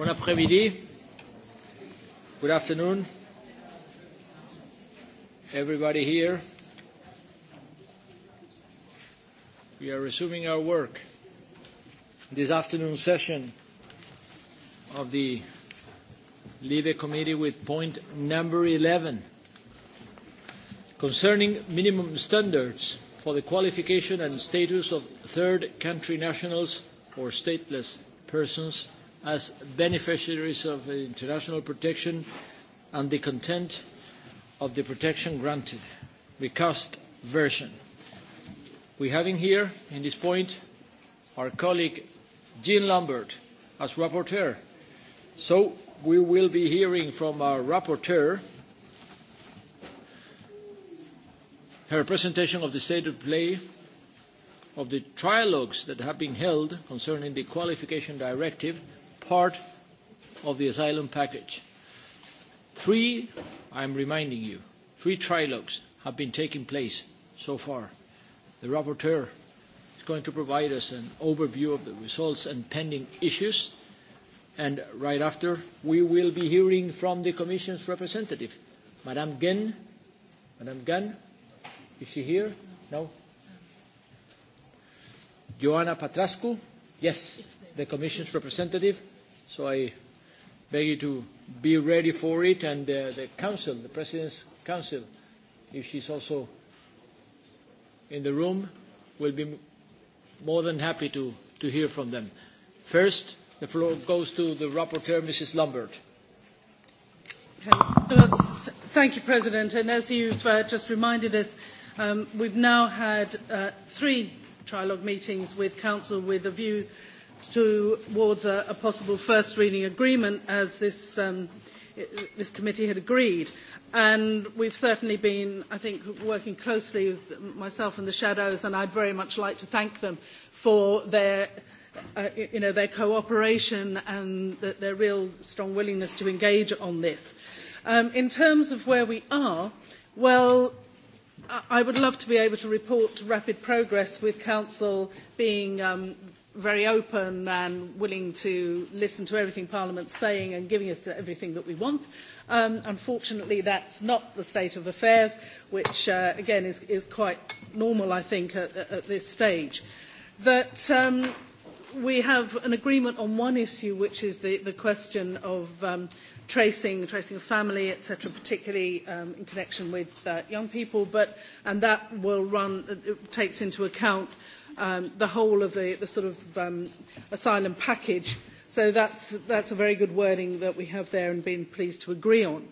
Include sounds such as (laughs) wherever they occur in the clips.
Bon après-midi. Good afternoon. Everybody here. We are resuming our work. This afternoon session of the Libe Committee with point number 11 concerning minimum standards for the qualification and status of third country nationals or stateless persons as beneficiaries of international protection and the content of the protection granted. Recast version. We have in here, in this point, our colleague Jean Lambert as rapporteur. So we will be hearing from our rapporteur her presentation of the state of play of the trilogues that have been held concerning the qualification directive part of the asylum package. Three, I'm reminding you, three trilogues have been taking place so far. The rapporteur is going to provide us an overview of the results and pending issues. And right after, we will be hearing from the Commission's representative, Madame Gen. Madame Gan, is she here? No? Joanna Patrascu? Yes the Commission's representative, so I beg you to be ready for it, and uh, the Council, the President's Council, if she's also in the room, will be more than happy to, to hear from them. First, the floor goes to the Rapporteur, Mrs. Lambert. Okay. Uh, th thank you, President. And as you've uh, just reminded us, um, we've now had uh, three trilogue meetings with Council with a view towards a, a possible first reading agreement as this, um, this committee had agreed. And we've certainly been, I think, working closely with myself and the shadows, and I'd very much like to thank them for their Uh, you know, their cooperation and the, their real strong willingness to engage on this. Um, in terms of where we are, well, I would love to be able to report rapid progress with Council being um, very open and willing to listen to everything Parliament's saying and giving us everything that we want. Um, unfortunately, that's not the state of affairs, which uh, again is, is, quite normal, I think, at, at this stage. That um, we have an agreement on one issue, which is the, the question of um, tracing, tracing of family, etc., particularly um, in connection with uh, young people, but, and that will run, it takes into account um, the whole of the, the sort of um, asylum package. So that's, that's a very good wording that we have there and been pleased to agree on.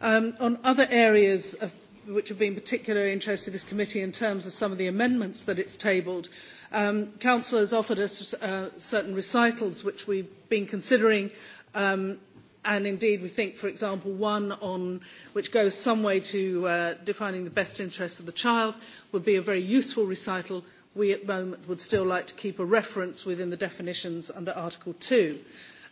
Um, on other areas of, which have been particularly interested to this committee in terms of some of the amendments that it's tabled, um, Council has offered us uh, certain recitals which we've been considering um, and indeed we think, for example, one on which goes some way to uh, defining the best interests of the child would be a very useful recital we at the moment would still like to keep a reference within the definitions under Article 2.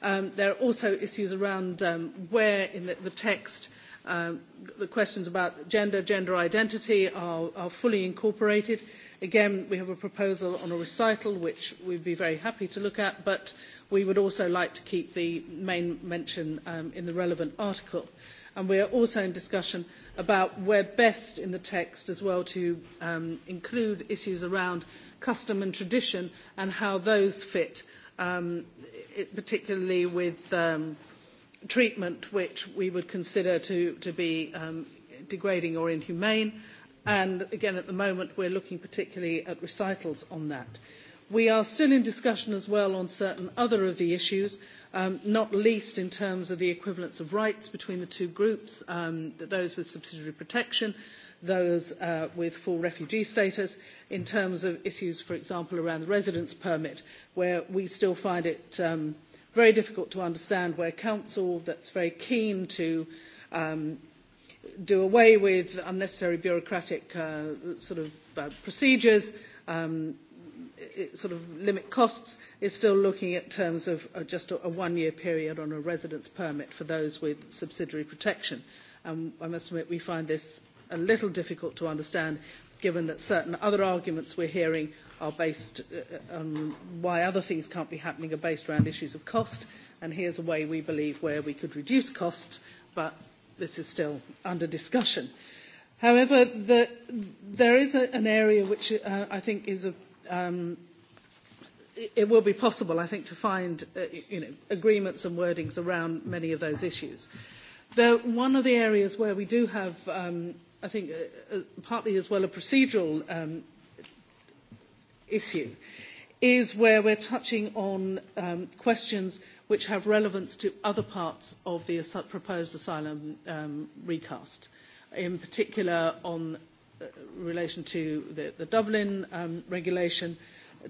Um, there are also issues around um, where in the, the text um, the questions about gender, gender identity are, are fully incorporated. Again, we have a proposal on a recital which we'd be very happy to look at, but we would also like to keep the main mention um, in the relevant article and we are also in discussion about where best in the text as well to um, include issues around custom and tradition and how those fit, um, it, particularly with um, treatment which we would consider to, to be um, degrading or inhumane. And again, at the moment, we're looking particularly at recitals on that. We are still in discussion as well on certain other of the issues, um, not least in terms of the equivalence of rights between the two groups, um, those with subsidiary protection, those uh, with full refugee status, in terms of issues, for example, around the residence permit, where we still find it um, very difficult to understand where council that's very keen to um, do away with unnecessary bureaucratic uh, sort of uh, procedures um, sort of limit costs is still looking at terms of uh, just a one-year period on a residence permit for those with subsidiary protection. and um, I must admit we find this a little difficult to understand given that certain other arguments we're hearing are based uh, uh, on why other things can't be happening are based around issues of cost and here's a way we believe where we could reduce costs but this is still under discussion. However, the, there is a, an area which uh, I think is of um, it, it will be possible, I think, to find uh, you know, agreements and wordings around many of those issues. The, one of the areas where we do have, um, I think, uh, uh, partly as well a procedural um, issue is where we're touching on um, questions which have relevance to other parts of the proposed asylum um, recast, in particular on Uh, relation to the, the Dublin um, regulation,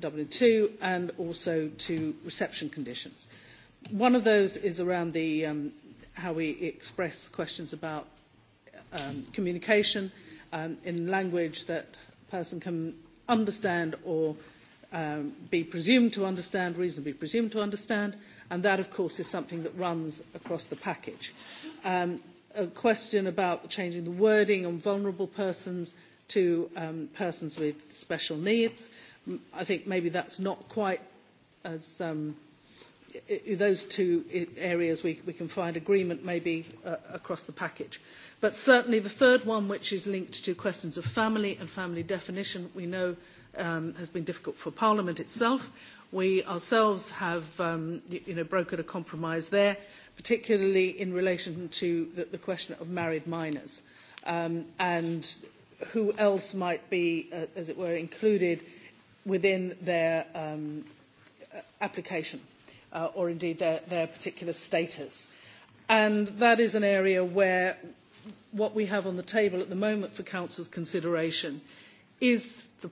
Dublin II, and also to reception conditions. One of those is around the, um, how we express questions about um, communication um, in language that a person can understand or um, be presumed to understand, reasonably presumed to understand, and that, of course, is something that runs across the package. Um, a question about changing the wording on vulnerable persons to um, persons with special needs. I think maybe that's not quite as um, those two areas we, we can find agreement maybe uh, across the package. But certainly the third one, which is linked to questions of family and family definition, we know um, has been difficult for Parliament itself. We ourselves have um, you know, brokered a compromise there, particularly in relation to the, the question of married minors um, and who else might be, uh, as it were, included within their um, uh, application uh, or indeed their, their particular status. And that is an area where what we have on the table at the moment for Council's consideration is the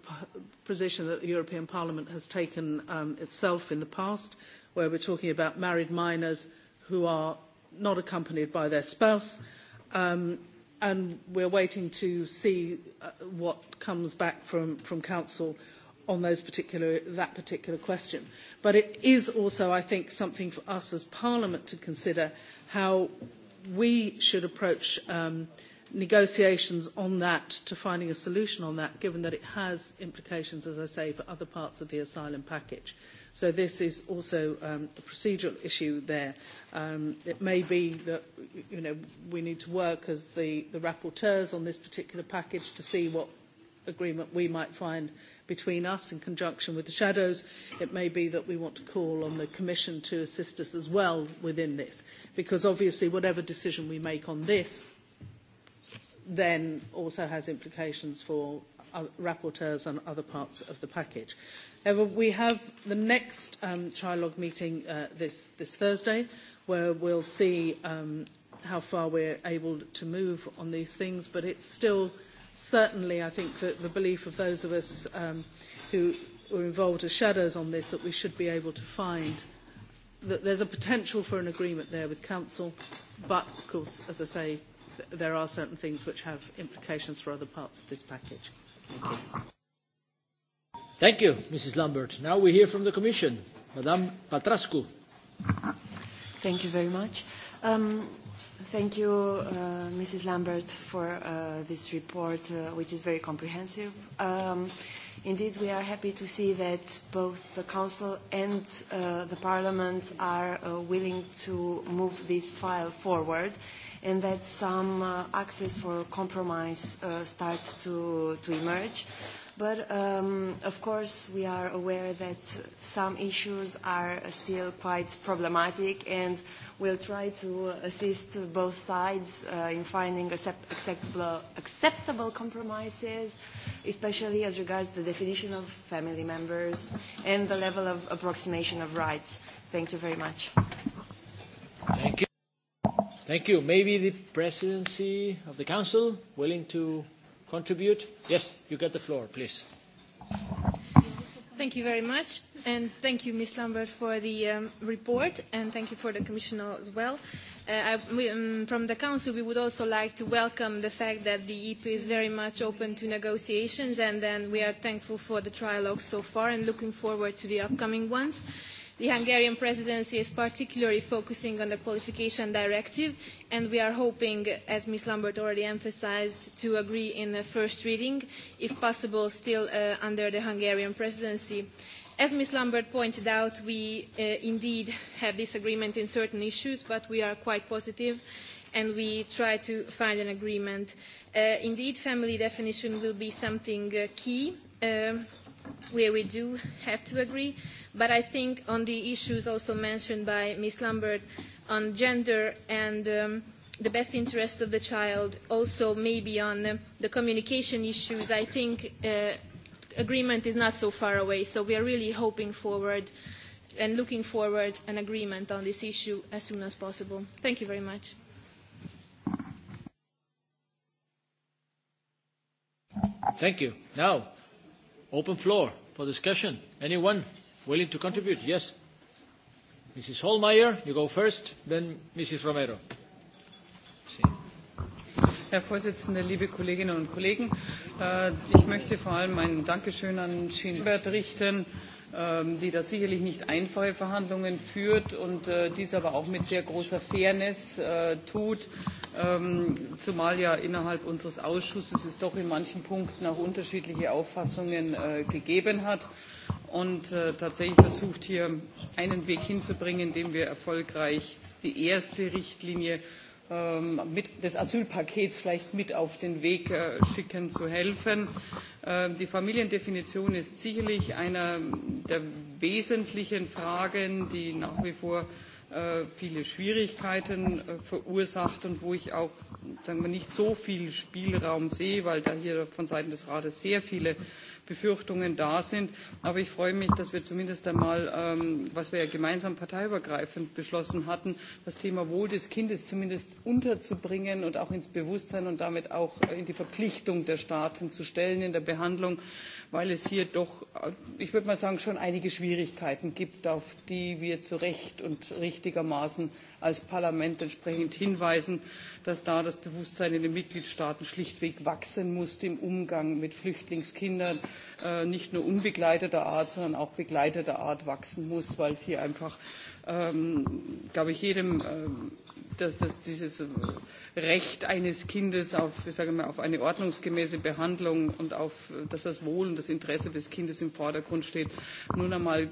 position that the European Parliament has taken um, itself in the past, where we're talking about married minors who are not accompanied by their spouse. Um, and we're waiting to see uh, what comes back from, from Council on those particular, that particular question. But it is also, I think, something for us as Parliament to consider how we should approach um, – negotiations on that to finding a solution on that, given that it has implications, as I say, for other parts of the asylum package. So this is also um, a procedural issue there. Um, it may be that you know, we need to work as the, the rapporteurs on this particular package to see what agreement we might find between us in conjunction with the shadows. It may be that we want to call on the Commission to assist us as well within this, because obviously whatever decision we make on this then also has implications for rapporteurs on other parts of the package. However, we have the next um, trilogue meeting uh, this, this Thursday, where we'll see um, how far we're able to move on these things, but it's still certainly, I think, that the belief of those of us um, who were involved as shadows on this that we should be able to find that there's a potential for an agreement there with Council, but of course, as I say, there are certain things which have implications for other parts of this package. Thank you. Thank you, Mrs. Lambert. Now we hear from the Commission. Madame Patrascu. Thank you very much. Um, Thank you, uh, Mrs. Lambert, for uh, this report, uh, which is very comprehensive. Um, indeed, we are happy to see that both the Council and uh, the Parliament are uh, willing to move this file forward. Uh, and that some uh, axes for compromise uh, start to, to emerge. But um, of course, we are aware that some issues are still quite problematic, and we'll try to assist both sides uh, in finding accept acceptable, acceptable compromises, especially as regards the definition of family members and the level of approximation of rights. Thank you very much. Thank you. Thank you. Maybe the presidency of the council willing to contribute? Yes, you get the floor, please. Thank you very much. And thank you, Ms. Lambert, for the um, report, and thank you for the Commissioner as well. Uh, I, we, um, from the Council, we would also like to welcome the fact that the EP is very much open to negotiations, and then we are thankful for the trilogues so far and looking forward to the upcoming ones. The Hungarian presidency is particularly focusing on the qualification directive, and we are hoping, as Ms. Lambert already emphasized, to agree in the first reading, if possible still uh, under the Hungarian presidency. As Ms. Lambert pointed out, we uh, indeed have disagreement in certain issues, but we are quite positive and we try to find an agreement. Uh, indeed, family definition will be something uh, key um, where we do have to agree. But I think on the issues also mentioned by Ms. Lambert on gender and um, the best interest of the child, also maybe on the, the communication issues, I think uh, agreement is not so far away. So we are really hoping forward and looking forward an agreement on this issue as soon as possible. Thank you very much. Thank you. Now, open floor for discussion. Anyone? willing to contribute? Yes. Mrs. Holmeyer, you go first, then Mrs. Romero. Herr Vorsitzender, liebe Kolleginnen und Kollegen, äh, ich möchte vor allem meinen Dankeschön an Schienbert richten Ähm, die da sicherlich nicht einfache Verhandlungen führt und äh, dies aber auch mit sehr großer Fairness äh, tut, ähm, zumal ja innerhalb unseres Ausschusses es doch in manchen Punkten auch unterschiedliche Auffassungen äh, gegeben hat und tatsächlich versucht, hier einen Weg hinzubringen, indem wir erfolgreich die erste Richtlinie Ähm, mit, des Asylpakets vielleicht mit auf den Weg äh, schicken, zu helfen. Äh, die Familiendefinition ist sicherlich eine der wesentlichen Fragen, die nach wie vor äh, viele Schwierigkeiten äh, verursacht und wo ich auch sagen wir, nicht so viel Spielraum sehe, weil da hier von Seiten des Rates sehr viele Befürchtungen da sind. Aber ich freue mich, dass wir zumindest einmal, ähm, was wir ja gemeinsam parteiübergreifend beschlossen hatten, das Thema Wohl des Kindes zumindest unterzubringen und auch ins Bewusstsein und damit auch äh, in die Verpflichtung der Staaten zu stellen in der Behandlung, weil es hier doch, äh, ich würde mal sagen, schon einige Schwierigkeiten gibt, auf die wir zu Recht und richtigermaßen als Parlament entsprechend hinweisen dass da das Bewusstsein in den Mitgliedstaaten schlichtweg wachsen muss im Umgang mit Flüchtlingskindern, äh, nicht nur unbegleiteter Art, sondern auch begleiteter Art wachsen muss, weil es hier einfach, ähm, glaube ich, jedem ähm, dass, dieses Recht eines Kindes auf, ich sage mal, auf eine ordnungsgemäße Behandlung und auf, dass das Wohl und das Interesse des Kindes im Vordergrund steht, nun einmal,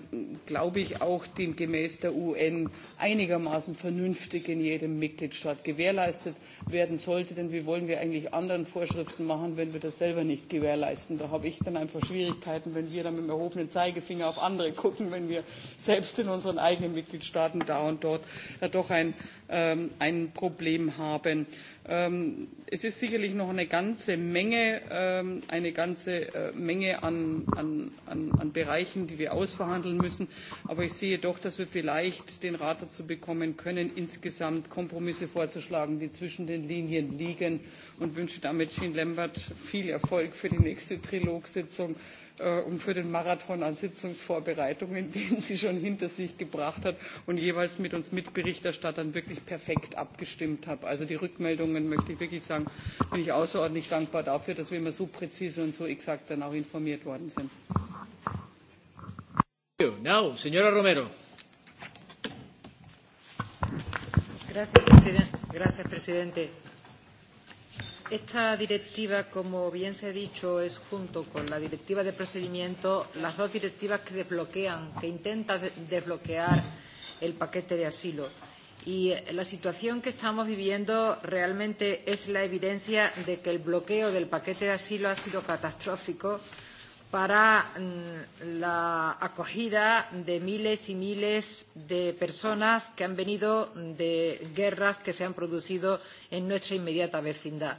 glaube ich, auch den, gemäß der UN einigermaßen vernünftig in jedem Mitgliedstaat gewährleistet werden sollte. Denn wie wollen wir eigentlich anderen Vorschriften machen, wenn wir das selber nicht gewährleisten? Da habe ich dann einfach Schwierigkeiten, wenn wir dann mit dem erhobenen Zeigefinger auf andere gucken, wenn wir selbst in unseren eigenen Mitgliedstaaten da und dort ja doch ein Ähm, ein Problem haben. Ähm, es ist sicherlich noch eine ganze Menge, ähm, eine ganze äh, Menge an, an, an, Bereichen, die wir ausverhandeln müssen. Aber ich sehe doch, dass wir vielleicht den Rat dazu bekommen können, insgesamt Kompromisse vorzuschlagen, die zwischen den Linien liegen. Und wünsche damit Jean Lambert viel Erfolg für die nächste Trilogsitzung. sitzung Äh, und um für den Marathon an Sitzungsvorbereitungen, (laughs) den sie schon hinter sich gebracht hat und jeweils mit uns Mitberichterstattern wirklich perfekt abgestimmt hat. Also die Rückmeldungen möchte ich wirklich sagen, bin ich außerordentlich dankbar dafür, dass wir immer so präzise und so exakt dann auch informiert worden sind. Now, señora Romero. Gracias, presidente. Gracias, presidente. Esta directiva, como bien se ha dicho, es junto con la directiva de procedimiento las dos directivas que desbloquean, que intentan desbloquear el paquete de asilo. Y la situación que estamos viviendo realmente es la evidencia de que el bloqueo del paquete de asilo ha sido catastrófico para mm, la acogida de miles y miles de personas que han venido de guerras que se han producido en nuestra inmediata vecindad.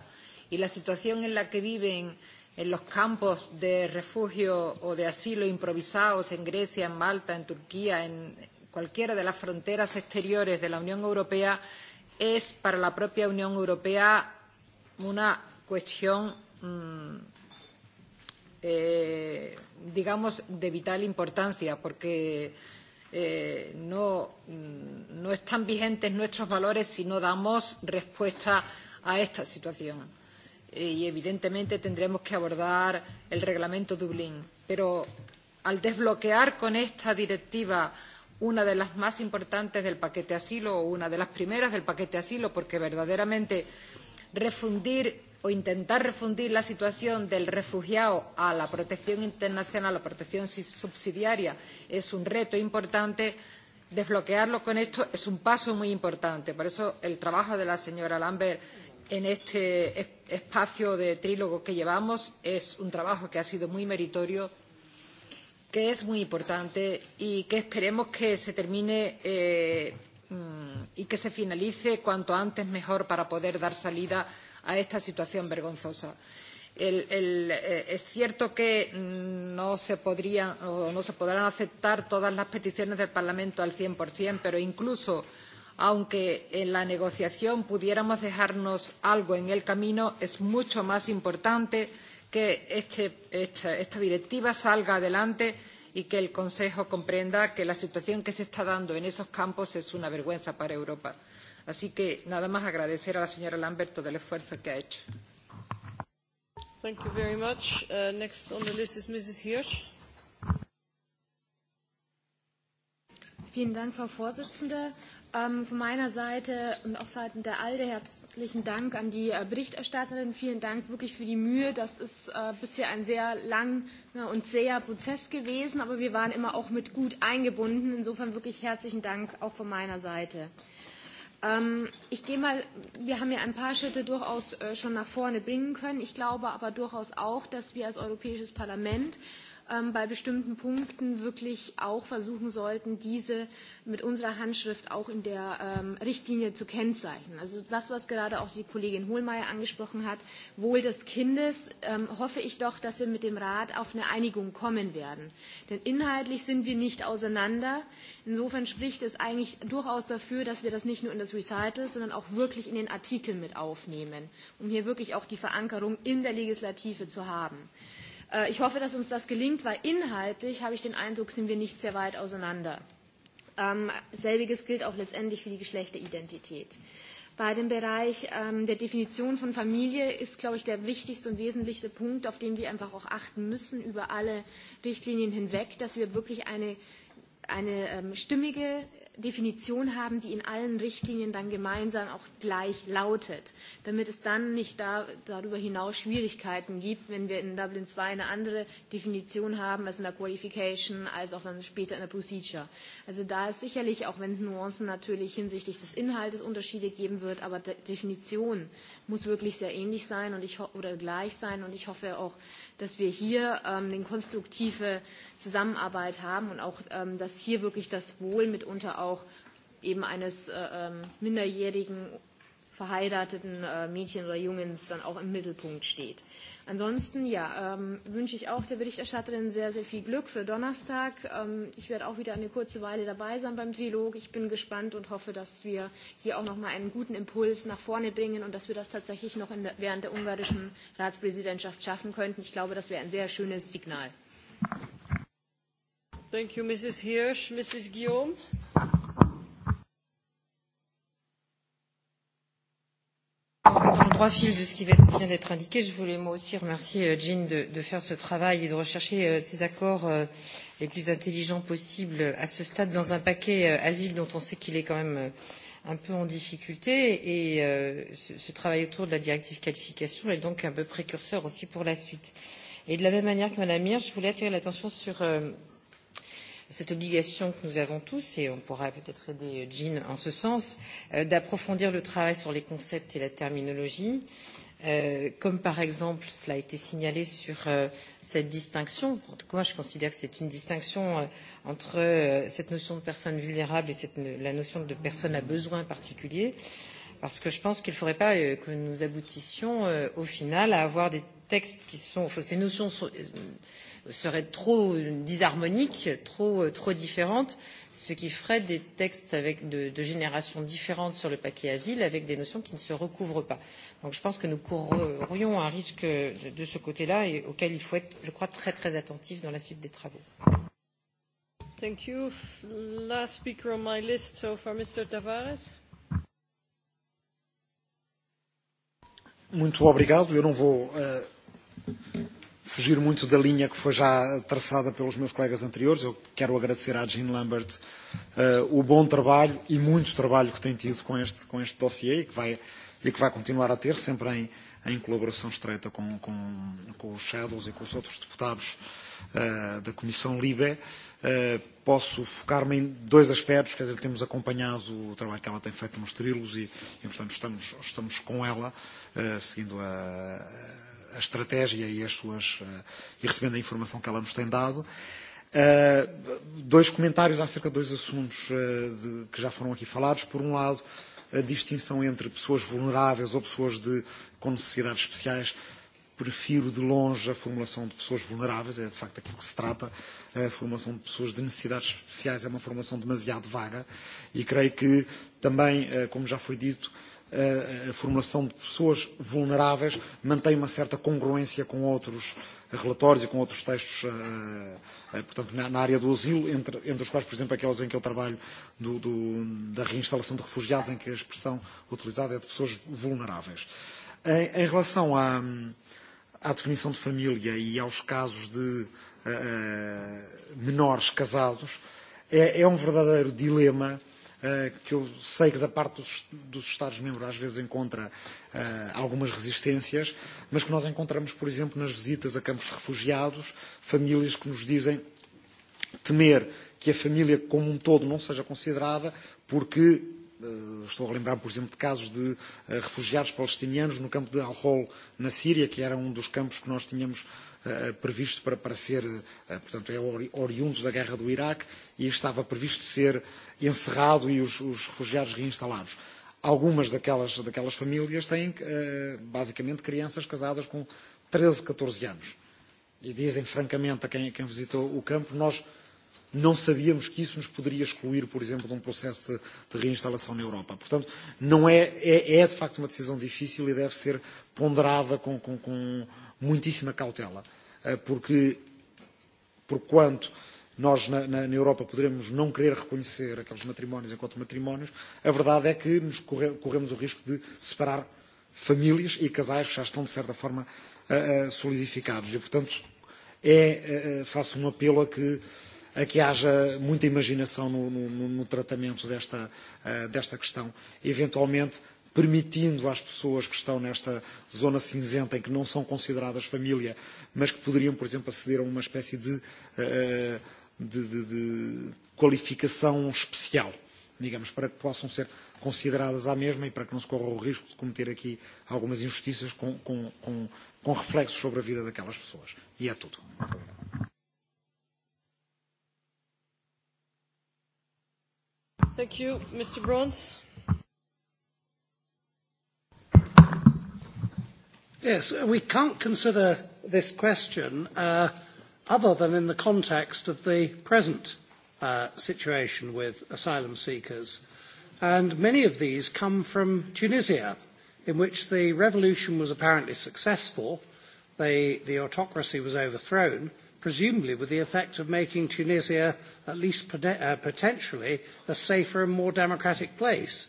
Y la situación en la que viven en los campos de refugio o de asilo improvisados en Grecia, en Malta, en Turquía, en cualquiera de las fronteras exteriores de la Unión Europea, es para la propia Unión Europea una cuestión mmm, eh, digamos, de vital importancia, porque eh, no, no están vigentes nuestros valores si no damos respuesta a esta situación. Eh, y evidentemente tendremos que abordar el reglamento Dublín. Pero al desbloquear con esta directiva una de las más importantes del paquete asilo o una de las primeras del paquete asilo, porque verdaderamente refundir o intentar refundir la situación del refugiado a la protección internacional o protección subsidiaria es un reto importante, desbloquearlo con esto es un paso muy importante. Por eso el trabajo de la señora Lambert en este espacio de trílogo que llevamos es un trabajo que ha sido muy meritorio, que es muy importante y que esperemos que se termine eh, mm, y que se finalice cuanto antes mejor para poder dar salida a a esta situación vergonzosa. El, el, eh, es cierto que no se, podrían, o no se podrán aceptar todas las peticiones del Parlamento al 100%, pero incluso aunque en la negociación pudiéramos dejarnos algo en el camino, es mucho más importante que este, esta, esta directiva salga adelante y que el Consejo comprenda que la situación que se está dando en esos campos es una vergüenza para Europa. Así que nada más agradecer a la señora Lambert todo el esfuerzo que ha hecho. Thank you very much. Uh, next on the list is Mrs. Hirsch. Vielen Dank, Frau Vorsitzende. Ähm, von meiner Seite und auch seitens der ALDE herzlichen Dank an die äh, Berichterstatterin. Vielen Dank wirklich für die Mühe. Das ist äh, bisher ein sehr langer ne, und zäher Prozess gewesen, aber wir waren immer auch mit gut eingebunden. Insofern wirklich herzlichen Dank auch von meiner Seite. Ähm, ich gehe mal, wir haben ja ein paar Schritte durchaus äh, schon nach vorne bringen können. Ich glaube aber durchaus auch, dass wir als Europäisches Parlament ähm, bei bestimmten Punkten wirklich auch versuchen sollten, diese mit unserer Handschrift auch in der ähm, Richtlinie zu kennzeichnen. Also das, was gerade auch die Kollegin Hohlmeier angesprochen hat, Wohl des Kindes, ähm, hoffe ich doch, dass wir mit dem Rat auf eine Einigung kommen werden. Denn inhaltlich sind wir nicht auseinander. Insofern spricht es eigentlich durchaus dafür, dass wir das nicht nur in das Recital, sondern auch wirklich in den Artikel mit aufnehmen, um hier wirklich auch die Verankerung in der Legislative zu haben. Äh, ich hoffe, dass uns das gelingt, weil inhaltlich habe ich den Eindruck, sind wir nicht sehr weit auseinander. Ähm, selbiges gilt auch letztendlich für die Geschlechteridentität. Bei dem Bereich ähm, der Definition von Familie ist, glaube ich, der wichtigste und wesentlichste Punkt, auf den wir einfach auch achten müssen über alle Richtlinien hinweg, dass wir wirklich eine, eine ähm, stimmige Definition haben, die in allen Richtlinien dann gemeinsam auch gleich lautet, damit es dann nicht da, darüber hinaus Schwierigkeiten gibt, wenn wir in Dublin II eine andere Definition haben, als in der Qualification, als auch dann später in der Procedure. Also da ist sicherlich, auch wenn es Nuancen natürlich hinsichtlich des Inhaltes Unterschiede geben wird, aber Definition muss wirklich sehr ähnlich sein und ich, oder gleich sein. Und ich hoffe auch, dass wir hier ähm, eine konstruktive Zusammenarbeit haben und auch, ähm, dass hier wirklich das Wohl mitunter auch eben eines äh, ähm, Minderjährigen verheirateten äh, Mädchen oder Jungens dann auch im Mittelpunkt steht. Ansonsten ja, ähm, wünsche ich auch der Berichterstatterin sehr, sehr viel Glück für Donnerstag. Ähm, ich werde auch wieder eine kurze Weile dabei sein beim Trilog. Ich bin gespannt und hoffe, dass wir hier auch noch mal einen guten Impuls nach vorne bringen und dass wir das tatsächlich noch in der, während der ungarischen Ratspräsidentschaft schaffen könnten. Ich glaube, das wäre ein sehr schönes Signal. Thank you, Mrs. Hirsch. Mrs. Guillaume. droit fil de ce qui vient d'être indiqué, je voulais moi aussi remercier euh, Jean de, de faire ce travail et de rechercher euh, ces accords euh, les plus intelligents possibles à ce stade dans un paquet asile dont on sait qu'il est quand même un peu en difficulté et ce, ce travail autour de la directive qualification est donc un peu précurseur aussi pour la suite. Et de la même manière que Madame Hirsch, je voulais attirer l'attention sur cette obligation que nous avons tous et on pourra peut être aider euh, Jean en ce sens euh, d'approfondir le travail sur les concepts et la terminologie euh, comme par exemple cela a été signalé sur cette distinction en tout cas je considère que c'est une distinction entre cette notion de personne vulnérable et cette, la notion de personne à besoin particulier parce que je pense qu'il ne faudrait pas que nous aboutissions au final à avoir des textes qui sont, enfin, ces notions sont, euh, seraient trop euh, disharmoniques, trop, euh, trop différentes, ce qui ferait des textes avec de, de générations différentes sur le paquet asile, avec des notions qui ne se recouvrent pas. Donc je pense que nous courrions un risque de, de ce côté-là et auquel il faut être, je crois, très très attentif dans la suite des travaux. Thank you. Last speaker on my list so far, Mr. Tavares. Muito obrigado. Eu não vou uh, fugir muito da linha que foi já traçada pelos meus colegas anteriores. Eu quero agradecer à Jean Lambert uh, o bom trabalho e muito trabalho que tem tido com este, com este dossiê e que, vai, e que vai continuar a ter, sempre em, em colaboração estreita com, com, com os Shadows e com os outros deputados uh, da Comissão LIBE. Uh, posso focar-me em dois aspectos, quer dizer, temos acompanhado o trabalho que ela tem feito nos trilhos e, e portanto, estamos, estamos com ela, uh, seguindo a a estratégia e, as suas, uh, e recebendo a informação que ela nos tem dado. Uh, dois comentários acerca de dois assuntos uh, de, que já foram aqui falados. Por um lado, a distinção entre pessoas vulneráveis ou pessoas de, com necessidades especiais. Prefiro de longe a formulação de pessoas vulneráveis, é de facto aquilo que se trata. A formação de pessoas de necessidades especiais é uma formação demasiado vaga e creio que também, uh, como já foi dito, uh, a eh, eh, formulação de pessoas vulneráveis mantém uma certa congruência com outros eh, relatórios e com outros textos, portanto, na área do asilo, entre, entre os quais, por exemplo, aqueles em que eu trabalho do, do, da reinstalação de refugiados, em que a expressão utilizada é de pessoas vulneráveis. Em, em relação à, à definição de família e aos casos de uh, menores casados, é, é um verdadeiro dilema Eh, que eu sei que da parte dos, dos Estados-membros às vezes encontra uh, algumas resistências, mas que nós encontramos, por exemplo, nas visitas a campos de refugiados, famílias que nos dizem temer que a família como um todo não seja considerada porque uh, estou a lembrar, por exemplo, de casos de uh, refugiados palestinianos no campo de Al-Hol, na Síria, que era um dos campos que nós tínhamos uh, Eh, previsto para, aparecer, eh, portanto, é oriundo da guerra do Iraque e estava previsto ser encerrado e os, os refugiados reinstalados. Algumas daquelas, daquelas famílias têm, eh, basicamente, crianças casadas com 13, 14 anos. E dizem francamente a quem, quem visitou o campo, nós não sabíamos que isso nos poderia excluir, por exemplo, de um processo de, de reinstalação na Europa. Portanto, não é, é, é de facto uma decisão difícil e deve ser ponderada com, com, com muitíssima cautela. Eh, porque, porquanto nós na, na, na Europa poderemos não querer reconhecer aqueles matrimónios enquanto matrimónios, a verdade é que nos corre, corremos o risco de separar famílias e casais que já estão, de certa forma, uh, uh, solidificados. E, portanto, é, uh, faço um apelo a que, a que haja muita imaginação no, no, no tratamento desta, uh, desta questão. Eventualmente, permitindo às pessoas que estão nesta zona cinzenta, em que não são consideradas família, mas que poderiam, por exemplo, aceder a uma espécie de, eh, de, de, de qualificação especial, digamos, para que possam ser consideradas à mesma e para que não se corra o risco de cometer aqui algumas injustiças com, com, com, com reflexos sobre a vida daquelas pessoas. E é tudo. Thank you, Mr. Bronze. Yes, we can't consider this question uh, other than in the context of the present uh, situation with asylum seekers. And many of these come from Tunisia, in which the revolution was apparently successful. the autocracy was overthrown, presumably with the effect of making Tunisia at least uh, potentially a safer and more democratic place.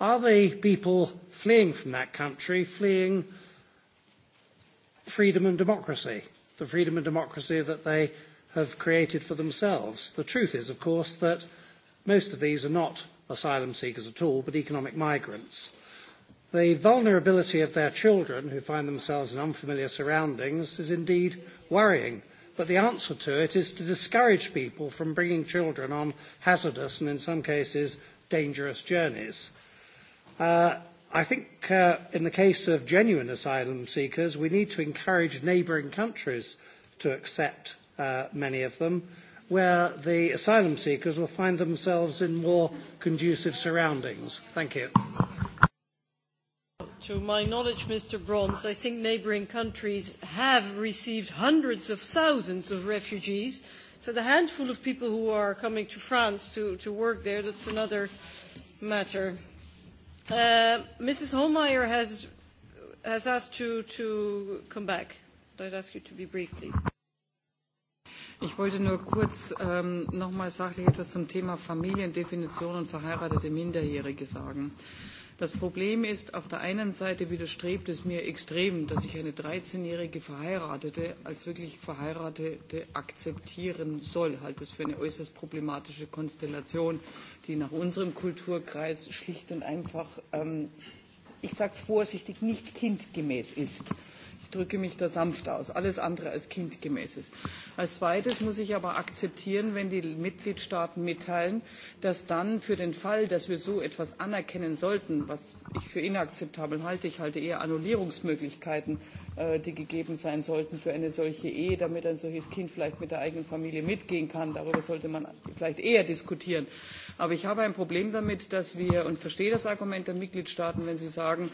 Are the people fleeing from that country fleeing freedom and democracy, the freedom and democracy that they have created for themselves. The truth is, of course, that most of these are not asylum seekers at all, but economic migrants. The vulnerability of their children, who find themselves in unfamiliar surroundings, is indeed worrying. But the answer to it is to discourage people from bringing children on hazardous and, in some cases, dangerous journeys. Uh, I think uh, in the case of genuine asylum seekers, we need to encourage neighbouring countries to accept uh, many of them, where the asylum seekers will find themselves in more conducive surroundings. Thank you. To my knowledge, Mr. Brons, I think neighbouring countries have received hundreds of thousands of refugees. So the handful of people who are coming to France to, to work there, that's another matter. Uh, Mrs. Holmeyer has, has asked to, to come back. I'd ask you to be brief, please. Ich wollte nur kurz ähm, mal sachlich etwas zum Thema Familiendefinition und verheiratete Minderjährige sagen. Das Problem ist, auf der einen Seite widerstrebt es mir extrem, dass ich eine 13-jährige Verheiratete als wirklich Verheiratete akzeptieren soll. ich Halte es für eine äußerst problematische Konstellation, die nach unserem Kulturkreis schlicht und einfach, ähm, ich sage es vorsichtig, nicht kindgemäß ist ich drücke mich da sanft aus alles andere als kindgemäßes. als zweites muss ich aber akzeptieren wenn die mitgliedstaaten mitteilen dass dann für den fall dass wir so etwas anerkennen sollten was ich für inakzeptabel halte ich halte eher annullierungsmöglichkeiten äh, die gegeben sein sollten für eine solche ehe damit ein solches kind vielleicht mit der eigenen familie mitgehen kann darüber sollte man vielleicht eher diskutieren. aber ich habe ein problem damit dass wir und verstehe das argument der mitgliedstaaten wenn sie sagen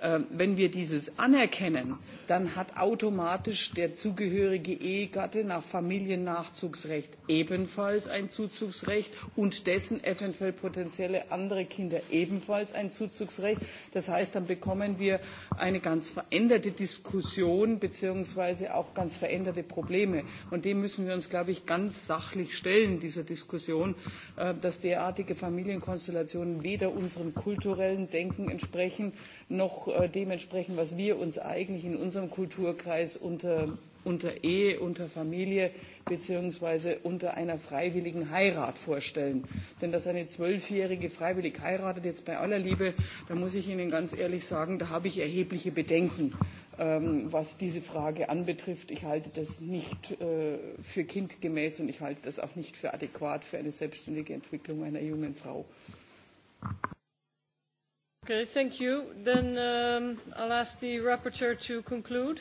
Ähm, wenn wir dieses anerkennen dann hat automatisch der zugehörige ehegatte nach familiennachzugsrecht ebenfalls ein zuzugsrecht und dessen eventuell potenzielle andere kinder ebenfalls ein zuzugsrecht. das heißt dann bekommen wir eine ganz veränderte diskussion beziehungsweise auch ganz veränderte probleme. und dem müssen wir uns glaube ich ganz sachlich stellen dieser diskussion äh, dass derartige familienkonstellationen weder unserem kulturellen denken entsprechen noch Äh, dem entsprechen, was wir uns eigentlich in unserem Kulturkreis unter, unter Ehe, unter Familie beziehungsweise unter einer freiwilligen Heirat vorstellen. Denn dass eine Zwölfjährige freiwillig heiratet, jetzt bei aller Liebe, da muss ich Ihnen ganz ehrlich sagen, da habe ich erhebliche Bedenken ähm, was diese Frage anbetrifft. Ich halte das nicht äh, für kindgemäß und ich halte das auch nicht für adäquat für eine selbstständige Entwicklung einer jungen Frau. Okay, thank you. Then um, I'll ask the rapporteur to conclude.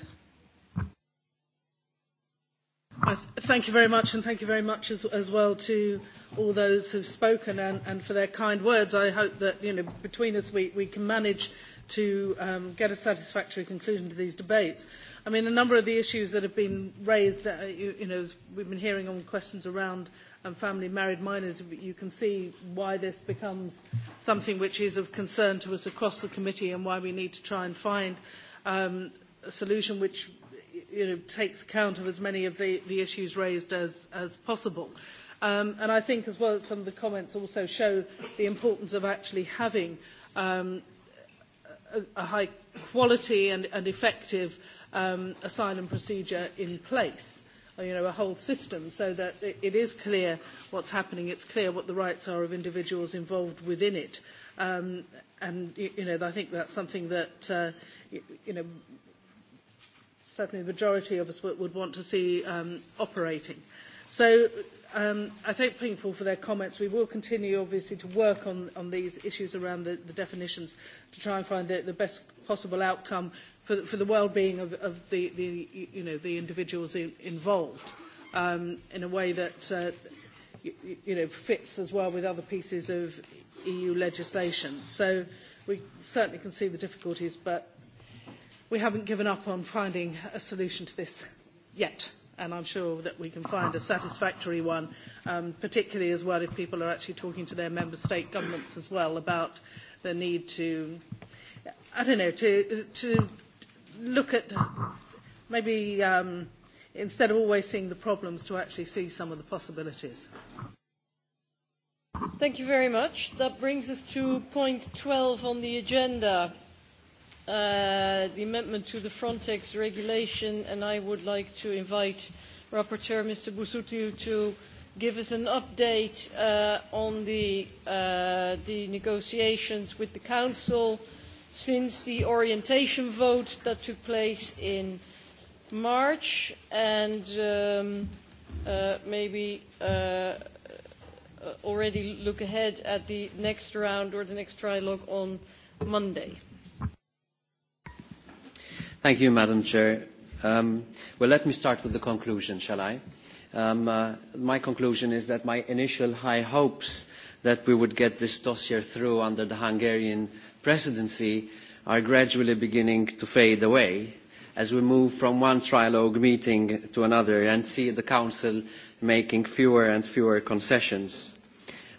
Thank you very much, and thank you very much as, as well to all those who've spoken and, and for their kind words. I hope that you know, between us we, we can manage to um, get a satisfactory conclusion to these debates. I mean, a number of the issues that have been raised, uh, you, you know, we've been hearing on questions around uh, and family married minors, you can see why this becomes something which is of concern to us across the committee and why we need to try and find um, a solution which you know, takes account of as many of the, the issues raised as, as possible. Um, and I think as well some of the comments also show the importance of actually having um, a, a high quality and, and effective um, asylum procedure in place. Uh, you know, a whole system so that it, is clear what's happening, it's clear what the rights are of individuals involved within it. Um, and, you know, I think that's something that, uh, you, know, certainly the majority of us would, would want to see um, operating. So um, I thank people for their comments. We will continue, obviously, to work on, on these issues around the, the definitions to try and find the, the best possible outcome for the, for the well-being of, of the, the, you know, the individuals in, involved um, in a way that uh, you, you know, fits as well with other pieces of EU legislation. So we certainly can see the difficulties, but we haven't given up on finding a solution to this yet and I'm sure that we can find a satisfactory one, um, particularly as well if people are actually talking to their member state governments as well about the need to, I don't know, to, to look at maybe um, instead of always seeing the problems to actually see some of the possibilities. Thank you very much. That brings us to point 12 on the agenda, uh, the amendment to the Frontex regulation, and I would like to invite Rapporteur Mr. Busutu to give us an update uh, on the, uh, the negotiations with the Council since the orientation vote that took place in March, and um, uh, maybe uh, uh already look ahead at the next round or the next trilogue on Monday. Thank you, Madam Chair. Um, well, let me start with the conclusion, shall I? Um, uh, my conclusion is that my initial high hopes that we would get this dossier through under the Hungarian presidency are gradually beginning to fade away as we move from one trilogue meeting to another and see the Council making fewer and fewer concessions.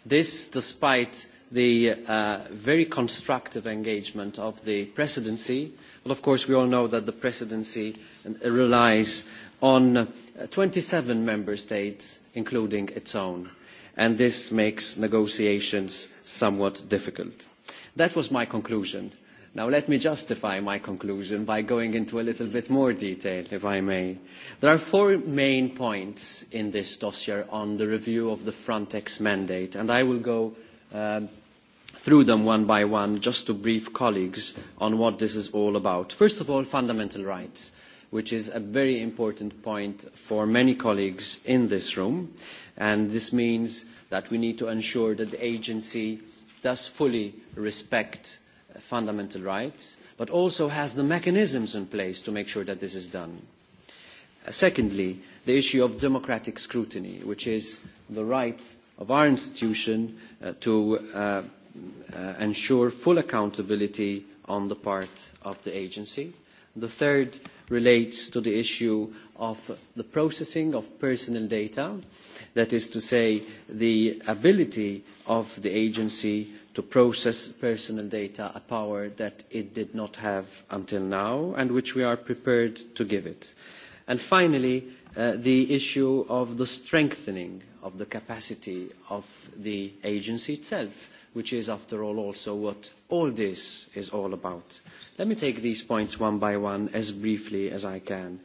This despite the uh, very constructive engagement of the presidency. But of course, we all know that the presidency um, relies on 27 uh, member states, including its own. And this makes negotiations somewhat difficult. That was my conclusion. Now let me justify my conclusion by going into a little bit more detail, if I may. There are four main points in this dossier on the review of the Frontex mandate, and I will go um, through them one by one just to brief colleagues on what this is all about. First of all, fundamental rights, which is a very important point for many colleagues in this room. And this means that we need to ensure that the agency does fully respect fundamental rights, but also has the mechanisms in place to make sure that this is done. Uh, secondly, the issue of democratic scrutiny, which is the right of our institution uh, to uh, Uh, ensure full accountability on the part of the agency. The third relates to the issue of the processing of personal data, that is to say, the ability of the agency to process personal data, a power that it did not have until now and which we are prepared to give it. And finally, Uh, the issue of the strengthening of the capacity of the agency itself, which is, after all, also what all this is all about. Let me take these points one by one as briefly as I can.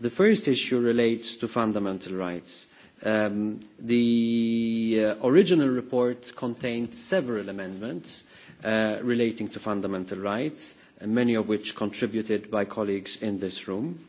The first issue relates to fundamental rights. Um, the uh, original report contained several amendments uh, relating to fundamental rights, many of which contributed by colleagues in this room.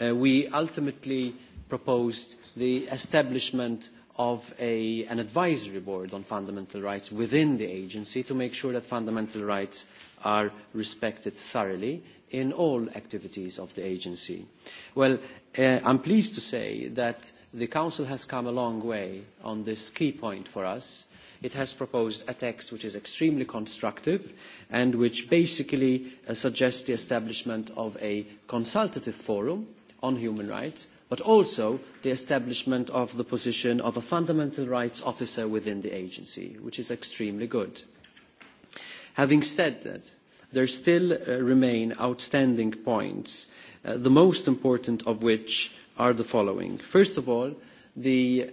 Uh, we ultimately proposed the establishment of a, an advisory board on fundamental rights within the agency to make sure that fundamental rights are respected thoroughly in all activities of the agency. Well, uh, I'm pleased to say that the Council has come a long way on this key point for us. It has proposed a text which is extremely constructive and which basically uh, suggests the establishment of a consultative forum on human rights, but also the establishment of the position of a fundamental rights officer within the agency, which is extremely good. Having said that, there still uh, remain outstanding points, uh, the most important of which are the following. First of all, the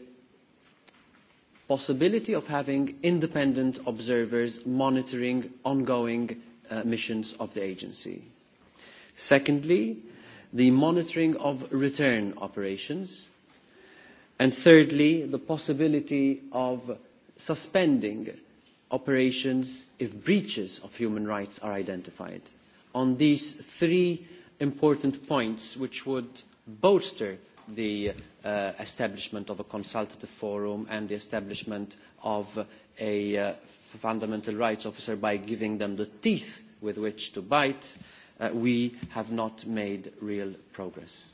possibility of having independent observers monitoring ongoing uh, missions of the agency. Secondly, the monitoring of return operations, and thirdly, the possibility of suspending operations if breaches of human rights are identified. On these three important points, which would bolster the uh, establishment of a consultative forum and the establishment of a uh, fundamental rights officer by giving them the teeth with which to bite, uh, Uh, we have not made real progress.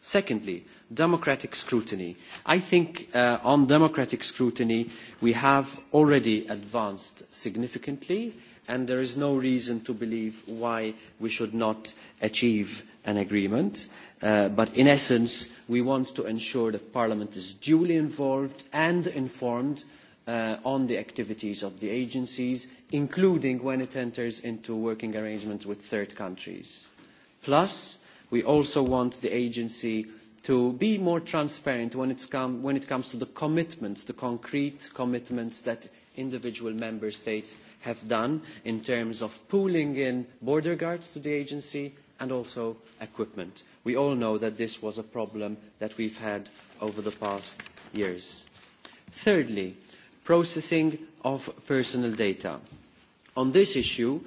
Secondly, democratic scrutiny. I think uh, on democratic scrutiny we have already advanced significantly and there is no reason to believe why we should not achieve an agreement. Uh, but in essence, we want to ensure that Parliament is duly involved and informed Uh, on the activities of the agencies, including when it enters into working arrangements with third countries. Plus, we also want the agency to be more transparent when, come, when, it comes to the commitments, the concrete commitments that individual member states have done in terms of pooling in border guards to the agency and also equipment. We all know that this was a problem that we've had over the past years. Thirdly, processing of personal data. On this issue,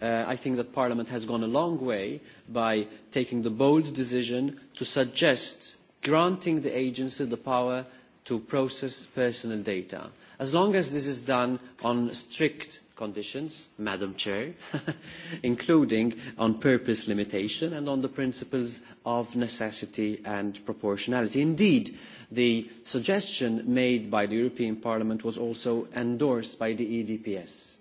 uh, I think that Parliament has gone a long way by taking the bold decision to suggest granting the agency the power to process personal data as long as this is done on strict conditions, Madam Chair, (laughs) including on purpose limitation and on the principles of necessity and proportionality. Indeed, the suggestion made by the European Parliament was also endorsed by the EDPS.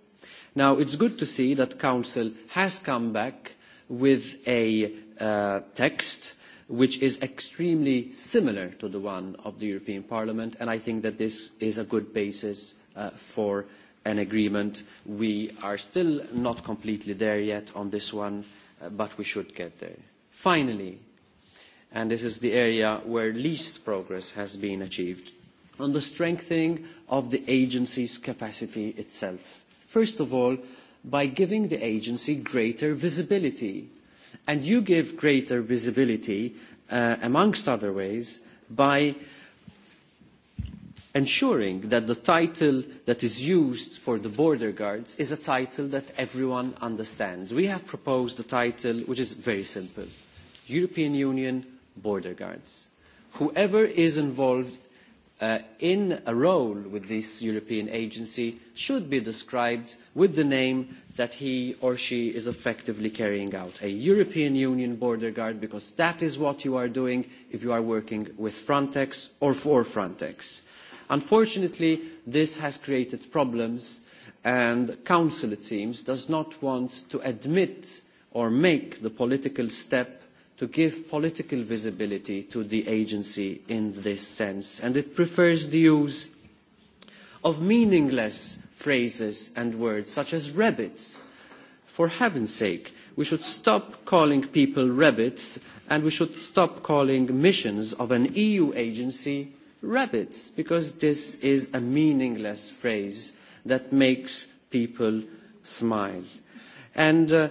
Now, it's good to see that Council has come back with a uh, text which is extremely similar to the one of the European Parliament, and I think that this is a good basis uh, for an agreement. We are still not completely there yet on this one, uh, but we should get there. Finally, and this is the area where least progress has been achieved, on the strengthening of the agency's capacity itself. First of all, by giving the agency greater visibility. And you give greater visibility Uh, amongst other ways, by ensuring that the title that is used for the border guards is a title that everyone understands. We have proposed a title which is very simple, European Union Border Guards. Whoever is involved Uh, in a role with this European agency should be described with the name that he or she is effectively carrying out. A European Union border guard, because that is what you are doing if you are working with Frontex or for Frontex. Unfortunately, this has created problems and Council, it seems, does not want to admit or make the political step to give political visibility to the agency in this sense and it prefers the use of meaningless phrases and words such as rabbits. For heaven's sake, we should stop calling people rabbits and we should stop calling missions of an EU agency rabbits because this is a meaningless phrase that makes people smile. And uh,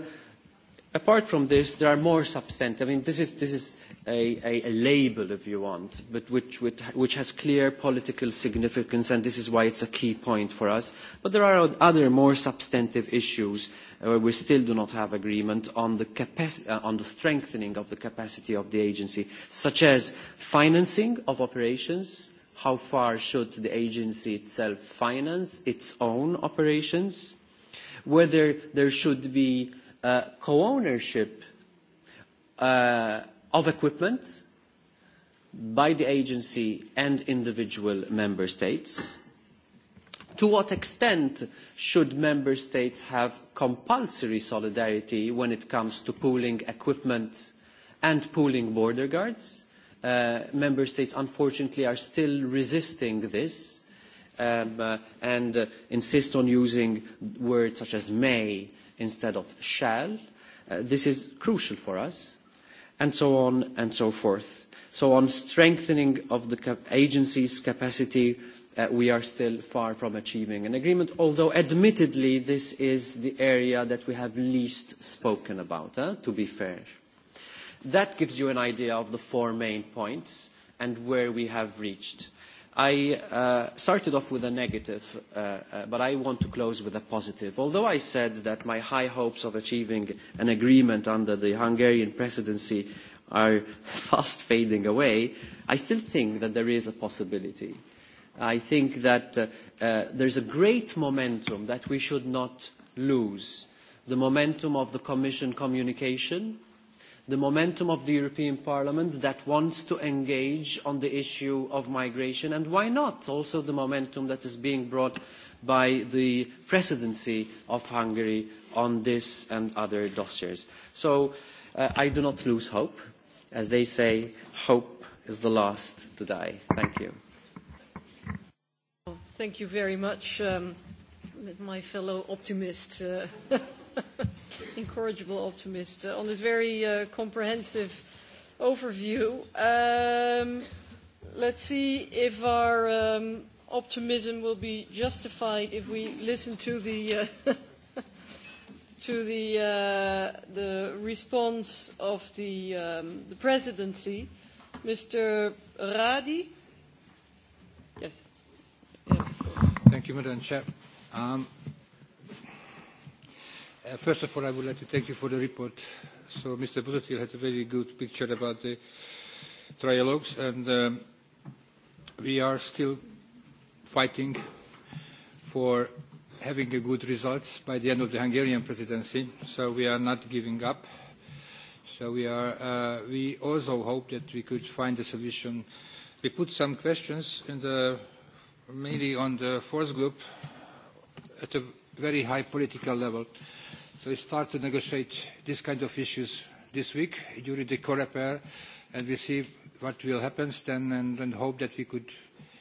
apart from this, there are more substantive. I mean, this is, this is a, a, a, label, if you want, but which, which, which has clear political significance, and this is why it's a key point for us. But there are other more substantive issues where uh, we still do not have agreement on the, uh, on the strengthening of the capacity of the agency, such as financing of operations, how far should the agency itself finance its own operations, whether there should be uh, co-ownership uh, of equipment by the agency and individual member states? To what extent should member states have compulsory solidarity when it comes to pooling equipment and pooling border guards? Uh, member states, unfortunately, are still resisting this um, uh, and uh, insist on using words such as may instead of shall. Uh, this is crucial for us, and so on and so forth. So on strengthening of the cap agency's capacity, uh, we are still far from achieving an agreement, although admittedly this is the area that we have least spoken about, huh? to be fair. That gives you an idea of the four main points and where we have reached. I uh, started off with a negative, uh, uh, but I want to close with a positive. Although I said that my high hopes of achieving an agreement under the Hungarian presidency are (laughs) fast fading away, I still think that there is a possibility. I think that uh, uh, there's a great momentum that we should not lose. The momentum of the Commission communication, the momentum of the European Parliament that wants to engage on the issue of migration, and why not also the momentum that is being brought by the presidency of Hungary on this and other dossiers. So uh, I do not lose hope. As they say, hope is the last to die. Thank you. Thank you very much, um, my fellow optimist. Uh, (laughs) (laughs) incorrigible optimist, uh, on this very uh, comprehensive overview. Um, let's see if our um, optimism will be justified if we listen to the uh, (laughs) to the uh, the response of the um, the presidency, Mr. Radi. Yes. Thank you, Madam Chair. Um, Uh, first of all, I would like to thank you for the report. So Mr. Busuttil had a very good picture about the trialogues, and um, we are still fighting for having a good results by the end of the Hungarian presidency. So we are not giving up. So we, are, uh, we also hope that we could find a solution. We put some questions in the, mainly on the fourth group at the very high political level. So we start to negotiate these kind of issues this week during the COREPER, and we see what will happen then and, and hope that we could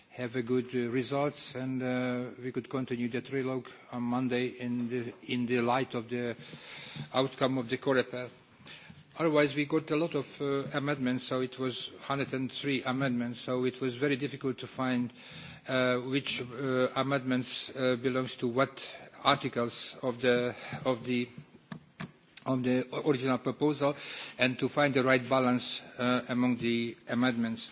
have a good uh, results and uh, we could continue the trilogue on Monday in the, in the light of the outcome of the COREPER. Otherwise, we got a lot of uh, amendments, so it was 103 amendments, so it was very difficult to find uh, which uh, amendments uh, belongs to what articles of the, of the the original proposal and to find the right balance uh, among the amendments.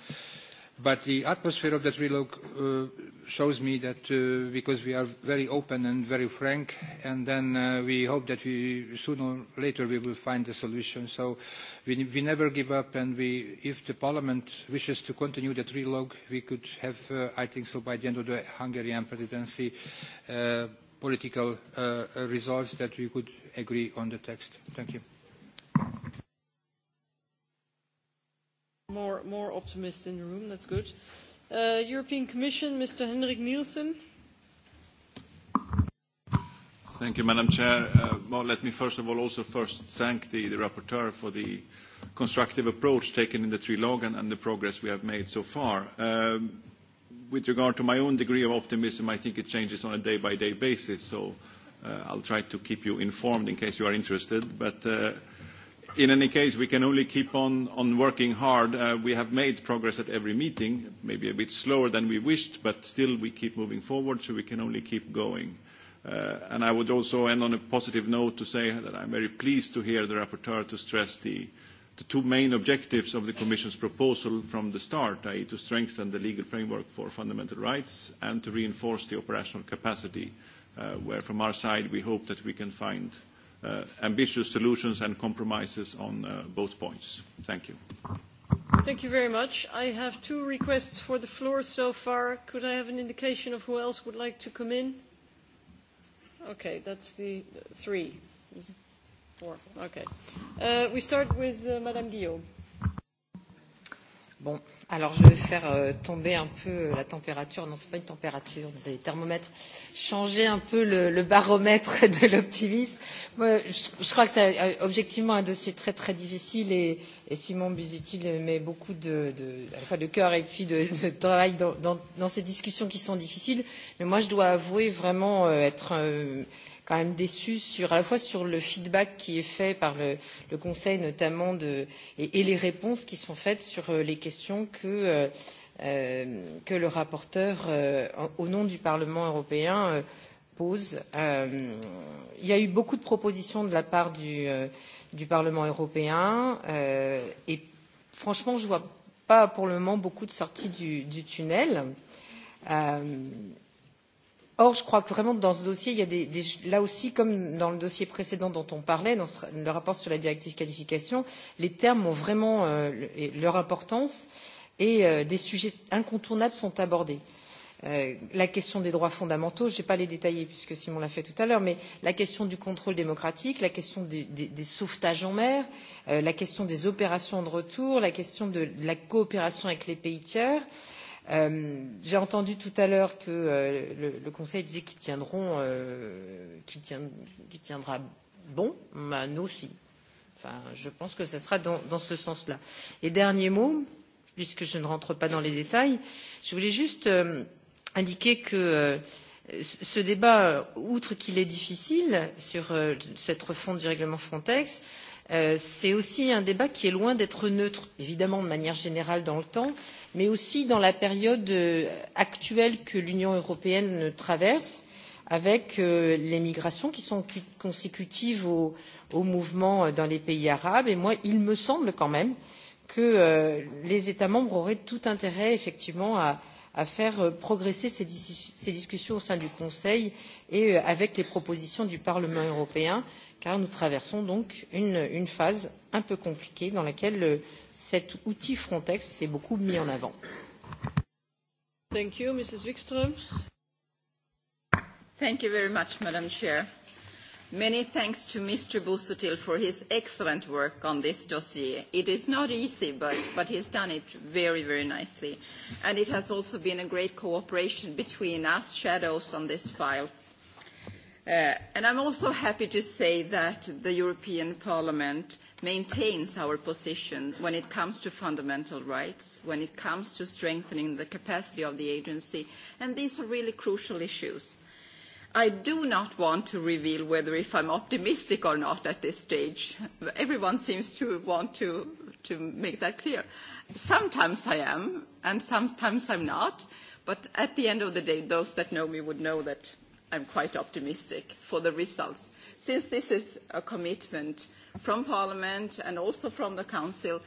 But the atmosphere of the trilogue uh, shows me that uh, because we are very open and very frank, and then uh, we hope that we, sooner or later we will find a solution. So we, we never give up, and we, if the Parliament wishes to continue the trilogue, we could have, uh, I think so, by the end of the Hungarian presidency, uh, political uh, uh, results that we could agree on the text. Thank you. More, more optimists in the room, that's good. Uh, European Commission, Mr. Henrik Nielsen. Thank you, Madam Chair. Uh, well, let me first of all also first thank the, the rapporteur for the constructive approach taken in the trilogue and, and the progress we have made so far. Um, with regard to my own degree of optimism, I think it changes on a day-by-day -day basis, so uh, I'll try to keep you informed in case you are interested. But uh, in any case, we can only keep on, on working hard. Uh, we have made progress at every meeting, maybe a bit slower than we wished, but still we keep moving forward, so we can only keep going. Uh, and I would also end on a positive note to say that I'm very pleased to hear the rapporteur to stress the uh, the two main objectives of the Commission's proposal from the start, i.e. to strengthen the legal framework for fundamental rights and to reinforce the operational capacity, uh, where from our side we hope that we can find uh, ambitious solutions and compromises on uh, both points. Thank you. Thank you very much. I have two requests for the floor so far. Could I have an indication of who else would like to come in? Okay, that's the three. Four. Okay. Uh, we start with uh, Madame Guillaume. Bon, alors je vais faire euh, tomber un peu euh, la température. Non, c'est pas une température, désolé, thermomètre. Changer un peu le, baromètre (laughs) de l'optimisme. Moi, je, crois que c'est euh, objectivement un dossier très très difficile et, Simon Busuttil met beaucoup de, à la fois de cœur et puis de, travail dans, ces discussions qui sont difficiles. Mais moi, je dois avouer vraiment être quand même déçue sur, à la fois sur le feedback qui est fait par le, le Conseil notamment de, et, et les réponses qui sont faites sur euh, les questions que, euh, euh, que le rapporteur, euh, au nom du Parlement européen, euh, pose. Euh, il y a eu beaucoup de propositions de la part du, euh, du Parlement européen euh, et franchement, je ne vois pas pour le moment beaucoup de sorties du, du tunnel. Euh, or je crois vraiment que dans ce dossier il y a là aussi comme dans le dossier précédent dont on parlait dans le rapport sur la directive qualification les termes ont vraiment euh, leur importance et euh, des sujets incontournables sont abordés. Euh, la question des droits fondamentaux je ne vais pas les détailler puisque simon l'a fait tout à l'heure mais la question du contrôle démocratique la question des, sauvetages en mer la question des opérations de retour la question de, de la coopération avec les pays tiers etc Euh, j'ai entendu tout à l'heure que euh, le, Conseil disait tiendront, euh, qu'il tiendra bon, bah, nous aussi. Enfin, je pense que ce sera dans, dans ce sens-là. Et dernier mot, puisque je ne rentre pas dans les détails, je voulais juste euh, indiquer que euh, ce débat, outre qu'il est difficile sur cette refonte du règlement Frontex, Euh, c'est aussi un débat qui est loin d'être neutre évidemment de manière générale dans le temps mais aussi dans la période euh, actuelle que l'union européenne traverse avec euh, les migrations qui sont consécutives aux au mouvements dans les pays arabes et moi, il me semble quand même que les états membres auraient tout intérêt effectivement à, faire progresser ces, discussions au sein du conseil et avec les propositions du parlement européen car nous traversons donc une, phase un peu compliquée dans laquelle euh, cet outil Frontex s'est beaucoup mis en avant. Thank you, Mrs. Wikström. Thank you very much, Madam Chair. Many thanks to Mr. Busuttil for his excellent work on this dossier. It is not easy, but, but he's done it very, very nicely. And it has also been a great cooperation between us shadows on this file. Uh, I'm also happy to say that the European Parliament maintains our position when it comes to fundamental rights, when it comes to strengthening the capacity of the agency, and these are really crucial issues. I do not want to reveal whether if I'm optimistic or not at this stage. Everyone seems to want to, to make that clear. Sometimes I am, and sometimes I'm not, but at the end of the day, those that know me would know that I'm quite optimistic for the results. Since this is a commitment from Parliament and also from the Council,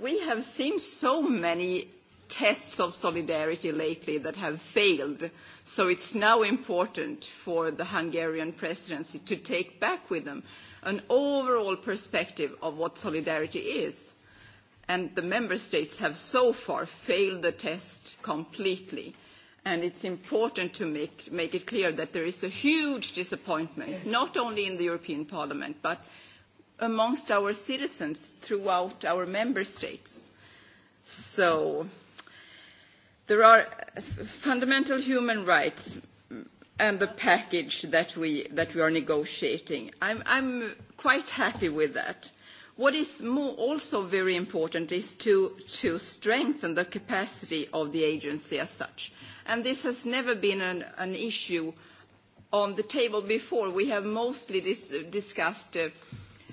we have seen so many tests of solidarity lately that have failed. So it's now important for the Hungarian presidency to take back with them an overall perspective of what solidarity is. And the member states have so far failed the test completely and it's important to make, make it clear that there is a huge disappointment, not only in the European Parliament, but amongst our citizens throughout our member states. So there are fundamental human rights and the package that we, that we are negotiating. I'm, I'm quite happy with that. What is more, also very important is to, to, strengthen the capacity of the agency as such. And this has never been an, an issue on the table before. We have mostly dis discussed uh,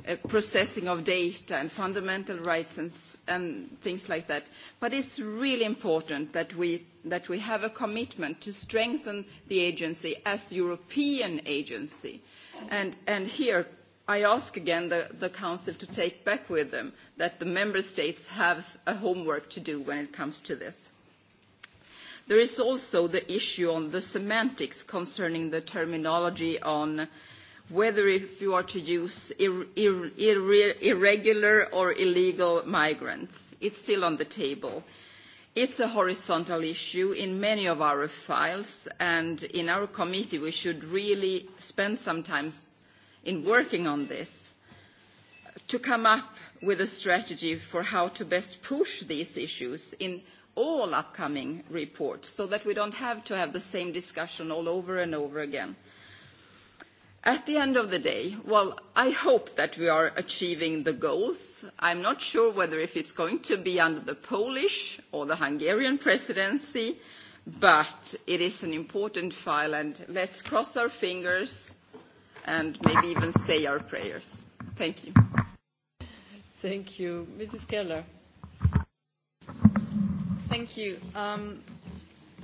uh, processing of data and fundamental rights and, and, things like that. But it's really important that we, that we have a commitment to strengthen the agency as the European agency. And, and here, I ask again the, the Council to take back with them that the Member States have a homework to do when it comes to this. There is also the issue on the semantics concerning the terminology on whether if you are to use ir ir ir irregular or illegal migrants. It's still on the table. It's a horizontal issue in many of our files, and in our committee we should really spend some time in working on this to come up with a strategy for how to best push these issues in all upcoming reports so that we don't have to have the same discussion all over and over again. At the end of the day, well, I hope that we are achieving the goals. I'm not sure whether if it's going to be under the Polish or the Hungarian presidency, but it is an important file, and let's cross our fingers and maybe even say our prayers. Thank you. Thank you. Mrs. Keller. Thank you. Um,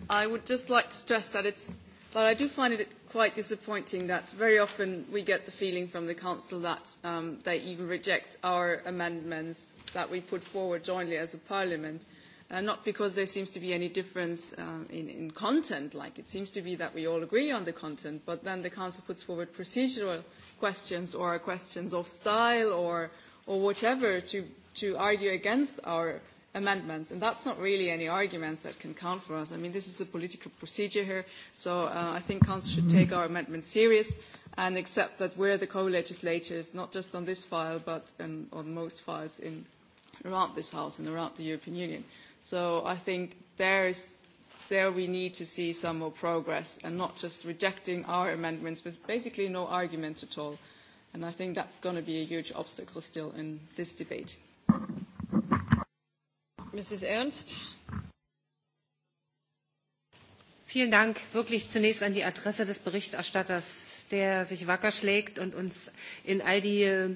I would just like to stress that it's but I do find it quite disappointing that very often we get the feeling from the Council that um, they even reject our amendments that we put forward jointly as a Parliament Uh, not because there seems to be any difference um, in, in content, like it seems to be that we all agree on the content, but then the Council puts forward procedural questions or questions of style or, or whatever to, to argue against our amendments. And that's not really any arguments that can count for us. I mean, this is a political procedure here, so uh, I think Council should take our amendments serious and accept that we're the co-legislators, not just on this file, but in, on most files in, around this House and around the European Union. So I think there's, there we need to see some more progress and not just rejecting our amendments with basically no argument at all. And I think that's going to be a huge obstacle still in this debate. Mrs. Ernst? Vielen Dank wirklich zunächst an die Adresse des Berichterstatters, der sich wacker schlägt und uns in all die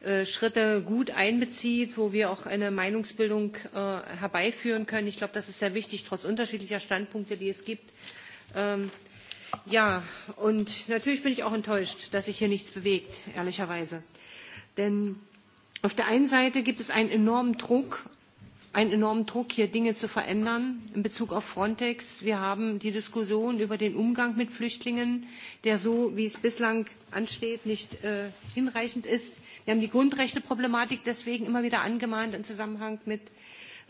Äh, Schritte gut einbezieht, wo wir auch eine Meinungsbildung äh, herbeiführen können. Ich glaube, das ist sehr wichtig, trotz unterschiedlicher Standpunkte, die es gibt. Ähm, und natürlich bin ich auch enttäuscht, dass sich hier nichts bewegt, ehrlicherweise. Denn auf der einen Seite gibt es einen enormen Druck, einen enormen Druck, hier Dinge zu verändern in Bezug auf Frontex. Wir haben die Diskussion über den Umgang mit Flüchtlingen, der so, wie es bislang ansteht, nicht äh, hinreichend ist. Wir haben die Grundrechteproblematik deswegen immer wieder angemahnt im Zusammenhang mit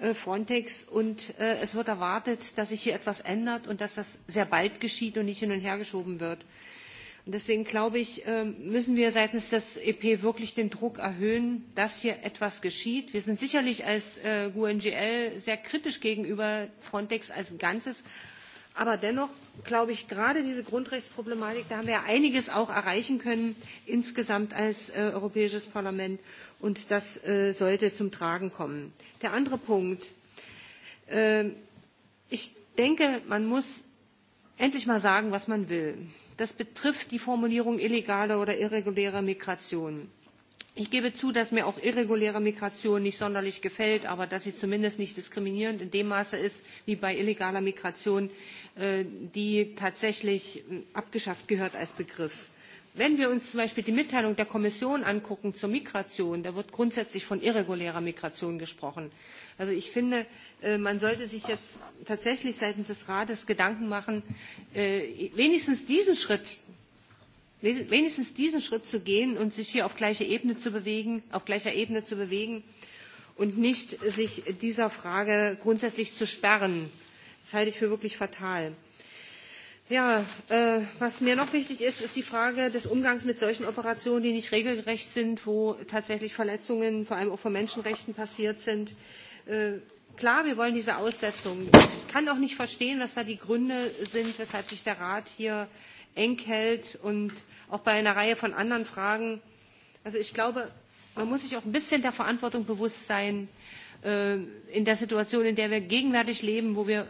äh, Frontex und äh, es wird erwartet, dass sich hier etwas ändert und dass das sehr bald geschieht und nicht hin und her geschoben wird. Und deswegen glaube ich, äh, müssen wir seitens des EP wirklich den Druck erhöhen, dass hier etwas geschieht. Wir sind sicherlich als GUNGL sehr kritisch gegenüber Frontex als Ganzes, Aber dennoch glaube ich, gerade diese Grundrechtsproblematik, da haben wir einiges auch erreichen können insgesamt als äh, Europäisches Parlament. Und das äh, sollte zum Tragen kommen. Der andere Punkt. Äh, ich denke, man muss endlich mal sagen, was man will. Das betrifft die Formulierung illegale oder irreguläre Migration ich gebe zu dass mir auch irreguläre migration nicht sonderlich gefällt aber dass sie zumindest nicht diskriminierend in dem maße ist wie bei illegaler migration äh, die tatsächlich äh, abgeschafft gehört als begriff. wenn wir uns zum beispiel die mitteilung der kommission zur migration da wird grundsätzlich von irregulärer migration gesprochen. also ich finde äh, man sollte sich jetzt tatsächlich seitens des rates gedanken machen wenigstens diesen schritt wenigstens diesen Schritt zu gehen und sich hier auf gleiche Ebene zu bewegen, auf gleicher Ebene zu bewegen und nicht sich dieser Frage grundsätzlich zu sperren. Das halte ich für wirklich fatal. Ja, äh, was mir noch wichtig ist, ist die Frage des Umgangs mit solchen Operationen, die nicht regelgerecht sind, wo tatsächlich Verletzungen, vor allem auch von Menschenrechten passiert sind. Äh, klar, wir wollen diese Aussetzung. Ich kann auch nicht verstehen, was da die Gründe sind, weshalb sich der Rat hier eng und auch bei einer Reihe von anderen Fragen. Also ich glaube, man muss sich auch ein bisschen der Verantwortung bewusst sein, äh, in der Situation, in der wir gegenwärtig leben, wo wir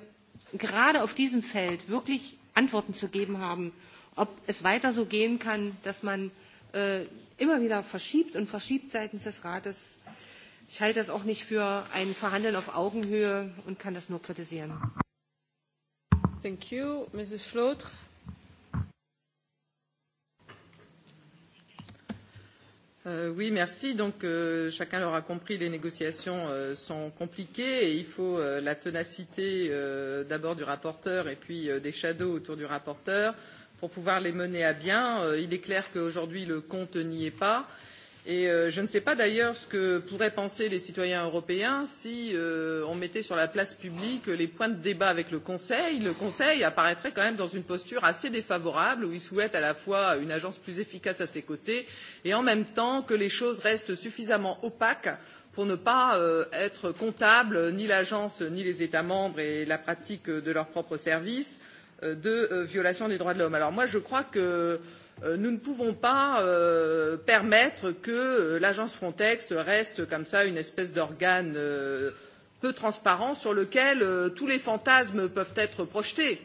gerade auf diesem Feld wirklich Antworten zu geben haben, ob es weiter so gehen kann, dass man äh, immer wieder verschiebt und verschiebt seitens des Rates. Ich halte das auch nicht für ein Verhandeln auf Augenhöhe und kann das nur kritisieren. Thank you, Mrs. Flotre. Euh, oui, merci. Donc, euh, chacun l'aura compris, les négociations euh, sont compliquées et il faut euh, la ténacité euh, d'abord du rapporteur et puis euh, des shadows autour du rapporteur pour pouvoir les mener à bien. Euh, il est clair qu'aujourd'hui, le compte n'y est pas. Euh, Et euh, je ne sais pas d'ailleurs ce que pourraient penser les citoyens européens si euh, on mettait sur la place publique les points de débat avec le Conseil. Le Conseil apparaîtrait quand même dans une posture assez défavorable où il souhaite à la fois une agence plus efficace à ses côtés et en même temps que les choses restent suffisamment opaques pour ne pas euh, être comptables ni l'agence ni les États membres et la pratique de leurs propres services de euh, violation des droits de l'homme. Alors moi je crois que Euh, nous ne pouvons pas euh, permettre que euh, l'agence frontex reste comme cela une espèce d'organe euh, peu transparent sur lequel euh, tous les fantasmes peuvent être projetés.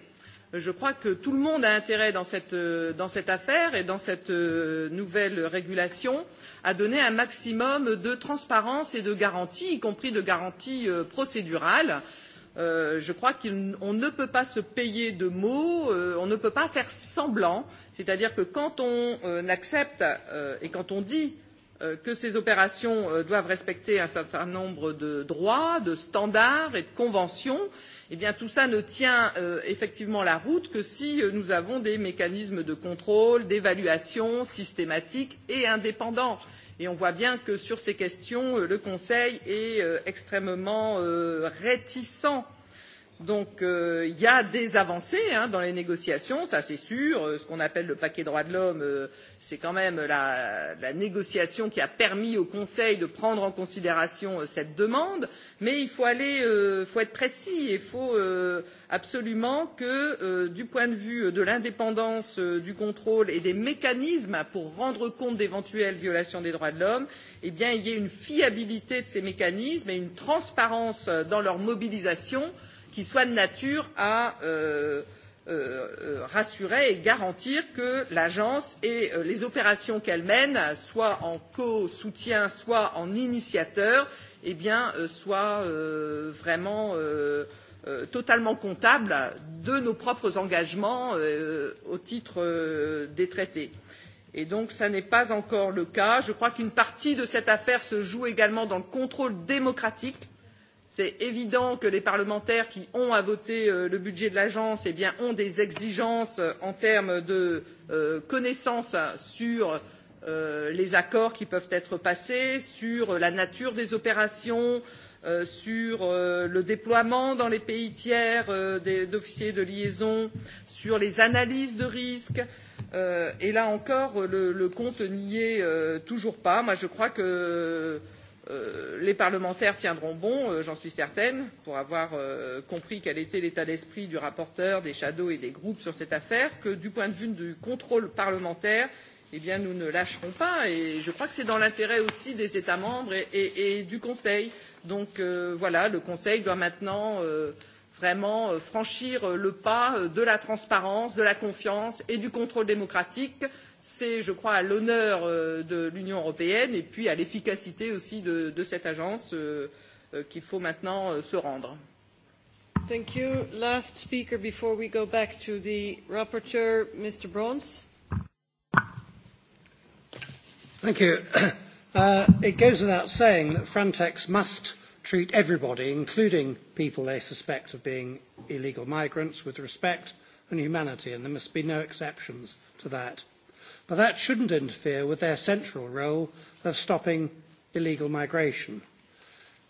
je crois que tout le monde a intérêt dans cette, euh, dans cette affaire et dans cette nouvelle régulation à donner un maximum de transparence et de garanties y compris de garanties procédurales Euh, je crois qu'on ne peut pas se payer de mots, euh, on ne peut pas faire semblant. C'est-à-dire que quand on euh, accepte euh, et quand on dit euh, que ces opérations euh, doivent respecter un certain nombre de droits, de standards et de conventions, eh bien tout ça ne tient euh, effectivement la route que si euh, nous avons des mécanismes de contrôle, d'évaluation systématiques et indépendants et on voit bien que sur ces questions euh, le conseil est euh, extrêmement euh, réticent Donc il euh, y a des avancées hein, dans les négociations, ça c'est sûr. Euh, ce qu'on appelle le paquet droits de l'homme, euh, c'est quand même la, la négociation qui a permis au Conseil de prendre en considération euh, cette demande. Mais il faut aller, euh, faut être précis. Il faut euh, absolument que, euh, du point de vue euh, de l'indépendance euh, du contrôle et des mécanismes pour rendre compte d'éventuelles violations des droits de l'homme, eh bien, il y ait une fiabilité de ces mécanismes et une transparence euh, dans leur mobilisation qui soit de nature à euh, euh, euh, rassurer et garantir que l'agence et les opérations qu'elle mène, soit en co-soutien, soit en initiateur, eh bien, euh, soient vraiment totalement comptables de nos propres engagements au titre des traités et donc ça n'est pas encore le cas. je crois qu'une partie de cette affaire se joue également dans le contrôle démocratique c'est évident que les parlementaires qui ont à voter euh, le budget de l'agence eh ont des exigences euh, en termes de connaissance euh, connaissances sur les accords qui peuvent être passés sur la nature des opérations sur le déploiement dans les pays tiers d'officiers de liaison sur les analyses de risques et là encore le, le compte n'y est toujours pas. Moi, je crois que Euh, les parlementaires tiendront bon euh, j'en suis certaine pour avoir euh, compris quel était l'état d'esprit du rapporteur des rapporteurs fictifs et des groupes sur cette affaire que du point de vue du contrôle parlementaire eh nous ne lâcherons pas et je crois que c'est dans l'intérêt aussi des états membres et, du conseil. donc voilà le conseil doit maintenant vraiment franchir le pas de la transparence de la confiance et du contrôle démocratique c'est je crois à l'honneur euh, de l'union européenne et puis à l'efficacité aussi de, de cette agence euh, euh, qu'il faut maintenant se rendre. Thank you. Last speaker before we go back to the rapporteur, Mr. Brons. Thank you. (coughs) Uh, it goes without saying that Frontex must treat everybody, including people they suspect of being illegal migrants, with respect and humanity, and there must be no exceptions to that but that shouldn't interfere with their central role of stopping illegal migration.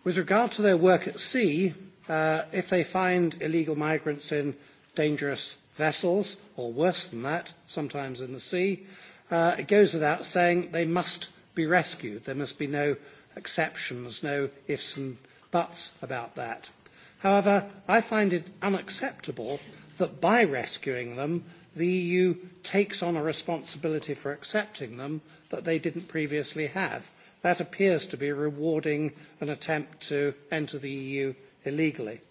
With regard to their work at sea, uh, if they find illegal migrants in dangerous vessels, or worse than that, sometimes in the sea, uh, it goes without saying they must be rescued. There must be no exceptions, no ifs and buts about that. However, I find it unacceptable that by rescuing them, the EU takes on a responsibility for accepting them that they didn't previously have. That appears to be rewarding an attempt to enter the EU illegally.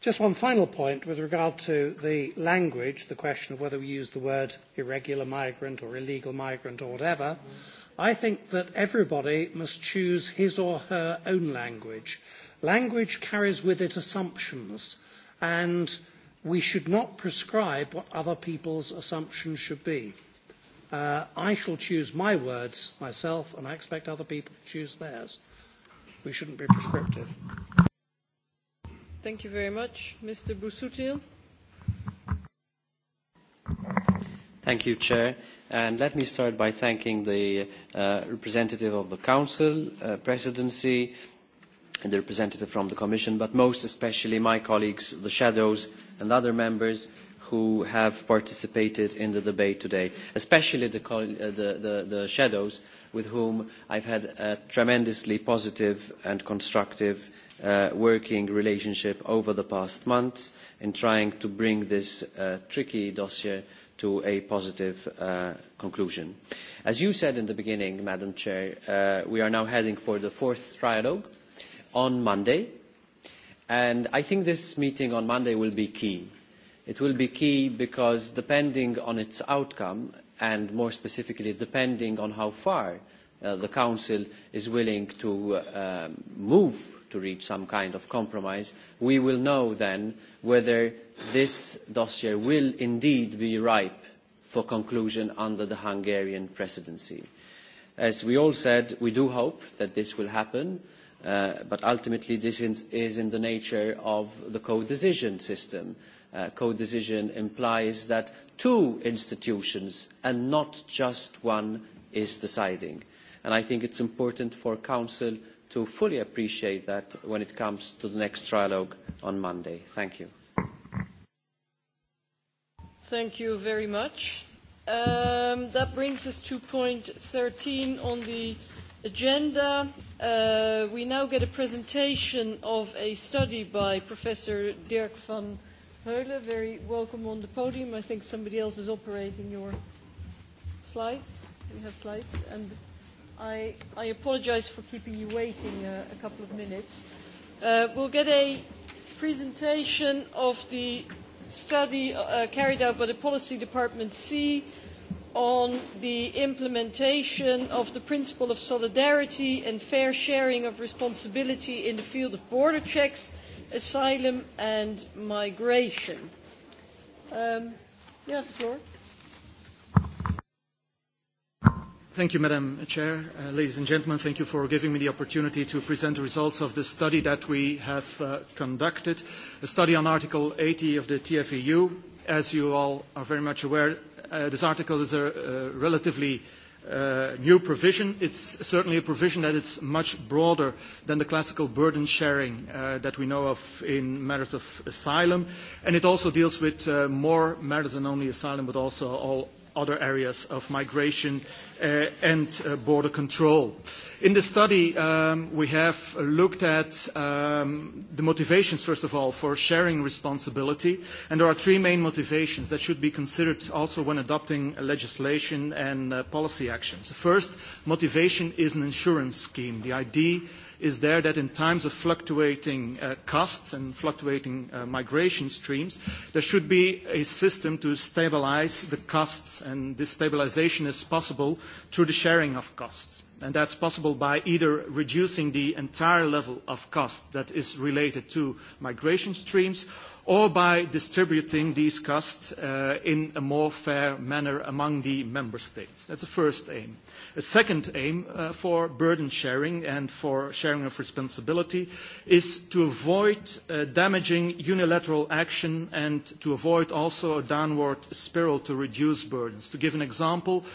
Just one final point with regard to the language, the question of whether we use the word irregular migrant or illegal migrant or whatever. I think that everybody must choose his or her own language. Language carries with it assumptions, and we should not prescribe what other people's assumptions should be. Uh, I shall choose my words myself, and I expect other people to choose theirs. We shouldn't be prescriptive. Thank you very much. Mr. Busuttil. Thank you, Chair. And let me start by thanking the uh, representative of the Council, uh, Presidency, and the representative from the Commission, but most especially my colleagues, the Shadows, and other members who have participated in the debate today, especially the, uh, the, the, the shadows with whom I've had a tremendously positive and constructive uh, working relationship over the past months in trying to bring this uh, tricky dossier to a positive uh, conclusion. As you said in the beginning, Madam Chair, uh, we are now heading for the fourth trialogue on Monday And I think this meeting on Monday will be key. It will be key because depending on its outcome, and more specifically depending on how far uh, the Council is willing to uh, um, move to reach some kind of compromise, we will know then whether this dossier will indeed be ripe for conclusion under the Hungarian presidency. As we all said, we do hope that this will happen Uh, but ultimately this is in the nature of the codecision system. Uh, codecision implies that two institutions and not just one is deciding. And I think it's important for Council to fully appreciate that when it comes to the next trilogue on Monday. Thank you. Thank you very much. Um, that brings us to point 13 on the agenda. Uh, we now get a presentation of a study by Professor Dirk van Heulen. Very welcome on the podium. I think somebody else is operating your slides. We have slides. And I, I apologize for keeping you waiting uh, a couple of minutes. Uh, we'll get a presentation of the study uh, carried out by the Policy Department C on the implementation of the principle of solidarity and fair sharing of responsibility in the field of border checks, asylum and migration. Um, you have the floor. Thank you, Madam Chair. Uh, ladies and gentlemen, thank you for giving me the opportunity to present the results of the study that we have uh, conducted, a study on Article 80 of the TFEU. As you all are very much aware, uh, this article is a, uh, relatively Uh, new provision. It's certainly a provision that is much broader than the classical burden sharing uh, that we know of in matters of asylum. And it also deals with uh, more matters than only asylum, but also all other areas of migration uh, and uh, border control. In the study, um, we have looked at um, the motivations, first of all, for sharing responsibility. And there are three main motivations that should be considered also when adopting legislation and uh, policy actions. The first motivation is an insurance scheme, the idea is there that in times of fluctuating uh, costs and fluctuating uh, migration streams, there should be a system to stabilize the costs, and this stabilization is possible through the sharing of costs. And that's possible by either reducing the entire level of cost that is related to migration streams or by distributing these costs uh, in a more fair manner among the member states. That's the first aim. A second aim uh, for burden sharing and for sharing of responsibility is to avoid uh, damaging unilateral action and to avoid also a downward spiral to reduce burdens. To give an example, uh,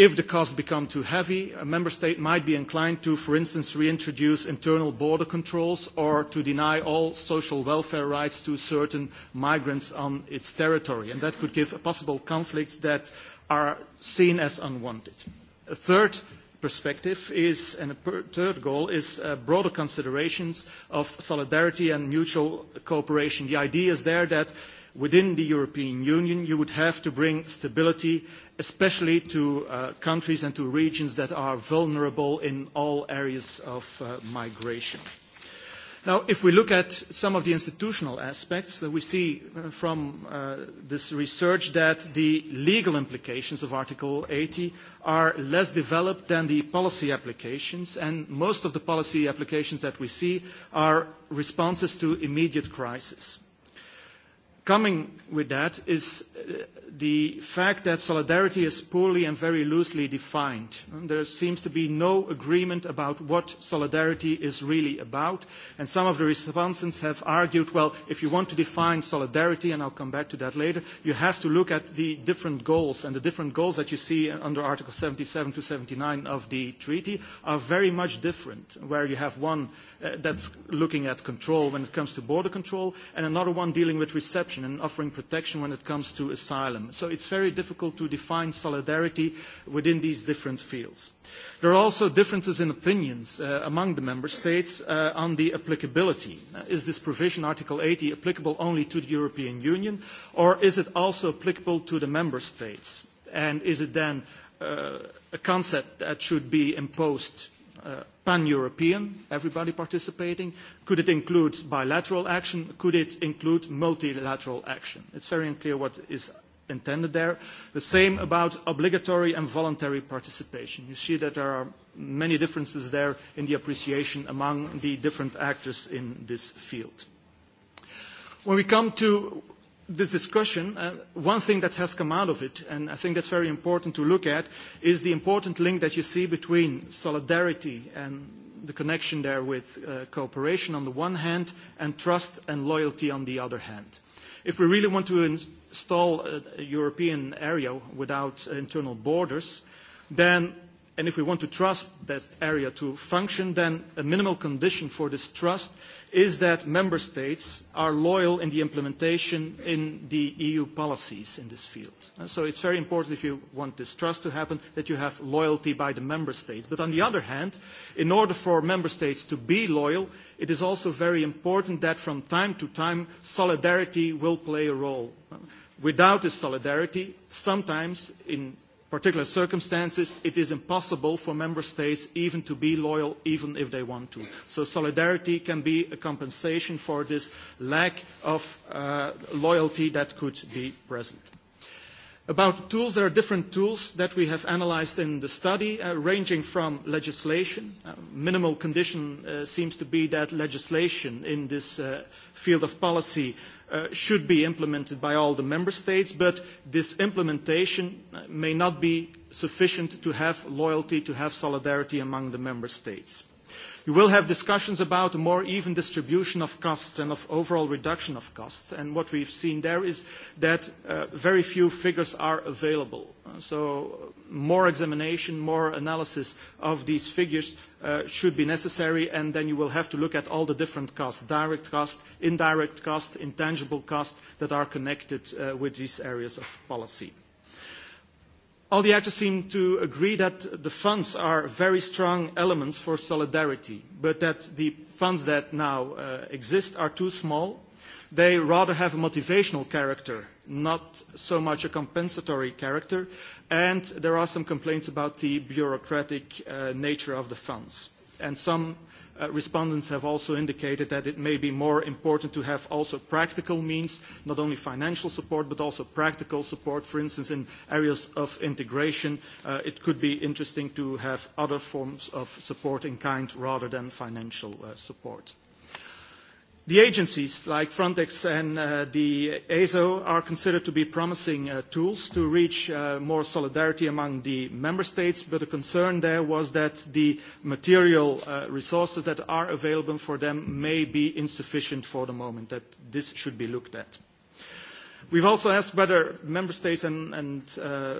If the costs become too heavy, a member state might be inclined to, for instance, reintroduce internal border controls or to deny all social welfare rights to certain migrants on its territory. And that could give possible conflicts that are seen as unwanted. A third perspective is, and a third goal is uh, broader considerations of solidarity and mutual cooperation. The idea is there that within the European Union, you would have to bring stability, especially to uh, countries and to regions that are vulnerable in all areas of uh, migration. Now, if we look at some of the institutional aspects, uh, we see uh, from uh, this research that the legal implications of Article 80 are less developed than the policy applications, and most of the policy applications that we see are responses to immediate crisis coming with that is uh, the fact that solidarity is poorly and very loosely defined. There seems to be no agreement about what solidarity is really about. And some of the respondents have argued, well, if you want to define solidarity, and I'll come back to that later, you have to look at the different goals. And the different goals that you see under Article 77 to 79 of the treaty are very much different, where you have one uh, that's looking at control when it comes to border control, and another one dealing with reception exception and offering protection when it comes to asylum. So it's very difficult to define solidarity within these different fields. There are also differences in opinions uh, among the member states uh, on the applicability. Uh, is this provision, Article 80, applicable only to the European Union, or is it also applicable to the member states? And is it then uh, a concept that should be imposed uh, pan-European, everybody participating? Could it include bilateral action? Could it include multilateral action? It's very unclear what is intended there. The same about obligatory and voluntary participation. You see that there are many differences there in the appreciation among the different actors in this field. When we come to this discussion, uh, one thing that has come out of it, and I think that's very important to look at, is the important link that you see between solidarity and the connection there with uh, cooperation on the one hand, and trust and loyalty on the other hand. If we really want to install a, a European area without internal borders, then And if we want to trust that area to function, then a minimal condition for this trust is that member states are loyal in the implementation in the EU policies in this field. And uh, so it's very important if you want this trust to happen that you have loyalty by the member states. But on the other hand, in order for member states to be loyal, it is also very important that from time to time solidarity will play a role. Uh, without this solidarity, sometimes in particular circumstances, it is impossible for member states even to be loyal, even if they want to. So solidarity can be a compensation for this lack of uh, loyalty that could be present. About tools, there are different tools that we have analysed in the study, uh, ranging from legislation. Uh, minimal condition uh, seems to be that legislation in this uh, field of policy Uh, should be implemented by all the member states, but this implementation uh, may not be sufficient to have loyalty, to have solidarity among the member states. You will have discussions about a more even distribution of costs and of overall reduction of costs. And what we've seen there is that uh, very few figures are available. Uh, so more examination, more analysis of these figures uh, should be necessary, and then you will have to look at all the different costs, direct cost, indirect cost, intangible cost that are connected uh, with these areas of policy. All the actors seem to agree that the funds are very strong elements for solidarity, but that the funds that now uh, exist are too small. They rather have a motivational character, not so much a compensatory character, and there are some complaints about the bureaucratic uh, nature of the funds. And some Uh, respondents have also indicated that it may be more important to have also practical means, not only financial support, but also practical support. For instance, in areas of integration, uh, it could be interesting to have other forms of support in kind rather than financial uh, support. The agencies like Frontex and uh, the ESO are considered to be promising uh, tools to reach uh, more solidarity among the member states, but the concern there was that the material uh, resources that are available for them may be insufficient for the moment, that this should be looked at. We've also asked whether member states and, and uh,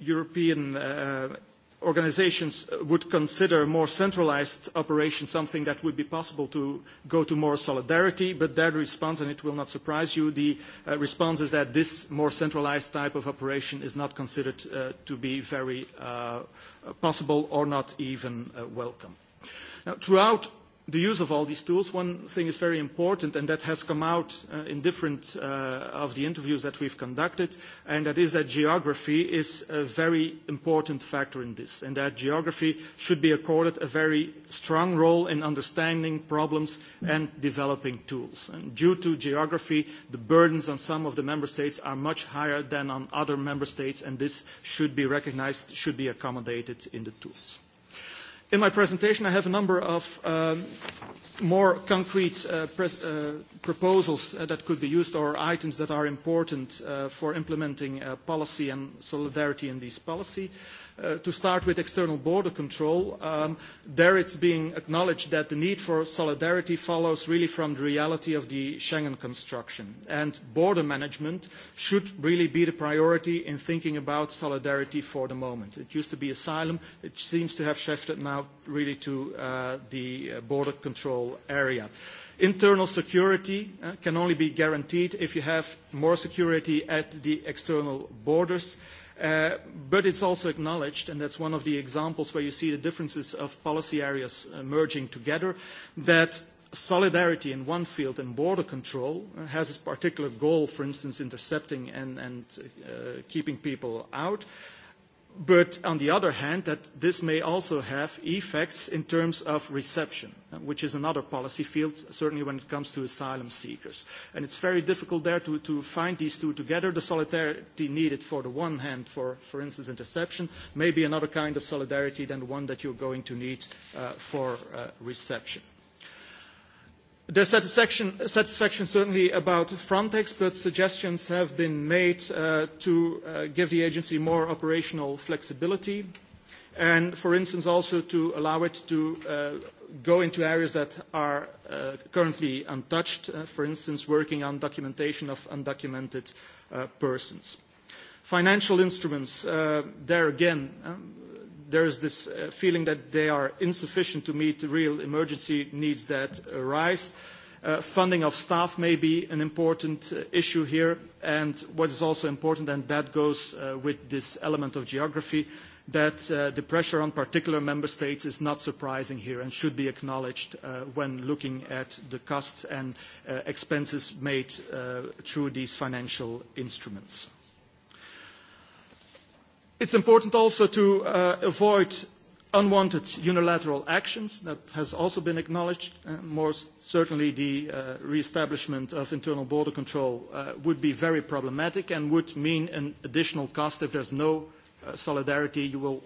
European uh, organisations uh, would consider more centralised operations something that would be possible to go to more solidarity, but their response, and it will not surprise you, the uh, response is that this more centralised type of operation is not considered uh, to be very uh, possible or not even uh, welcome. Now, throughout the use of all these tools, one thing is very important, and that has come out uh, in different uh, of the interviews that we've conducted, and that is that geography is a very important factor in this, and that geography should be accorded a very strong role in understanding problems and developing tools. And due to geography, the burdens on some of the member states are much higher than on other member states, and this should be recognized, should be accommodated in the tools. In my presentation, I have a number of um, more concrete uh, uh, proposals uh, that could be used or items that are important uh, for implementing uh, policy and solidarity in these policy. Uh, to start with external border control, um, there it's being acknowledged that the need for solidarity follows really from the reality of the Schengen construction. And border management should really be the priority in thinking about solidarity for the moment. It used to be asylum. It seems to have shifted now really to uh, the uh, border control area. Internal security uh, can only be guaranteed if you have more security at the external borders. Uh, but it's also acknowledged, and that's one of the examples where you see the differences of policy areas uh, merging together, that solidarity in one field and border control uh, has its particular goal, for instance, intercepting and, and uh, keeping people out. Uh, But on the other hand, that this may also have effects in terms of reception, uh, which is another policy field, certainly when it comes to asylum seekers. And it's very difficult there to, to find these two together, the solidarity needed for the one hand for, for instance, interception, maybe another kind of solidarity than the one that you're going to need uh, for uh, reception. There satisfaction, satisfaction certainly about Frontex, but suggestions have been made uh, to uh, give the agency more operational flexibility and, for instance, also to allow it to uh, go into areas that are uh, currently untouched, uh, for instance, working on documentation of undocumented uh, persons. Financial instruments, there again, um, there is this uh, feeling that they are insufficient to meet the real emergency needs that arise. Uh, funding of staff may be an important uh, issue here. And what is also important, and that goes uh, with this element of geography, that uh, the pressure on particular member states is not surprising here and should be acknowledged uh, when looking at the costs and expenses made through these financial instruments. It is important also to uh, avoid unwanted unilateral actions. That has also been acknowledged. Uh, more certainly, the uh, re-establishment of internal border control uh, would be very problematic and would mean an additional cost. If there is no uh, solidarity, you will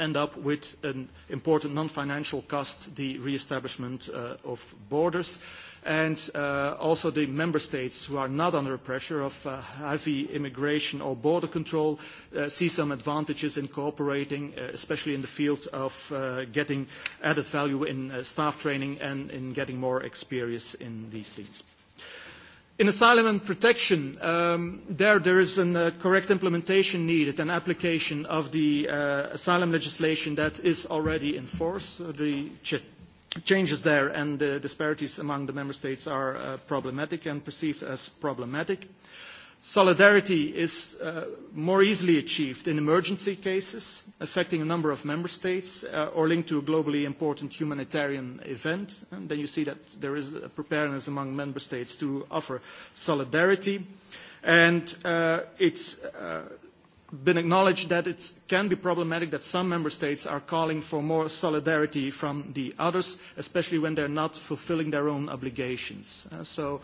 end up with an important non-financial cost, the re-establishment uh, of borders, and uh, also the member states who are not under pressure of uh, heavy immigration or border control uh, see some advantages in cooperating, uh, especially in the field of uh, getting added value in staff training and in getting more experience in these things. In asylum and protection, um, there, there is a uh, correct implementation needed and application of the uh, asylum legislation that is already in force. Uh, the ch changes there and the disparities among the member states are uh, problematic and perceived as problematic. Solidarity is uh, more easily achieved in emergency cases affecting a number of member states uh, or linked to a globally important humanitarian event. And then you see that there is a preparedness among member states to offer solidarity. And uh, it's uh, been acknowledged that it can be problematic that some member states are calling for more solidarity from the others, especially when they're not fulfilling their own obligations. Uh, so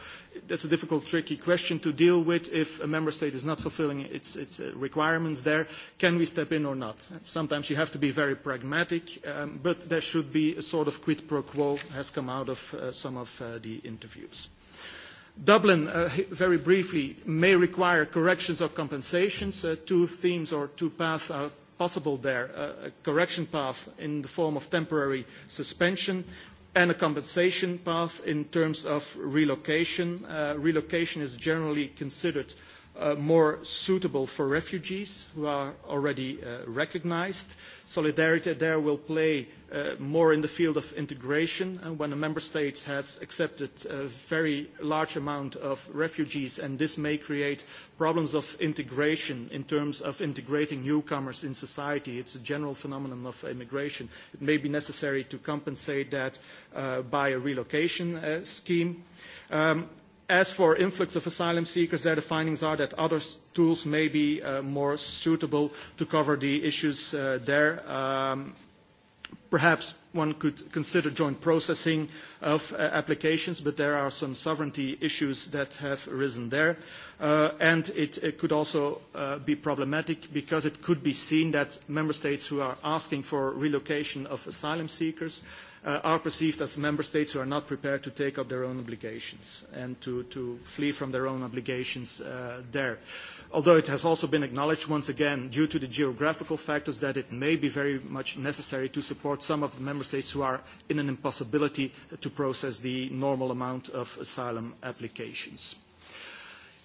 that's a difficult, tricky question to deal with if a member state is not fulfilling its, its uh, requirements there. Can we step in or not? Sometimes you have to be very pragmatic, um, but there should be a sort of quid pro quo has come out of uh, some of uh, the interviews. Dublin, uh, very briefly, may require corrections or compensations. Uh, two themes or two paths are possible there. Uh, a correction path in the form of temporary suspension and a compensation path in terms of relocation. Uh, relocation is generally considered uh, Uh, more suitable for refugees who are already uh, recognised. Solidarity there will play uh, more in the field of integration and uh, when a member state has accepted a very large amount of refugees and this may create problems of integration in terms of integrating newcomers in society. It's a general phenomenon of immigration. It may be necessary to compensate that uh, by a relocation scheme. Um, As for influx of asylum seekers, there the findings are that other tools may be uh, more suitable to cover the issues uh, there. Um, perhaps one could consider joint processing of uh, applications, but there are some sovereignty issues that have arisen there. Uh, and it, it, could also uh, be problematic because it could be seen that member states who are asking for relocation of asylum seekers uh, are perceived as member states who are not prepared to take up their own obligations and to, to flee from their own obligations uh, there. Although it has also been acknowledged once again, due to the geographical factors, that it may be very much necessary to support some of the member states who are in an impossibility to process the normal amount of asylum applications.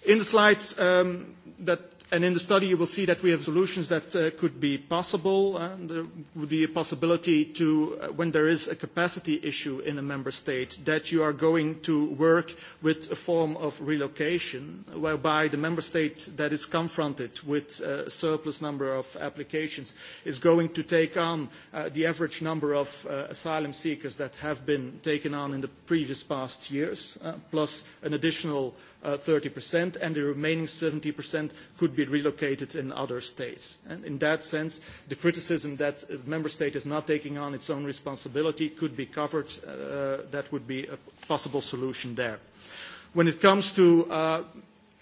In the slides um, that And in the study, you will see that we have solutions that uh, could be possible. And there would be a possibility to, uh, when there is a capacity issue in a member state, that you are going to work with a form of relocation, whereby the member state that is confronted with a surplus number of applications is going to take on uh, the average number of uh, asylum seekers that have been taken on in the previous past years, uh, plus an additional uh, 30% uh, and the remaining 70% could be relocated in other states. And in that sense, the criticism that a member state is not taking on its own responsibility could be covered. Uh, that would be a possible solution there. When it comes to uh,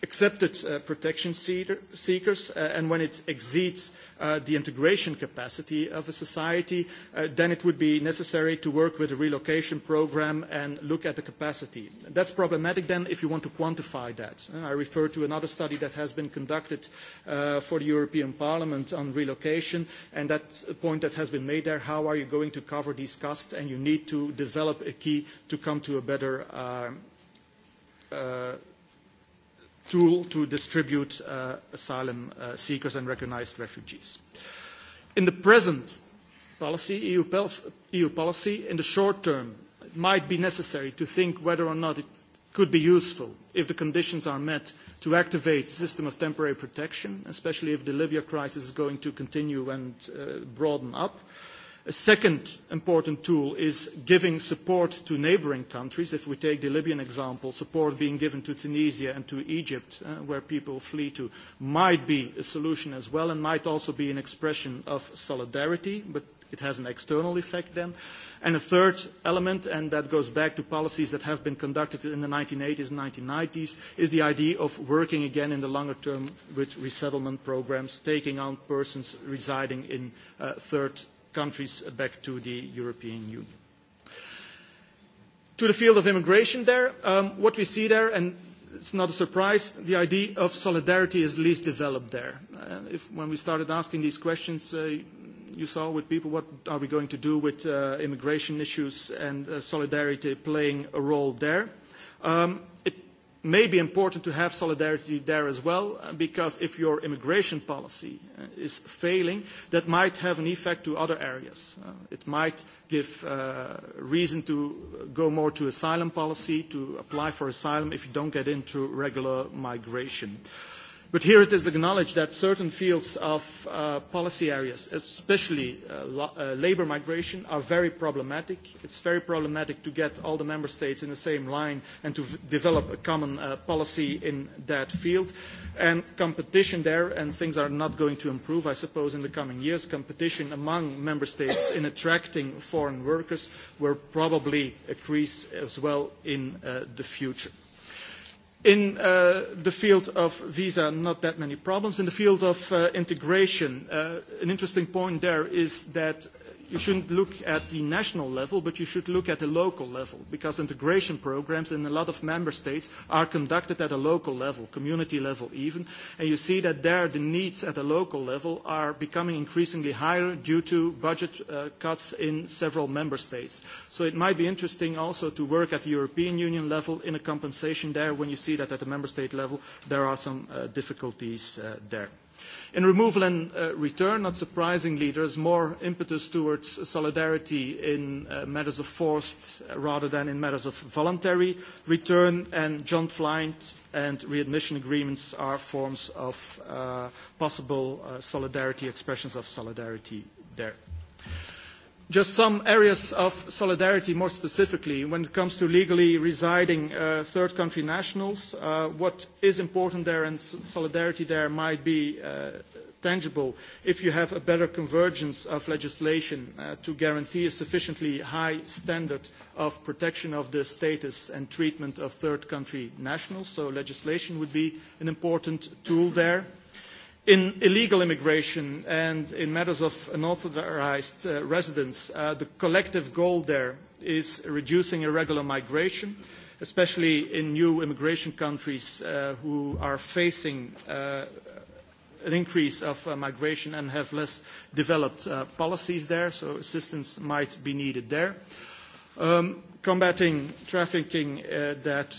accepted uh, protection seekers, uh, and when it exceeds uh, the integration capacity of a society, uh, then it would be necessary to work with a relocation program and look at the capacity. That's problematic then if you want to quantify that. Uh, I refer to another study that has been conducted uh, for the European Parliament on relocation, and that's a point that has been made there. How are you going to cover these costs? And you need to develop a key to come to a better tool to distribute uh, asylum uh, seekers and recognized refugees. In the present policy, EU, EU, policy, in the short term, it might be necessary to think whether or not it could be useful, if the conditions are met, to activate the system of temporary protection, especially if the Libya crisis is going to continue and uh, broaden up. Uh, a second important tool is giving support to neighbouring countries. If we take the Libyan example, support being given to Tunisia and to Egypt, uh, where people flee to, might be a solution as well and might also be an expression of solidarity, but it has an external effect then. And a third element, and that goes back to policies that have been conducted in the 1980s and 1990s, is the idea of working again in the longer term with resettlement programs, taking on persons residing in uh, third countries back to the European Union. To the field of immigration there, um, what we see there, and it's not a surprise, the idea of solidarity is least developed there. Uh, if, when we started asking these questions, uh, you saw with people what are we going to do with uh, immigration issues and uh, solidarity playing a role there. Um, it may be important to have solidarity there as well, uh, because if your immigration policy uh, is failing, that might have an effect to other areas. Uh, it might give uh, reason to go more to asylum policy, to apply for asylum if you don't get into regular migration. Uh, But here it is acknowledged that certain fields of uh, policy areas, especially uh, uh, labour migration, are very problematic. It's very problematic to get all the member states in the same line and to develop a common uh, policy in that field. And competition there, and things are not going to improve, I suppose, in the coming years. Competition among member states in attracting foreign workers will probably increase as well in uh, the future. In uh, the field of visa, not that many problems. In the field of uh, integration, uh, an interesting point there is that you shouldn't look at the national level, but you should look at the local level, because integration programs in a lot of member states are conducted at a local level, community level even, and you see that there the needs at a local level are becoming increasingly higher due to budget uh, cuts in several member states. So it might be interesting also to work at the European Union level in a compensation there when you see that at the member state level there are some uh, difficulties uh, there. In removal and uh, return, not surprisingly, there is more impetus towards solidarity in uh, matters of forced uh, rather than in matters of voluntary return, and joint flight and readmission agreements are forms of uh, possible uh, solidarity, expressions of solidarity there. Just some areas of solidarity more specifically when it comes to legally residing uh, third country nationals. Uh, what is important there and solidarity there might be uh, tangible if you have a better convergence of legislation uh, to guarantee a sufficiently high standard of protection of the status and treatment of third country nationals. So legislation would be an important tool there. In illegal immigration and in matters of unauthorized uh, residence, uh, the collective goal there is reducing irregular migration, especially in new immigration countries uh, who are facing uh, an increase of uh, migration and have less developed uh, policies there, so assistance might be needed there. Um, combating trafficking that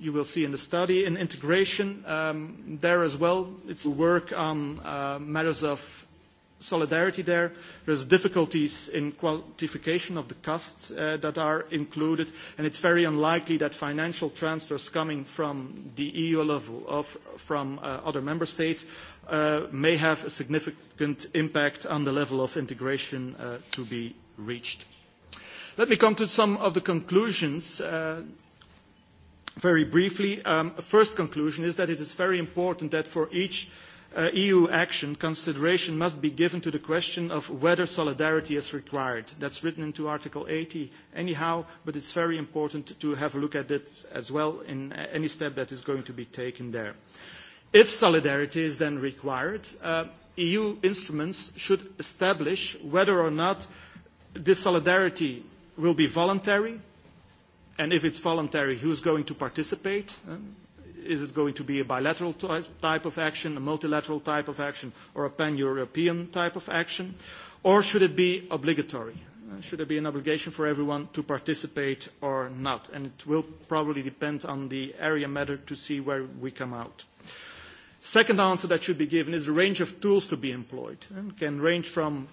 you will see in the study. In integration, um, there as well, it's work on uh, matters of solidarity there. There's difficulties in quantification of the costs uh, that are included, and it's very unlikely that financial transfers coming from the EU level or from uh, other member states uh, may have a significant impact on the level of integration uh, to be reached. Let me come to some of the conclusions uh, very briefly, um, first conclusion is that it is very important that for each uh, EU action, consideration must be given to the question of whether solidarity is required. That's written into Article 80 anyhow, but it's very important to have a look at it as well in uh, any step that is going to be taken there. If solidarity is then required, uh, EU instruments should establish whether or not this solidarity will be voluntary, and if it's voluntary, who's going to participate? Uh, is it going to be a bilateral type of action, a multilateral type of action, or a pan-European type of action? Or should it be obligatory? Uh, should there be an obligation for everyone to participate or not? And it will probably depend on the area matter to see where we come out. Second answer that should be given is the range of tools to be employed. and uh, can range from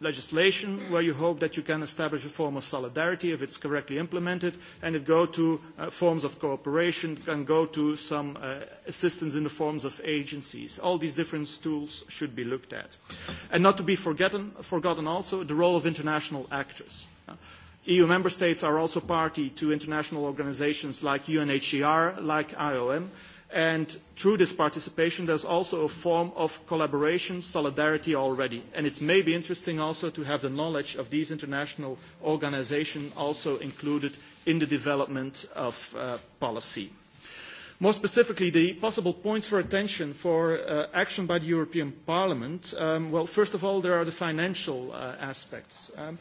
legislation where you hope that you can establish a form of solidarity if it's correctly implemented and it go to uh, forms of cooperation can go to some uh, assistance in the forms of agencies all these different tools should be looked at and not to be forgotten forgotten also the role of international actors uh, EU member states are also party to international organizations like UNHCR, like IOM, And through this participation, there's also a form of collaboration, solidarity already. And it may be interesting also to have the knowledge of these international organizations also included in the development of uh, policy. More specifically, the possible points for attention for uh, action by the European Parliament, um, well, first of all, there are the financial uh, aspects. Um,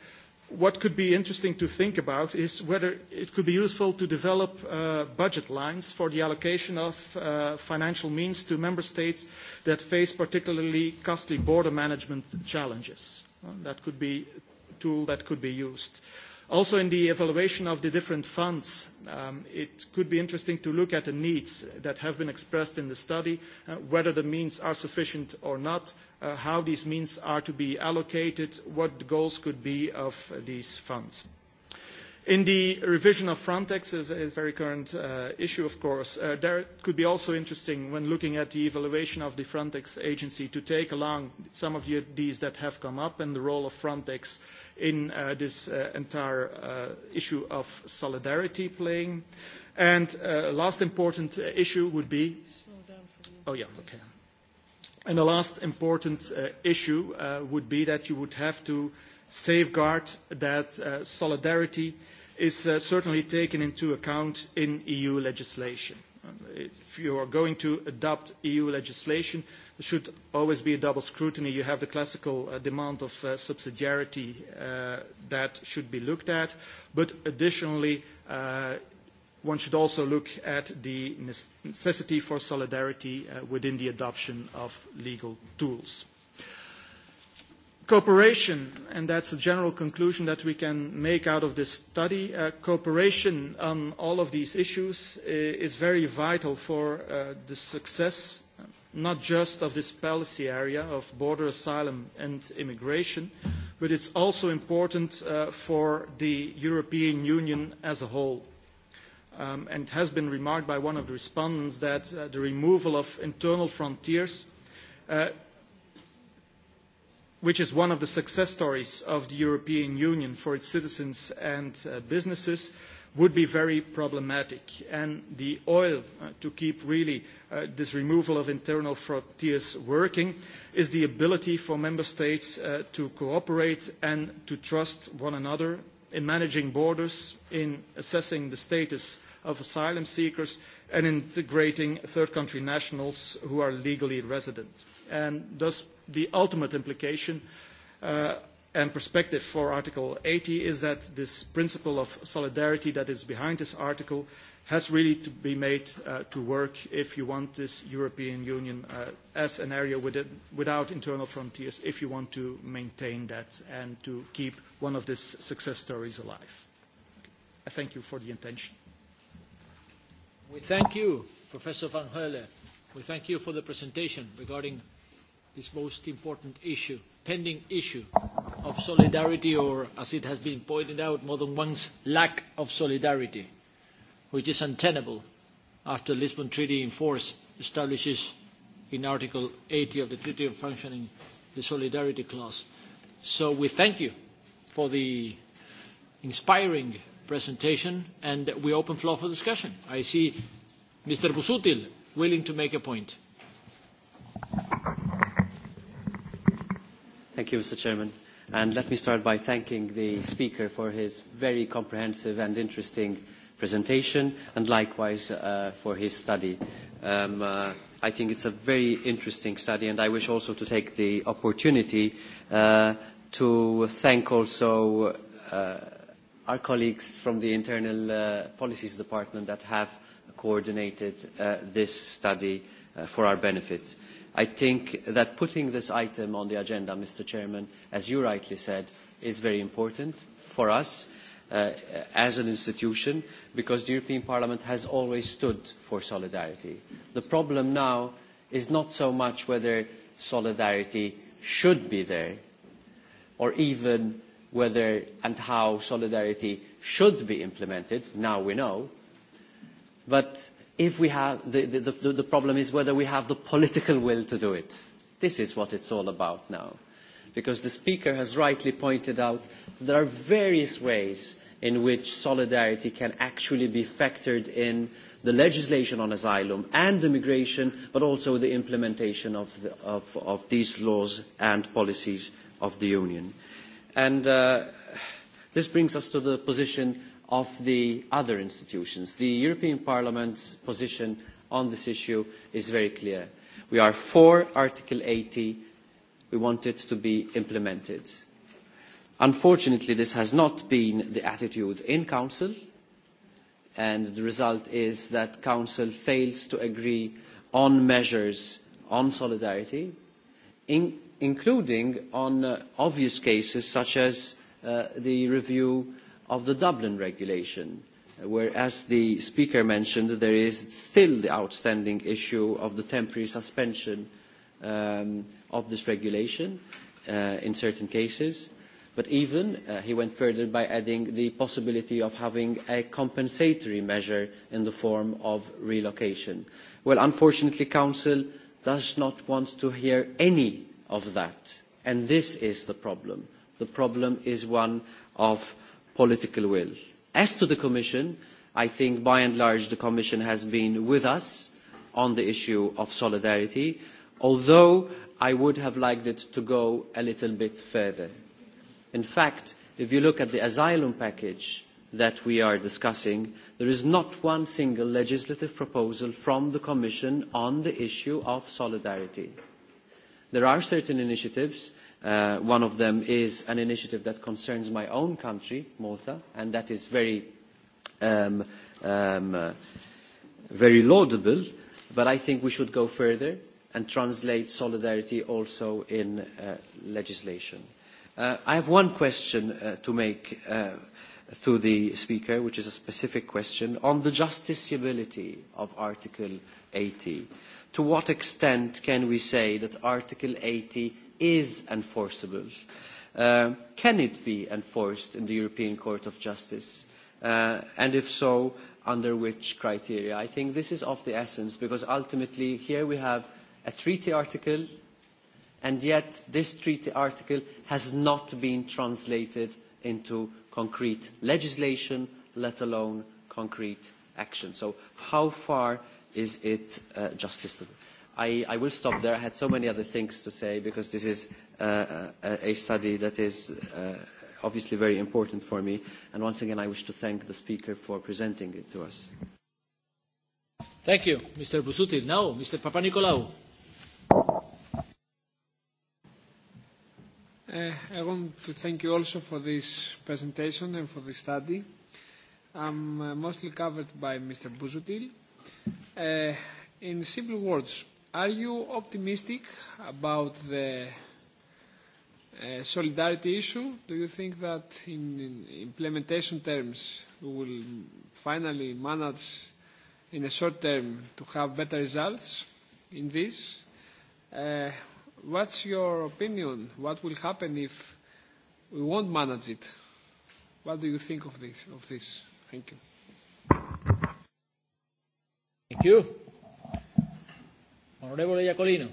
what could be interesting to think about is whether it could be useful to develop uh, budget lines for the allocation of uh, financial means to member states that face particularly costly border management challenges. Uh, that could be a tool that could be used. Uh, Also in the evaluation of the different funds, um, it could be interesting to look at the needs that have been expressed in the study, uh, whether the means are sufficient or not, uh, how these means are to be allocated, what the goals could be of these funds. In the revision of Frontex, a, a very current uh, issue, of course, uh, there could be also interesting when looking at the evaluation of the Frontex agency to take along some of the these that have come up and the role of Frontex in uh, this uh, entire uh, issue of solidarity playing. And uh, last important uh, issue would be... Oh, yeah, okay. And the last important issue would be that you would have to safeguard that solidarity is uh, certainly taken into account in EU legislation. Uh, if you are going to adopt EU legislation, there should always be a double scrutiny. You have the classical uh, demand of uh, subsidiarity uh, that should be looked at, but additionally, uh, one should also look at the necessity for solidarity within the adoption of legal tools. Cooperation, and that's a general conclusion that we can make out of this study, uh, cooperation on all of these issues uh, is very vital for uh, the success, not just of this policy area of border asylum and immigration, but it's also important uh, for the European Union as a whole. Um, and it has been remarked by one of the respondents that uh, the removal of internal frontiers uh, which is one of the success stories of the European Union for its citizens and uh, businesses, would be very problematic. And the oil, uh, to keep really uh, this removal of internal frontiers working, is the ability for member states uh, to cooperate and to trust one another in managing borders, in assessing the status of asylum seekers, and integrating third country nationals who are legally resident. And thus the ultimate implication uh, and perspective for Article 80 is that this principle of solidarity that is behind this article has really to be made uh, to work if you want this European Union uh, as an area within, without internal frontiers, if you want to maintain that and to keep one of these success stories alive. I thank you for the attention. We thank you, Professor Van Heule. We thank you for the presentation regarding this most important issue, pending issue of solidarity, or as it has been pointed out more than once, lack of solidarity, which is untenable after the Lisbon Treaty in force establishes in Article 80 of the Treaty on Functioning the Solidarity Clause. So we thank you for the inspiring presentation and we open floor for discussion. I see Mr. Busuttil willing to make a point. Thank you, Mr. President. And let me start by thanking the speaker for his very comprehensive and interesting presentation, and likewise uh, for his study. Um, uh, I think it's a very interesting study, and I wish also to take the opportunity uh, to thank also our colleagues from the Internal Policies Department that have coordinated this study for our benefit. I think that putting this item on the agenda, Mr Chairman, as you rightly said, is very important for us uh, as an institution because the European Parliament has always stood for solidarity. The problem now is not so much whether solidarity should be there or even whether and how solidarity should be implemented, now we know, but if we have the, the, the, the problem is whether we have the political will to do it. This is what it's all about now. Because the speaker has rightly pointed out that there are various ways in which solidarity can actually be factored in the legislation on asylum and immigration, but also the implementation of, the, of, of these laws and policies of the Union. And uh, this brings us to the position of the other institutions. The European Parliament's position on this issue is very clear. We are for Article 80. We want it to be implemented. Unfortunately, this has not been the attitude in Council, and the result is that Council fails to agree on measures on solidarity, in, including on uh, obvious cases such as uh, the review of the Dublin regulation, where, as the speaker mentioned, there is still the outstanding issue of the temporary suspension um, of this regulation uh, in certain cases. But even uh, he went further by adding the possibility of having a compensatory measure in the form of relocation. Well, unfortunately, Council does not want to hear any of that. And this is the problem. The problem is one of political will. As to the Commission, I think by and large the Commission has been with us on the issue of solidarity, although I would have liked it to go a little bit further. In fact, if you look at the asylum package that we are discussing, there is not one single legislative proposal from the Commission on the issue of solidarity. There are certain initiatives Uh, one of them is an initiative that concerns my own country, Malta, and that is very, um, um, uh, very laudable, but I think we should go further and translate solidarity also in uh, legislation. Uh, I have one question uh, to make uh, to the speaker, which is a specific question, on the justiciability of Article 80. To what extent can we say that Article 80 is enforceable. Uh, can it be enforced in the European Court of Justice? Uh, and if so, under which criteria? I think this is of the essence because ultimately here we have a treaty article and yet this treaty article has not been translated into concrete legislation, let alone concrete action. So how far is it uh, justiciable? I, I will stop there. I had so many other things to say because this is uh, uh a, study that is uh, obviously very important for me. And once again, I wish to thank the speaker for presenting it to us. Thank you, Mr. Busuttil. Now, Mr. Papanikolaou. Uh, I want to thank you also for this presentation and for this study. I'm uh, mostly covered by Mr. Busuttil. Uh, in simple words, are you optimistic about the uh, solidarity issue? Do you think that in, in implementation terms we will finally manage in a short term to have better results in this? Uh, what's your opinion? What will happen if we won't manage it? What do you think of this? Of this? Thank you. Thank you. Onorevole Iacolino.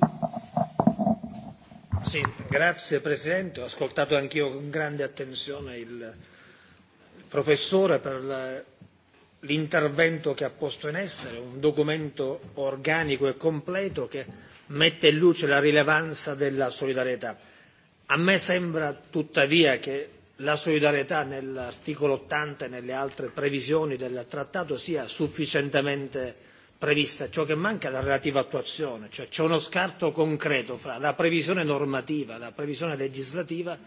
Sì, grazie Presidente. Ho ascoltato anch'io con grande attenzione il professore per l'intervento che ha posto in essere, un documento organico e completo che mette in luce la rilevanza della solidarietà. A me sembra tuttavia che la solidarietà nell'articolo 80 e nelle altre previsioni del trattato sia sufficientemente prevista ciò che manca è la relativa attuazione cioè c'è uno scarto concreto fra la previsione normativa la previsione legislativa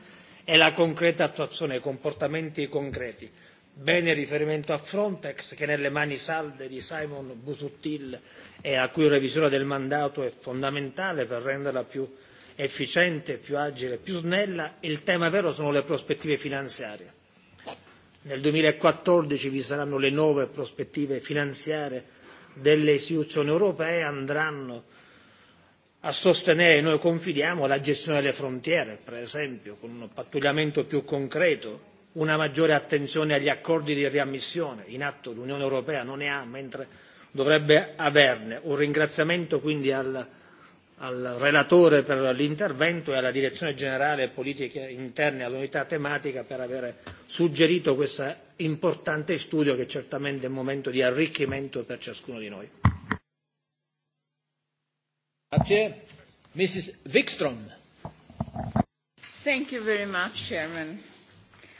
e la concreta attuazione i comportamenti concreti. bene il riferimento a frontex che è nelle mani salde di simon busuttil e la cui revisione del mandato è fondamentale per renderla più efficiente più agile più snella. il tema vero sono le prospettive finanziarie. nel duemilaquattordici vi saranno le nuove prospettive finanziarie delle istituzioni europee andranno a sostenere, noi confidiamo, la gestione delle frontiere, per esempio, con un pattugliamento più concreto, una maggiore attenzione agli accordi di riammissione in atto l'Unione Europea non ne ha, mentre dovrebbe averne. Un ringraziamento quindi al al relatore per l'intervento e alla direzione generale politiche interne all'unità tematica per aver suggerito questo importante studio che certamente è un momento di arricchimento per ciascuno di noi. Grazie. Mrs. Wikström. Thank you very much, Chairman.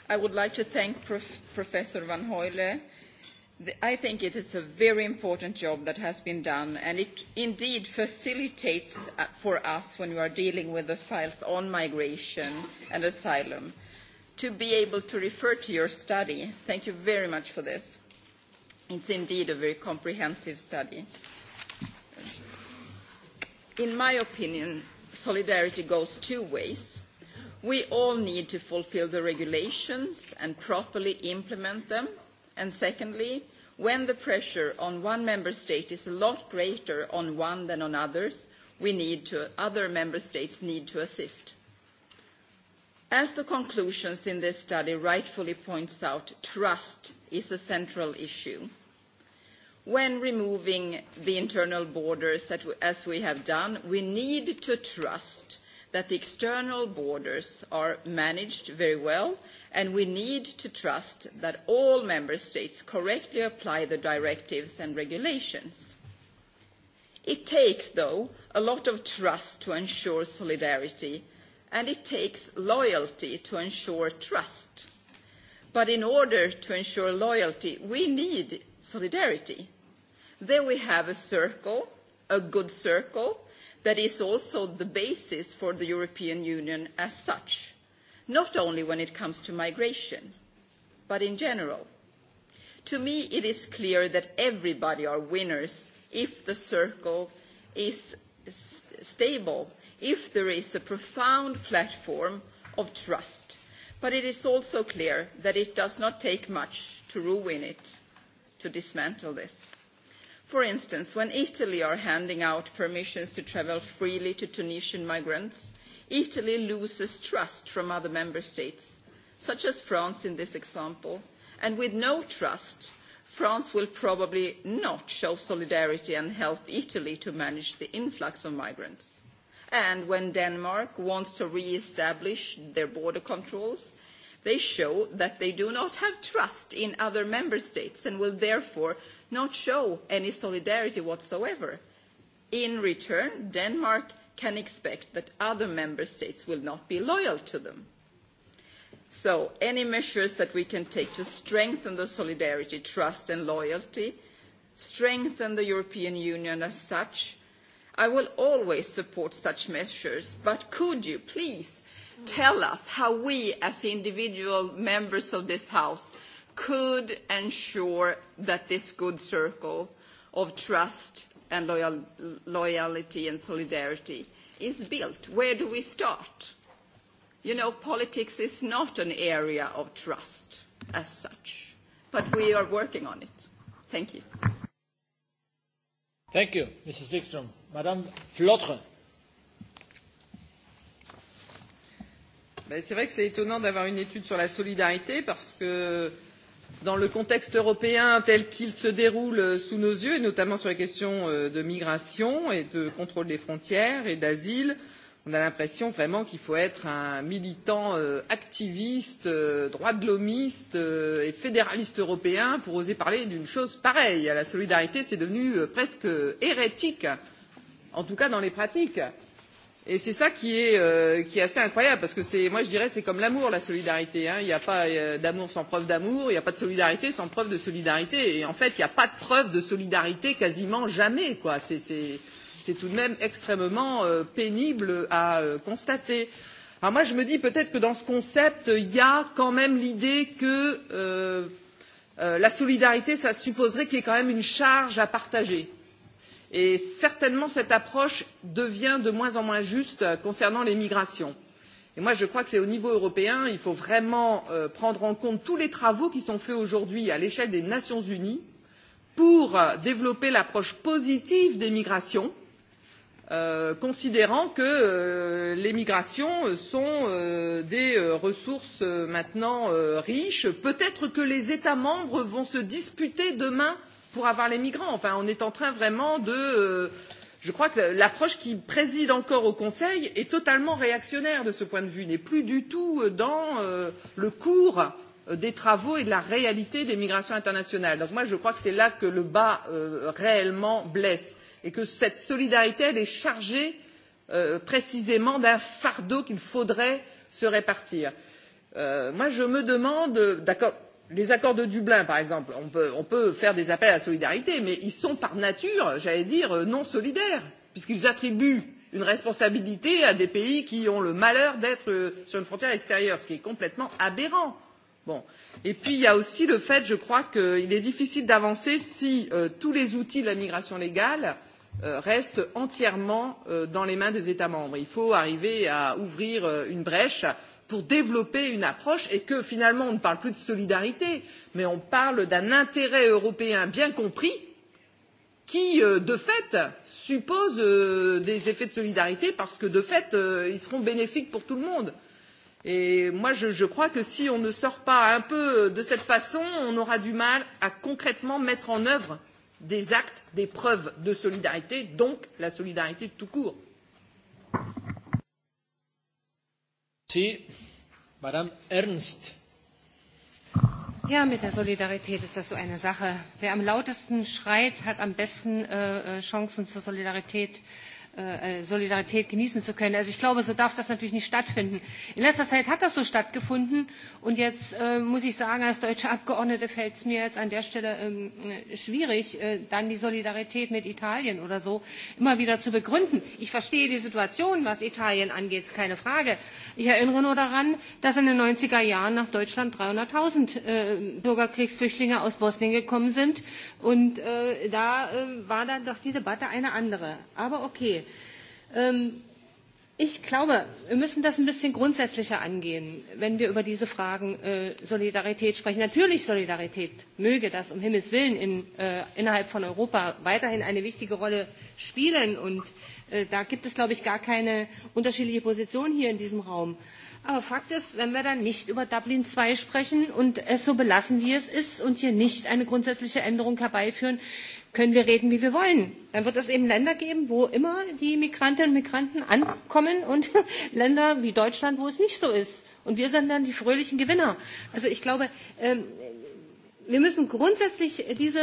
I would like to thank Prof Van Hoyle I think it is a very important job that has been done, and it indeed facilitates uh, for us when we are dealing with the files on migration and asylum to be able to refer to your study. Thank you very much for this. It's indeed a very comprehensive study. In my opinion, solidarity goes two ways. We all need to fulfil the regulations and properly implement them and secondly when the pressure on one member state is a lot greater on one than on others we need to other member states need to assist as the conclusions in this study rightfully points out trust is a central issue when removing the internal borders that we, as we have done we need to trust that the external borders are managed very well and we need to trust that all member states correctly apply the directives and regulations. It takes, though, a lot of trust to ensure solidarity, and it takes loyalty to ensure trust. But in order to ensure loyalty, we need solidarity. There we have a circle, a good circle, that is also the basis for the European Union as such not only when it comes to migration, but in general. To me, it is clear that everybody are winners if the circle is stable, if there is a profound platform of trust. But it is also clear that it does not take much to ruin it, to dismantle this. For instance, when Italy are handing out permissions to travel freely to Tunisian migrants, Italy loses trust from other member states, such as France in this example, and with no trust, France will probably not show solidarity and help Italy to manage the influx of migrants. And when Denmark wants to re-establish their border controls, they show that they do not have trust in other member states and will therefore not show any solidarity whatsoever. In return, Denmark can expect that other member states will not be loyal to them. So any measures that we can take to strengthen the solidarity, trust and loyalty, strengthen the European Union as such, I will always support such measures, but could you please tell us how we as individual members of this House could ensure that this good circle of trust and loyal, loyalty and solidarity is built. Where do we start? You know, politics is not an area of trust as such, but we are working on it. Thank you. Thank you, Mrs. Wikström. Madame Flotre. c'est vrai que c'est étonnant d'avoir une étude sur la solidarité parce que euh, dans le contexte européen tel qu'il se déroule sous nos yeux et notamment sur les questions euh, de migration et de contrôle des frontières et d'asile on a l'impression vraiment qu'il faut être un militant euh, activiste euh, droit de l'hommiste et fédéraliste européen pour oser parler d'une chose pareille. la solidarité c'est devenu presque hérétique en tout cas dans les pratiques. Et c'est ça qui est, euh, qui est assez incroyable, parce que c'est, moi je dirais c'est comme l'amour, la solidarité. Hein. Il n'y a pas euh, d'amour sans preuve d'amour, il n'y a pas de solidarité sans preuve de solidarité. Et en fait, il n'y a pas de preuve de solidarité quasiment jamais. Quoi. C'est, c'est, c'est tout de même extrêmement euh, pénible à euh, constater. Alors moi je me dis peut-être que dans ce concept, il y a quand même l'idée que euh, euh, la solidarité, ça supposerait qu'il y ait quand même une charge à partager et certainement cette approche devient de moins en moins juste concernant les migrations. Et moi, je crois que c'est au niveau européen il faut vraiment euh, prendre en compte tous les travaux qui sont faits aujourd'hui à l'échelle des Nations Unies pour euh, développer l'approche positive des migrations, euh, considérant que euh, les migrations sont euh, des euh, ressources euh, maintenant euh, riches. Peut-être que les États membres vont se disputer demain euh, pour avoir les migrants. Enfin, on est en train vraiment de. Euh, je crois que l'approche qui préside encore au Conseil est totalement réactionnaire de ce point de vue, n'est plus du tout euh, dans euh, le cours euh, des travaux et de la réalité des migrations internationales. Donc moi, je crois que c'est là que le bas euh, réellement blesse et que cette solidarité, elle est chargée euh, précisément d'un fardeau qu'il faudrait se répartir. Euh, moi, je me demande, d'accord, les accords de Dublin, par exemple, on peut, on peut faire des appels à la solidarité, mais ils sont par nature, j'allais dire, euh, non solidaires, puisqu'ils attribuent une responsabilité à des pays qui ont le malheur d'être euh, sur une frontière extérieure, ce qui est complètement aberrant. Bon. Et puis il y a aussi le fait, je crois, qu'il est difficile d'avancer si euh, tous les outils de la migration légale euh, restent entièrement euh, dans les mains des États membres. Il faut arriver à ouvrir euh, une brèche pour développer une approche et que finalement on ne parle plus de solidarité mais on parle d'un intérêt européen bien compris qui euh, de fait suppose euh, des effets de solidarité parce que de fait euh, ils seront bénéfiques pour tout le monde. Et moi je, je crois que si on ne sort pas un peu de cette façon on aura du mal à concrètement mettre en œuvre des actes des preuves de solidarité donc la solidarité tout court. Sie, Madame Ernst. Ja, mit der Solidarität ist das so eine Sache. Wer am lautesten schreit, hat am besten äh, äh Chancen zur Solidarität äh, äh, Solidarität genießen zu können. Also ich glaube, so darf das natürlich nicht stattfinden. In letzter Zeit hat das so stattgefunden und jetzt äh, muss ich sagen, als deutsche Abgeordnete fällt es mir jetzt an der Stelle ähm, äh, schwierig, äh, dann die Solidarität mit Italien oder so immer wieder zu begründen. Ich verstehe die Situation, was Italien angeht, ist keine Frage. Äh, Ich erinnere nur daran, dass in den 90er Jahren nach Deutschland 300.000 äh, Bürgerkriegsflüchtlinge aus Bosnien gekommen sind. Und äh, da äh, war dann doch die Debatte eine andere. Aber okay. Ähm, ich glaube, wir müssen das ein bisschen grundsätzlicher angehen, wenn wir über diese Fragen äh, Solidarität sprechen. Natürlich Solidarität möge das um Himmels Willen in, äh, innerhalb von Europa weiterhin eine wichtige Rolle spielen und Äh, da gibt es, glaube ich, gar keine unterschiedliche Position hier in diesem Raum. Aber Fakt ist, wenn wir dann nicht über Dublin II sprechen und es so belassen, wie es ist, und hier nicht eine grundsätzliche Änderung herbeiführen, können wir reden, wie wir wollen. Dann wird es eben Länder geben, wo immer die Migrantinnen und Migranten ankommen und (laughs) Länder wie Deutschland, wo es nicht so ist. Und wir sind dann die fröhlichen Gewinner. Also ich glaube, ähm, wir müssen grundsätzlich diese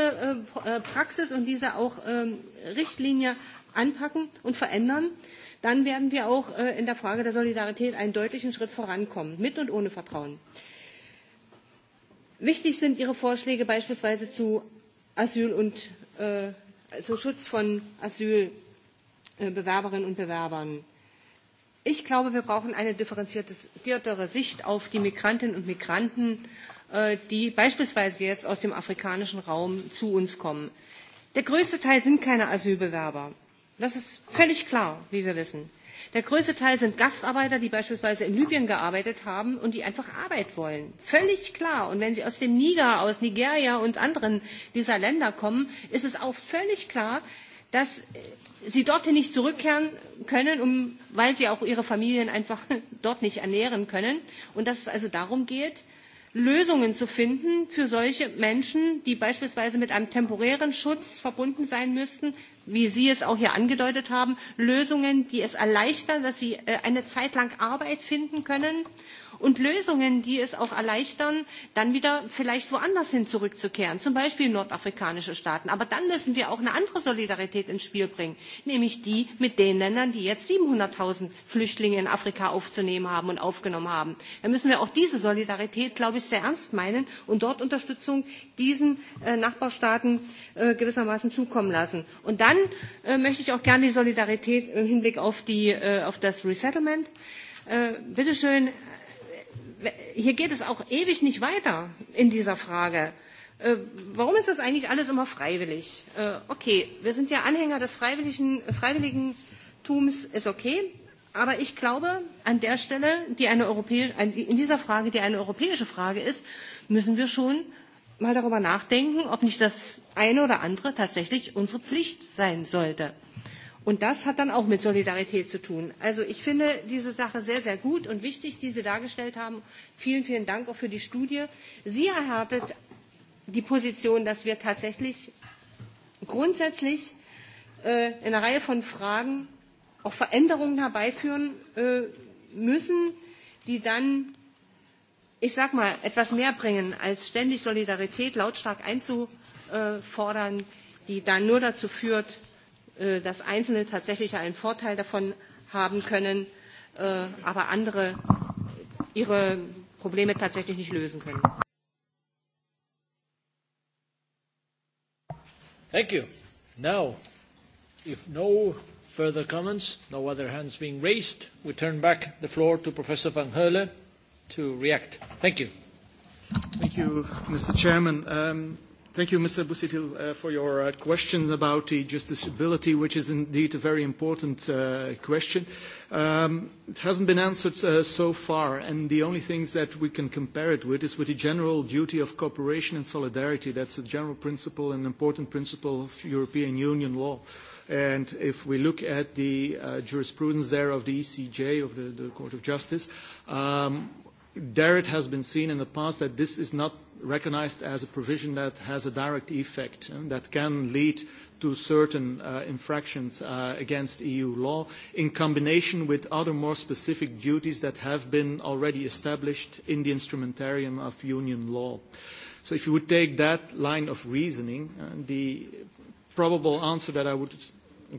äh, äh, Praxis und diese auch ähm, Richtlinie anpacken und verändern, dann werden wir auch äh, in der Frage der Solidarität einen deutlichen Schritt vorankommen, mit und ohne Vertrauen. Wichtig sind Ihre Vorschläge beispielsweise zu Asyl und äh, zum Schutz von Asylbewerberinnen äh, und Bewerbern. Ich glaube, wir brauchen eine differenziertere Sicht auf die Migrantinnen und Migranten, äh, die beispielsweise jetzt aus dem afrikanischen Raum zu uns kommen. Der größte Teil sind keine Asylbewerber. Das ist völlig klar, wie wir wissen. Der größte Teil sind Gastarbeiter, die beispielsweise in Libyen gearbeitet haben und die einfach Arbeit wollen. Völlig klar. Und wenn sie aus dem Niger, aus Nigeria und anderen dieser Länder kommen, ist es auch völlig klar, dass sie dorthin nicht zurückkehren können, um, weil sie auch ihre Familien einfach (laughs) dort nicht ernähren können. Und dass es also darum geht, lösungen zu finden für solche menschen die beispielsweise mit einem temporären schutz verbunden sein müssten wie sie es auch hier angedeutet haben lösungen die es erleichtern dass sie äh, eine zeit lang arbeit finden können und Lösungen, die es auch erleichtern, dann wieder vielleicht woanders hin zurückzukehren, zum Beispiel nordafrikanische Staaten. Aber dann müssen wir auch eine andere Solidarität ins Spiel bringen, nämlich die mit den Ländern, die jetzt 700.000 Flüchtlinge in Afrika aufzunehmen haben und aufgenommen haben. Da müssen wir auch diese Solidarität, glaube ich, sehr ernst meinen und dort Unterstützung diesen äh, Nachbarstaaten äh, gewissermaßen zukommen lassen. Und dann äh, möchte ich auch gerne die Solidarität im Hinblick auf, die, äh, auf das Resettlement. Äh, bitteschön, hier geht es auch ewig nicht weiter in dieser Frage. Äh, warum ist das eigentlich alles immer freiwillig? Äh, okay, wir sind ja Anhänger des freiwilligen, Freiwilligentums, ist okay. Aber ich glaube, an der Stelle, die eine europäische, in dieser Frage, die eine europäische Frage ist, müssen wir schon mal darüber nachdenken, ob nicht das eine oder andere tatsächlich unsere Pflicht sein sollte. Äh, Und das hat dann auch mit Solidarität zu tun. Also ich finde diese Sache sehr, sehr gut und wichtig, die Sie dargestellt haben. Vielen, vielen Dank auch für die Studie. Sie erhärtet die Position, dass wir tatsächlich grundsätzlich äh, in einer Reihe von Fragen auch Veränderungen herbeiführen äh, müssen, die dann, ich sag mal, etwas mehr bringen, als ständig Solidarität lautstark einzufordern, die dann nur dazu führt, Äh, dass Einzelne tatsächlich einen Vorteil davon haben können, äh, aber andere ihre Probleme tatsächlich nicht lösen können. Thank you. Now, if no further comments, no other hands being raised, we turn back the floor to Professor Van Heulen to react. Thank you. Thank you, Mr. Chairman. Um, Thank you, Mr. Busuttil, uh, for your uh, question about the justiciability, which is indeed a very important uh, question. Um, it hasn't been answered uh, so far, and the only things that we can compare it with is with the general duty of cooperation and solidarity. That's a general principle and important principle of European Union law. And if we look at the uh, jurisprudence there of the ECJ, of the, the Court of Justice, um, there it has been seen in the past that this is not recognized as a provision that has a direct effect and eh, that can lead to certain uh, infractions uh, against EU law in combination with other more specific duties that have been already established in the instrumentarium of union law. So if you would take that line of reasoning, uh, the probable answer that I would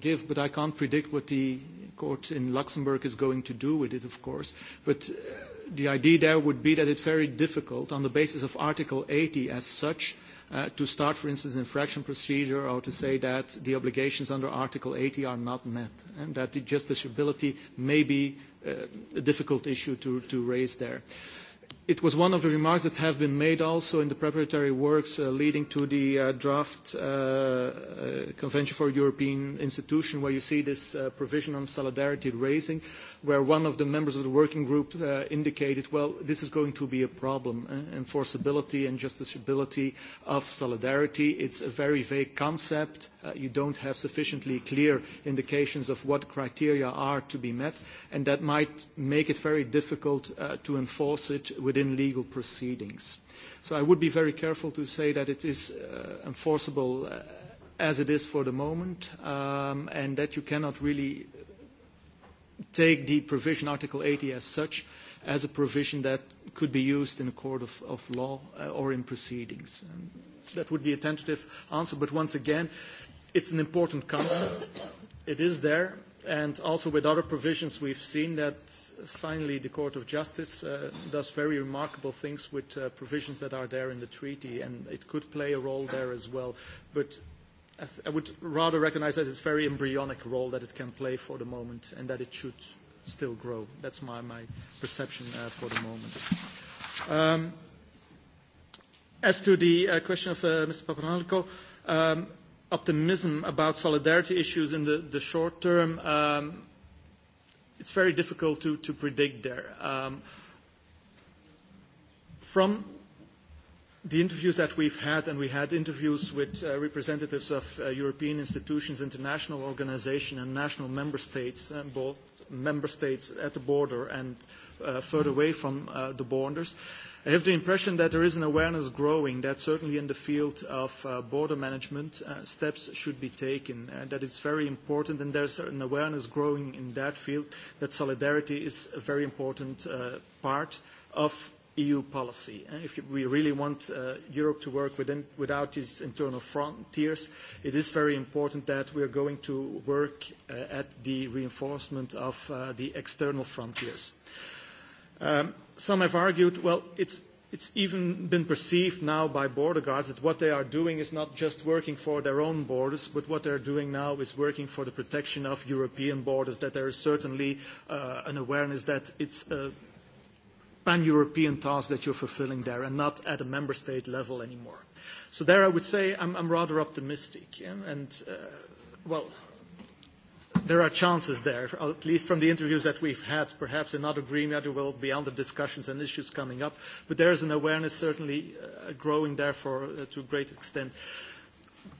give, but I can't predict what the court in Luxembourg is going to do with it, of course, but uh, the idea there would be that it's very difficult on the basis of Article 80 as such uh, to start, for instance, an infraction procedure or to say that the obligations under Article 80 are not met and that the justiciability may be uh, a difficult issue to, to raise there. It was one of the remarks that have been made also in the preparatory works uh, leading to the uh, draft uh, uh Convention for European Institution, where you see this uh, provision on solidarity raising where one of the members of the working group uh, indicated, well, this is going to be a problem. Eh? Enforceability and justiciability of solidarity, it's a very vague concept. Uh, you don't have sufficiently clear indications of what criteria are to be met, and that might make it very difficult uh, to enforce it within legal proceedings. So I would be very careful to say that it is uh, enforceable uh, as it is for the moment, um, and that you cannot really take the provision, Article 80, as such, as a provision that could be used in a court of, of law uh, or in proceedings. And that would be a tentative answer, but once again, it's an important concept. It is there, and also with other provisions, we've seen that finally the Court of Justice uh, does very remarkable things with uh, provisions that are there in the treaty, and it could play a role there as well. But I would rather recognize that it's very embryonic role that it can play for the moment and that it should still grow. That's my, my perception uh, for the moment. Um, as to the uh, question of uh, Mr. Papanalko, um, optimism about solidarity issues in the, the short term, um, it's very difficult to, to predict there. Um, from the interviews that we've had, and we had interviews with uh, representatives of uh, European institutions, international organizations, and national member states, uh, both member states at the border and uh, further away from uh, the borders. I have the impression that there is an awareness growing that certainly in the field of uh, border management, uh, steps should be taken, uh, that it's very important, and there's an awareness growing in that field that solidarity is a very important uh, part of EU policy. Eh? If we really want uh, Europe to work within, without its internal frontiers, it is very important that we are going to work uh, at the reinforcement of uh, the external frontiers. Um, some have argued, well, it's it's even been perceived now by border guards that what they are doing is not just working for their own borders, but what they're doing now is working for the protection of European borders, that there is certainly uh, an awareness that it's a pan-European task that you're fulfilling there and not at a member state level anymore. So there I would say I'm, I'm rather optimistic. Yeah? And, uh, well, there are chances there, at least from the interviews that we've had, perhaps in other green there will be other discussions and issues coming up, but there is an awareness certainly uh, growing there for, uh, to a great extent.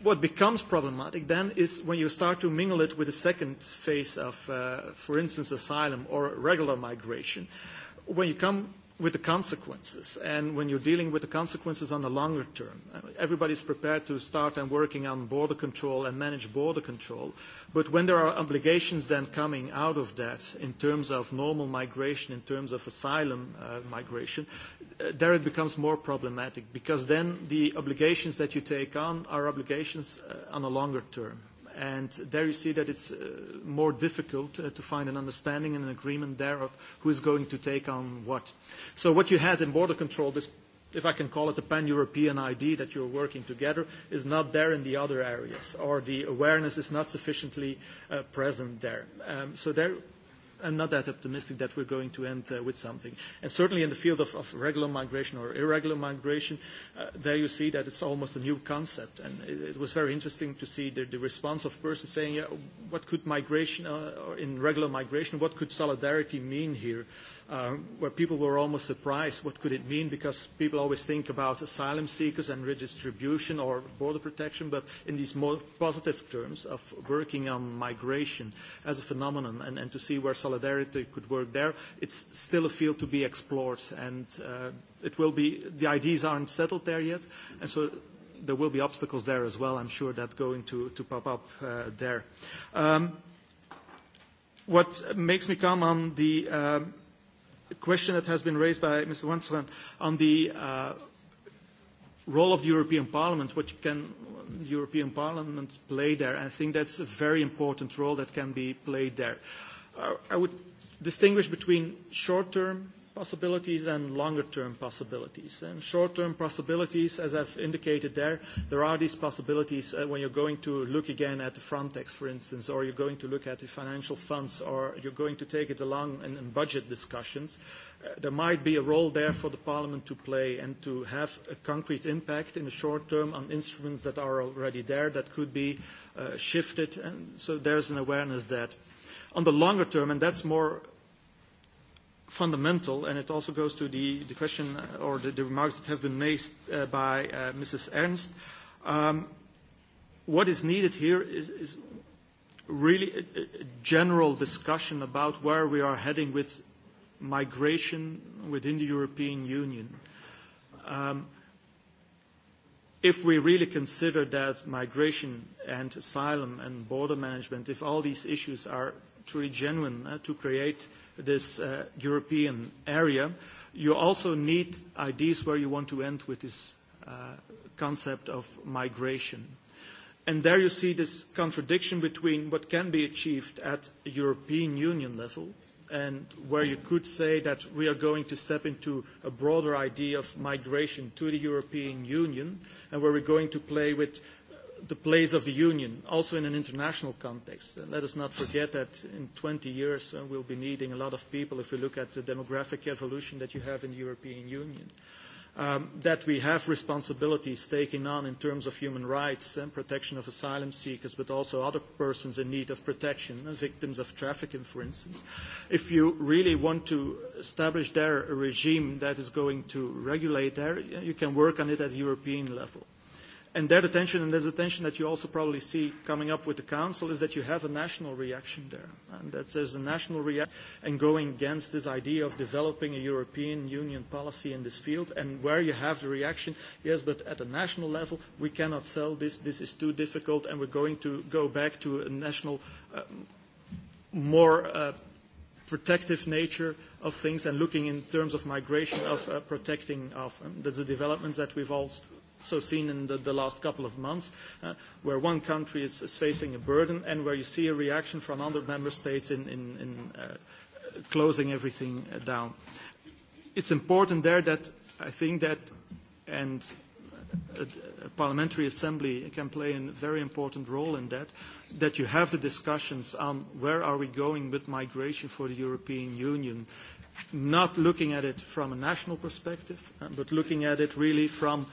What becomes problematic then is when you start to mingle it with the second phase of, uh, for instance, asylum or regular migration. Uh, when you come with the consequences and when you're dealing with the consequences on the longer term. Uh, everybody's prepared to start and working on border control and manage border control. But when there are obligations then coming out of that in terms of normal migration, in terms of asylum uh, migration, uh, there it becomes more problematic because then the obligations that you take on are obligations uh, on a longer term and there you see that it's uh, more difficult uh, to find an understanding and an agreement there of who is going to take on what. So what you had in border control, this, if I can call it a pan-European idea that you're working together, is not there in the other areas, or the awareness is not sufficiently uh, present there. Um, so there I'm not that optimistic that we're going to end uh, with something. And certainly in the field of, of regular migration or irregular migration, uh, there you see that it's almost a new concept. And it, it was very interesting to see the, the response of persons saying, yeah, what could migration, uh, or in regular migration, what could solidarity mean here? Uh, Uh, where people were almost surprised what could it mean because people always think about asylum seekers and redistribution or border protection, but in these more positive terms of working on migration as a phenomenon and, and to see where solidarity could work there, it's still a field to be explored and uh, it will be, the ideas aren't settled there yet and so there will be obstacles there as well, I'm sure, that going to, to pop up uh, there. Um, what makes me come on the um, question that has been raised by Mr. Wenzel on the uh, role of the European Parliament, which can the European Parliament play there? I think that's a very important role that can be played there. Uh, I would distinguish between short-term possibilities and longer-term possibilities. And short-term possibilities, as I've indicated there, there are these possibilities uh, when you're going to look again at the Frontex, for instance, or you're going to look at the financial funds, or you're going to take it along in, in budget discussions. Uh, there might be a role there for the Parliament to play and to have a concrete impact in the short term on instruments that are already there that could be uh, shifted. And so there's an awareness that. On the longer term, and that's more fundamental, and it also goes to the, the question uh, or the, the remarks that have been made uh, by uh, Mrs. Ernst. Um, what is needed here is, is really a, a general discussion about where we are heading with migration within the European Union. Um, if we really consider that migration and asylum and border management, if all these issues are truly genuine uh, to create uh, this uh, European area, you also need ideas where you want to end with this uh, concept of migration. And there you see this contradiction between what can be achieved at a European Union level and where you could say that we are going to step into a broader idea of migration to the European Union and where we're going to play with the place of the Union, also in an international context. And let us not forget that in 20 years uh, we'll be needing a lot of people if we look at the demographic evolution that you have in the European Union. Um, that we have responsibilities taken on in terms of human rights and protection of asylum seekers, but also other persons in need of protection, uh, victims of trafficking, for instance. If you really want to establish there a regime that is going to regulate there, you can work on it at European level. And that attention, and there's a tension that you also probably see coming up with the council, is that you have a national reaction there, and that there's a national reaction and going against this idea of developing a European Union policy in this field, and where you have the reaction, yes, but at the national level, we cannot sell this, this is too difficult, and we're going to go back to a national, uh, more uh, protective nature of things and looking in terms of migration of uh, protecting of um, the developments that we've all so seen in the, the last couple of months, uh, where one country is, is facing a burden and where you see a reaction from other member states in, in, in uh, closing everything down. It's important there that I think that, and a, a parliamentary assembly can play a very important role in that, that you have the discussions on where are we going with migration for the European Union, not looking at it from a national perspective, uh, but looking at it really from uh,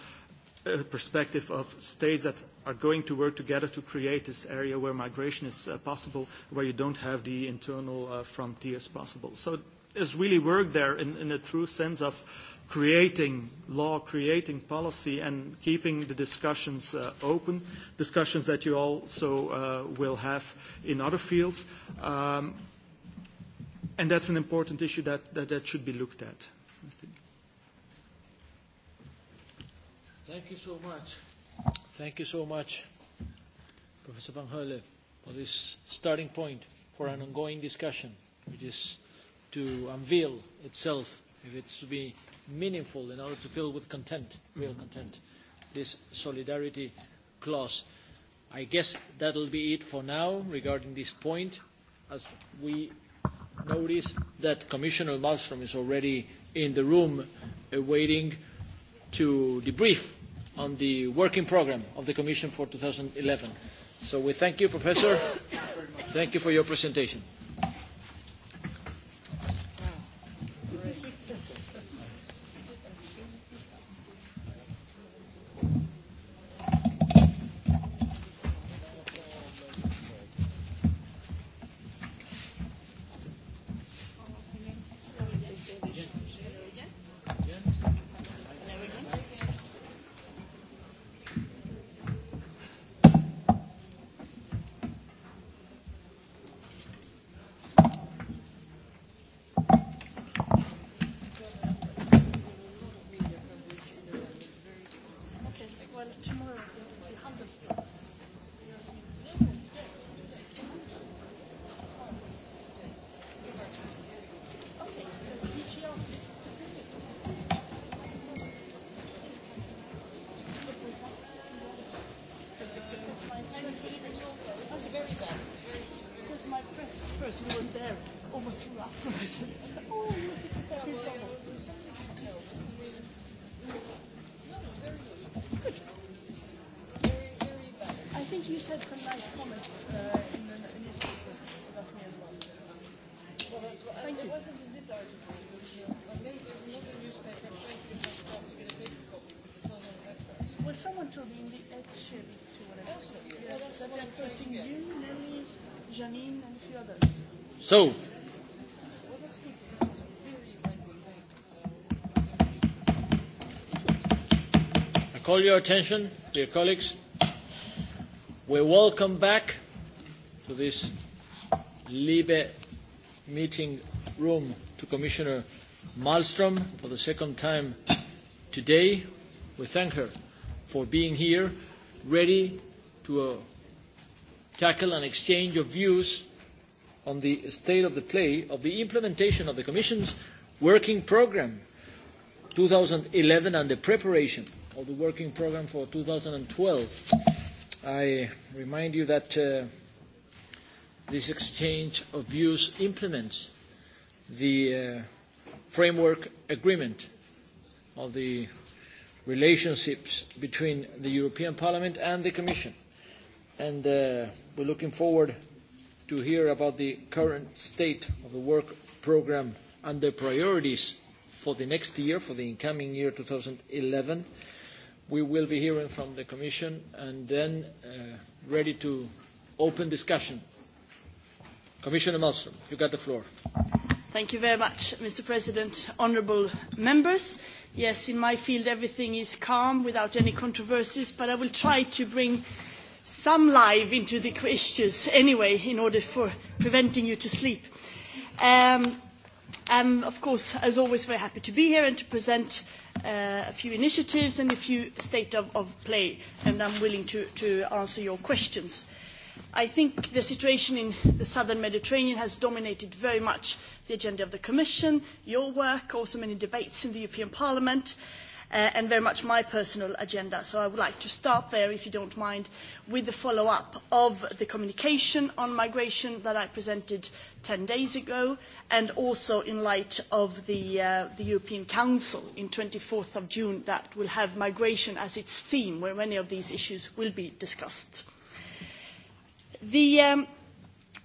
Uh, perspective of states that are going to work together to create this area where migration is uh, possible, where you don't have the internal uh, frontiers possible. So there's really work there in, in the true sense of creating law, creating policy, and keeping the discussions uh, open, discussions that you also uh, will have in other fields. Um, and that's an important issue that, that, that should be looked at, I think. Thank you so much. Thank you so much, Professor Van Hulle, for this starting point for an ongoing discussion, which is to unveil itself, if it's to be meaningful in order to fill with content, real mm-hmm. content, this solidarity clause. I guess that'll be it for now regarding this point, as we notice that Commissioner Malmström is already in the room uh, waiting to debrief on the working program of the Commission for 2011. So we thank you, Professor. Thank you for your presentation. So, I call your attention, dear colleagues. We welcome back to this Liebe meeting room to Commissioner Malmström for the second time today. We thank her for being here, ready to uh, tackle an exchange of views on the state of the play of the implementation of the Commission's working programme 2011 and the preparation of the working programme for 2012. I remind you that uh, this exchange of views implements the uh, framework agreement of the relationships between the European Parliament and the Commission. And uh, we're looking forward to hear about the current state of the work programme and the priorities for the next year, for the incoming year 2011. We will be hearing from the Commission and then uh, ready to open discussion. Commissioner Malmström, you got the floor. Thank you very much, Mr. President. Honourable members, yes, in my field everything is calm without any controversies, but I will try to bring some life into the questions, anyway in order for preventing you to sleep. Um, i and of course, as always, very happy to be here and to present uh, a few initiatives and a few state of, of play, and I'm willing to, to answer your questions. I think the situation in the southern Mediterranean has dominated very much the agenda of the Commission, your work, also many debates in the European Parliament. Uh, Uh, and very much my personal agenda. So I would like to start there, if you don't mind, with the follow-up of the communication on migration that I presented 10 days ago, and also in light of the, uh, the European Council in 24th of June that will have migration as its theme, where many of these issues will be discussed. The, um,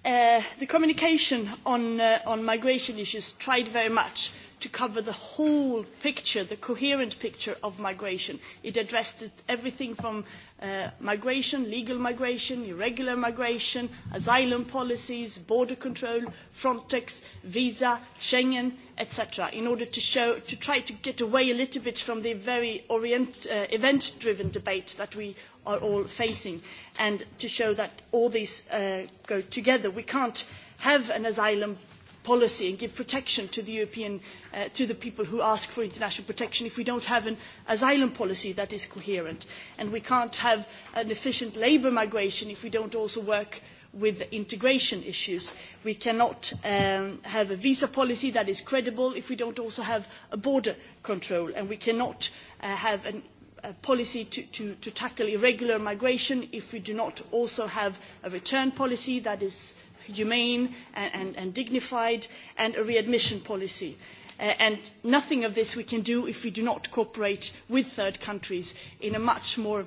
uh, the communication on, uh, on migration issues tried very much to cover the whole picture, the coherent picture of migration. It addressed everything from uh, migration, legal migration, irregular migration, asylum policies, border control, Frontex, visa, Schengen, etc., in order to, show, to try to get away a little bit from the very orient, uh, event-driven debate that we are all facing and to show that all these uh, go together. We can't have an asylum policy and give protection to the, European, uh, to the people who ask for international protection if we don't have an asylum policy that is coherent. And we can't have an efficient labour migration if we don't also work with integration issues. We cannot um, have a visa policy that is credible if we don't also have a border control. And we cannot uh, have an a policy to, to, to, tackle irregular migration if we do not also have a return policy that is humane and, dignified and a readmission policy. Uh, and nothing of this we can do if we do not cooperate with third countries in a much more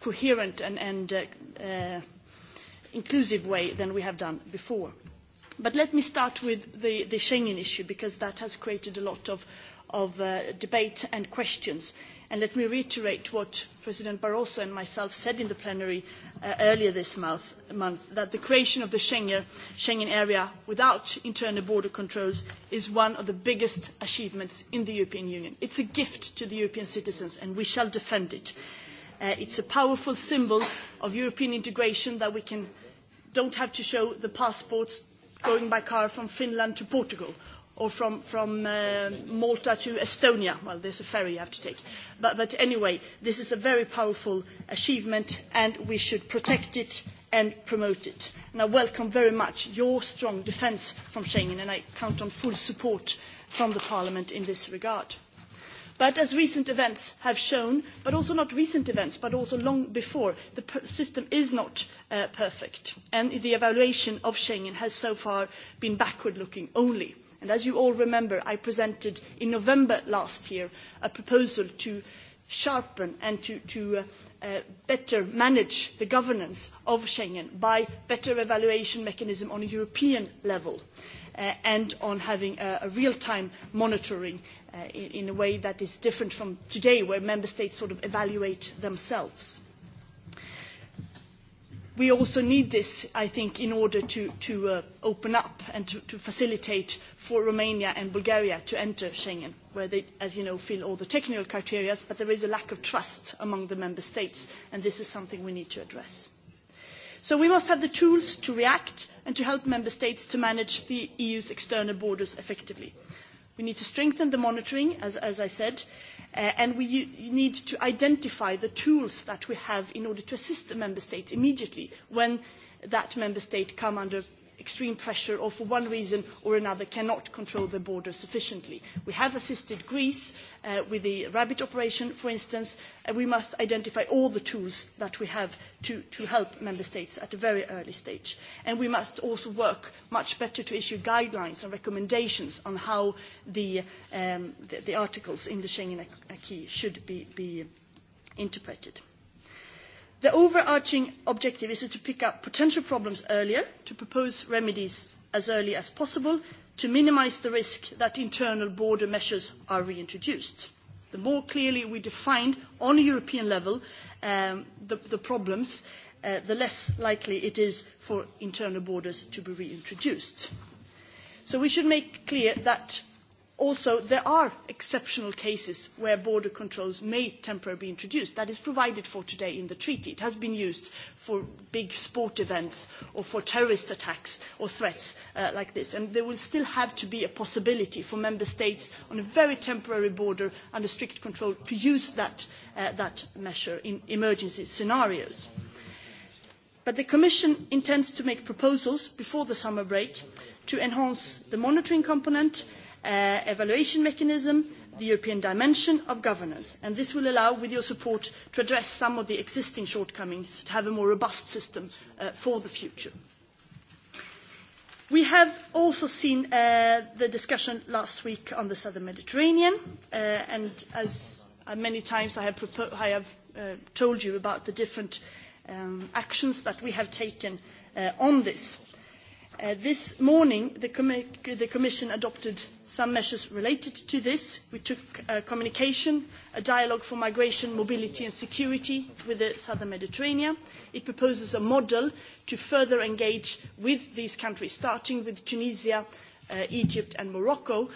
coherent and, uh, uh, inclusive way than we have done before. But let me start with the, Schengen issue because that has created a lot of, debate and questions. And let me reiterate what President Barroso and myself said in the plenary uh, earlier this month, that the creation of the Schengen, area without internal border controls is one of the biggest achievements in the European Union. It's a gift to the European citizens, and we shall defend it. it uh, it's a powerful symbol of European integration that we do don't have to show the passports going by car from Finland to Portugal or from, from uh, Malta to Estonia. Well, there's a ferry you have to take. But, but anyway, this is a very powerful achievement, and we should protect it and promote it. And I welcome very much your strong defence from Schengen, and I count on full support from the Parliament in this regard. But as recent events have shown, but also not recent events, but also long before, the system is not uh, perfect. And the evaluation of Schengen has so far been backward-looking only And as you all remember, I presented in November last year a proposal to sharpen and to, uh, uh, better manage the governance of Schengen by better evaluation mechanism on a European level uh, and on having a, real-time monitoring in a way that is different from today where member states sort of evaluate themselves we also need this i think in order to, uh, open up and to, facilitate for romania and bulgaria to enter schengen where they as you know fill all the technical criteria but there is a lack of trust among the member states and this is something we need to address. so we must have the tools to react and to help member states to manage the eu's external borders effectively. we need to strengthen the monitoring as, as i said Uh, and we need to identify the tools that we have in order to assist a member state immediately when that member state comes under extreme pressure or for one reason or another cannot control the border sufficiently. we have assisted greece Uh, with the rabbit operation for instance uh, we must identify all the tools that we have to, help member states at a very early stage and we must also work much better to issue guidelines and recommendations on how the, um, articles in the schengen acquis should be interpreted. The overarching objective is to pick up potential problems earlier, to propose remedies as early as possible, to minimise the risk that internal border measures are reintroduced. the more clearly we define at european level um, the, the problems uh, the less likely it is for internal borders to be reintroduced. so we should make clear that also there are exceptional cases where border controls may temporarily be introduced that is provided for today in the treaty. it has been used for big sport events or for terrorist attacks or threats uh, like this and there will still have to be a possibility for member states on a very temporary border under strict control to use that, uh, that measure in emergency scenarios but the commission intends to make proposals before the summer break to enhance the monitoring component Uh, evaluation mechanism and the european dimension of governance and this will allow with your support to address some of the existing shortcomings to have a more robust system uh, for the future. we have also seen uh, the discussion last week on the southern mediterranean and as many times i have, told you about the different um, actions that we have taken on this. Uh, this morning, the, Commission adopted some measures related to this. We took a uh, communication, a dialogue for migration, mobility and security with the southern Mediterranean. It proposes a model to further engage with these countries, starting with Tunisia, uh, Egypt and Morocco,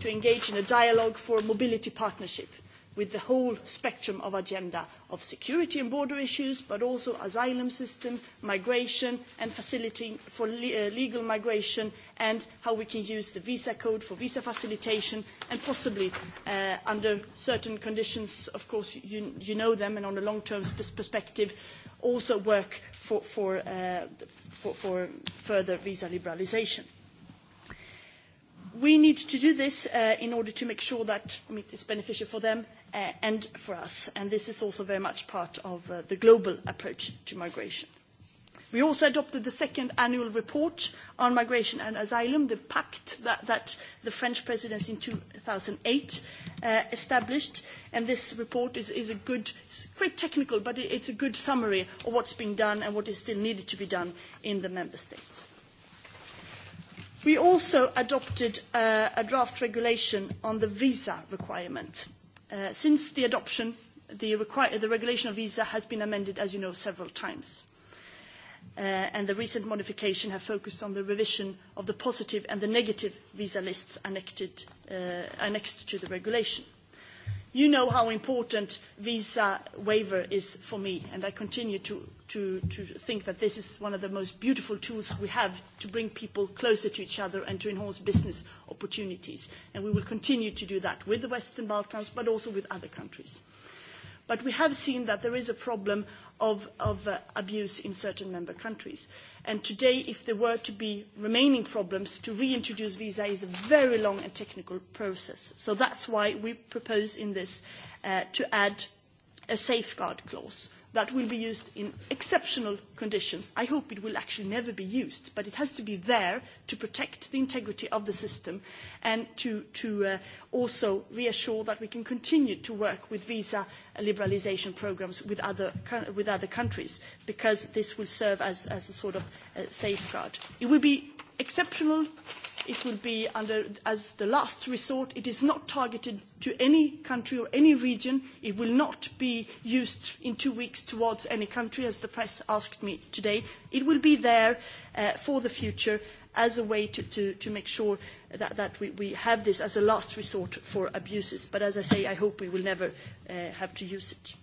to engage in a dialogue for a mobility partnership with the whole spectrum of agenda of security and border issues but also asylum system migration and facilitating for uh, legal migration and how we can use the visa code for visa facilitation and possibly uh, under certain conditions of course you, you know them and on a long term perspective also work for, for, uh, for, for further visa liberalisation we need to do this uh, in order to make sure that I mean, it's beneficial for them Uh, and for us. And this is also very much part of uh, the global approach to migration. We also adopted the second annual report on migration and asylum, the pact that, the French presidency in 2008 eight uh, established. And this report is, a good, quite technical, but it, it's a good summary of what's been done and what is still needed to be done in the member states. We also adopted a draft regulation on the visa requirement Uh, since the adoption the, regulation on visas has been amended as you know several times uh, and the recent modifications have focused on the revision of the positive and the negative visa lists annexed, uh, annexed to the regulation you know how important visa waiver is for me and i continue to to, to think that this is one of the most beautiful tools we have to bring people closer to each other and to enhance business opportunities. And we will continue to do that with the Western Balkans, but also with other countries. But we have seen that there is a problem of, of uh, abuse in certain member countries. And today, if there were to be remaining problems, to reintroduce visa is a very long and technical process. So that's why we propose in this uh, to add a safeguard clause that will be used in exceptional conditions. i hope it will actually never be used but it has to be there to protect the integrity of the system and to, to uh, also reassure that we can continue to work with visa liberalisation programmes with, with other countries because this will serve as, as a sort of uh, safeguard. it will be exceptional it would be under, as the last resort. It is not targeted to any country or any region. It will not be used in two weeks towards any country, as the press asked me today. It will be there uh, for the future as a way to, make sure that, we, have this as a last resort for abuses. But as I say, I hope we will never uh, have to use it.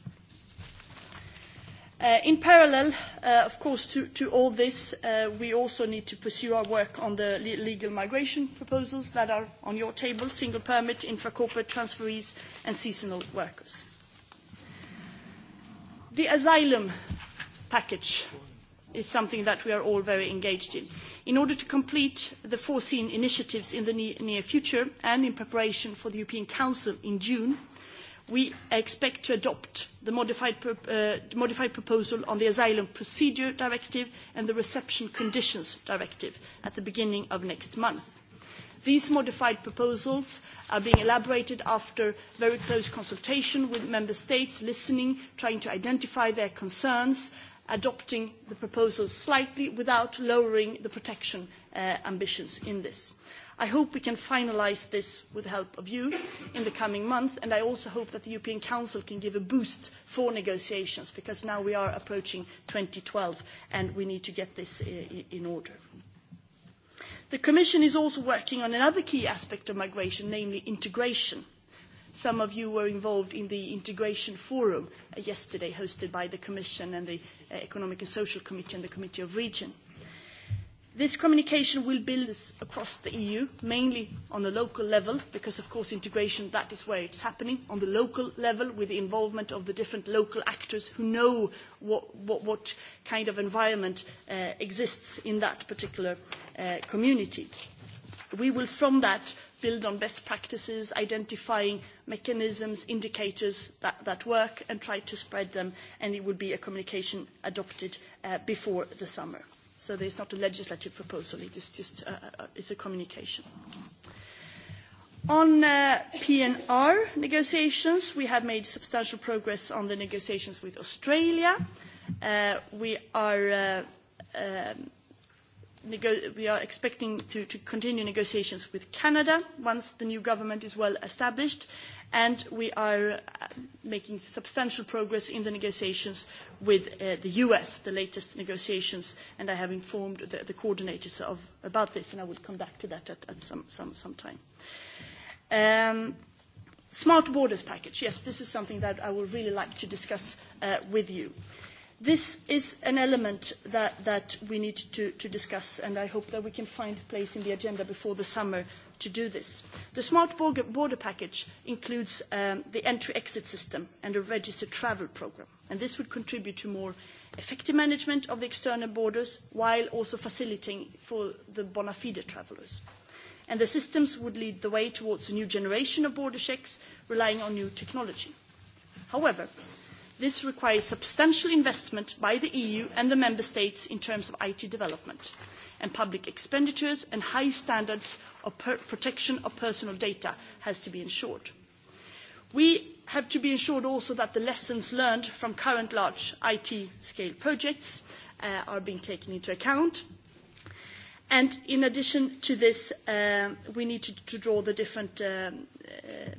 Uh, in parallel, uh, of course, to, all this, uh, we also need to pursue our work on the legal migration proposals that are on your table, single permit, intra-corporate transferees and seasonal workers. The asylum package is something that we are all very engaged in. In order to complete the foreseen initiatives in the near future and in preparation for the European Council in June, we expect to adopt uh, the modified, proposal on the asylum procedure directive and the reception conditions directive at the beginning of next month. these modified proposals are being elaborated after very close consultation with member states listening trying to identify their concerns adopting the proposals slightly without lowering the protection uh, ambitions in this i hope we can finalise this with the help of you in the coming month, and i also hope that the european council can give a boost for negotiations because now we are approaching two thousand and twelve and we need to get this in order. the commission is also working on another key aspect of migration namely integration. some of you were involved in the integration forum yesterday hosted by the commission and the uh, economic and social committee and the committee of the regions this communication will build across the eu mainly at the local level because of course integration is where it is happening at the local level with the involvement of the different local actors who know what, what, what kind of environment uh, exists in that particular uh, community. we will from that build on best practices identifying mechanisms indicators that, that work and try to spread them and it will be a communication adopted uh, before the summer. So there's not a legislative proposal, it is just uh, uh, it's a communication. On uh, PNR negotiations, we have made substantial progress on the negotiations with Australia. Uh, we are uh, um, we are expecting to, continue negotiations with Canada once the new government is well established, and we are uh, making substantial progress in the negotiations with uh, the US, the latest negotiations, and I have informed the, coordinators of, about this, and I will come back to that at, some, time. Um, smart borders package, yes, this is something that I would really like to discuss uh, with you. This is an element that, that we need to, to discuss, and I hope that we can find a place in the agenda before the summer to do this. The Smart Border, border Package includes um, the entry-exit system and a registered travel programme, and this would contribute to more effective management of the external borders while also facilitating for the bona fide travellers. And the systems would lead the way towards a new generation of border checks relying on new technology. However, this requires substantial investment by the eu and the member states in terms of it development and public expenditures and high standards of protection of personal data have to be ensured. we have to be ensured also that the lessons learned from current large it scale projects uh, are being taken into account and in addition to this uh, we need to, draw the different um, uh,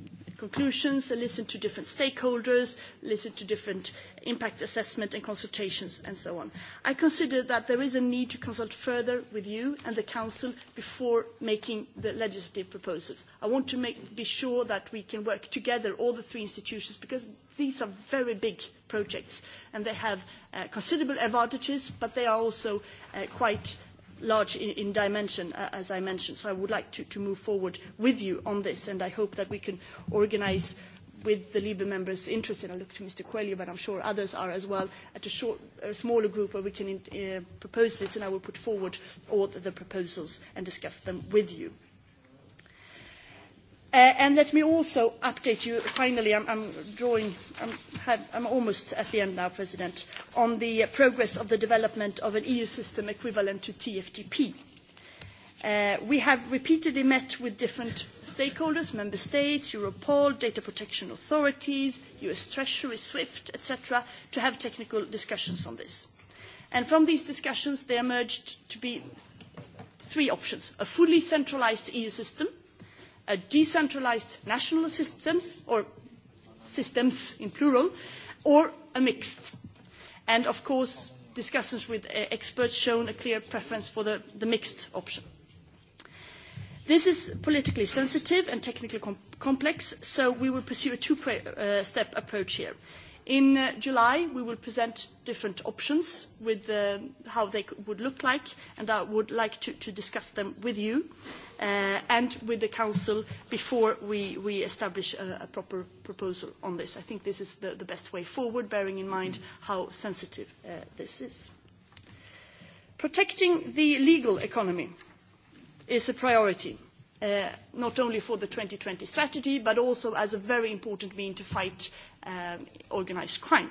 conclusions, listened to different stakeholders, listened to different impact assessments and consultations and so on. I consider that there is a need to consult further with you and the Council before making the legislative proposals. I want to make, be sure that we can work together, all the three institutions, because these are very big projects and they have uh, considerable advantages, but they are also uh, quite large in, in dimension, uh, as I mentioned. So I would like to, to move forward with you on this, and I hope that we can organise with the Libre members interested, I look to Mr. Coelho, but I'm sure others are as well, at a, short, a smaller group where we can in, uh, propose this, and I will put forward all the proposals and discuss them with you. Uh, and let me also update you, finally, I'm, am almost at the end now, President, on the progress of the development of an EU system equivalent to TFTP. Uh, we have repeatedly met with different stakeholders, member states, Europol, data protection authorities, US Treasury, SWIFT, etc., to have technical discussions on this. And from these discussions, there emerged to be three options. A fully centralised EU system, decentralised national systems, or systems in plural, or a mixed. And of course, discussions with eh, experts shown a clear preference for the, the mixed option. This is politically sensitive and technically complex, so we will pursue a two-step eh, approach here in uh, july we will present different options with uh, how they would look like and i would like to, discuss them with you uh, and with the council before we, establish a, proper proposal on this. i think this is the best way forward bearing in mind how sensitive this is. protecting the legal economy is a priority Uh, not only for the 2020 strategy but also as a very important means to fight um, organised crime.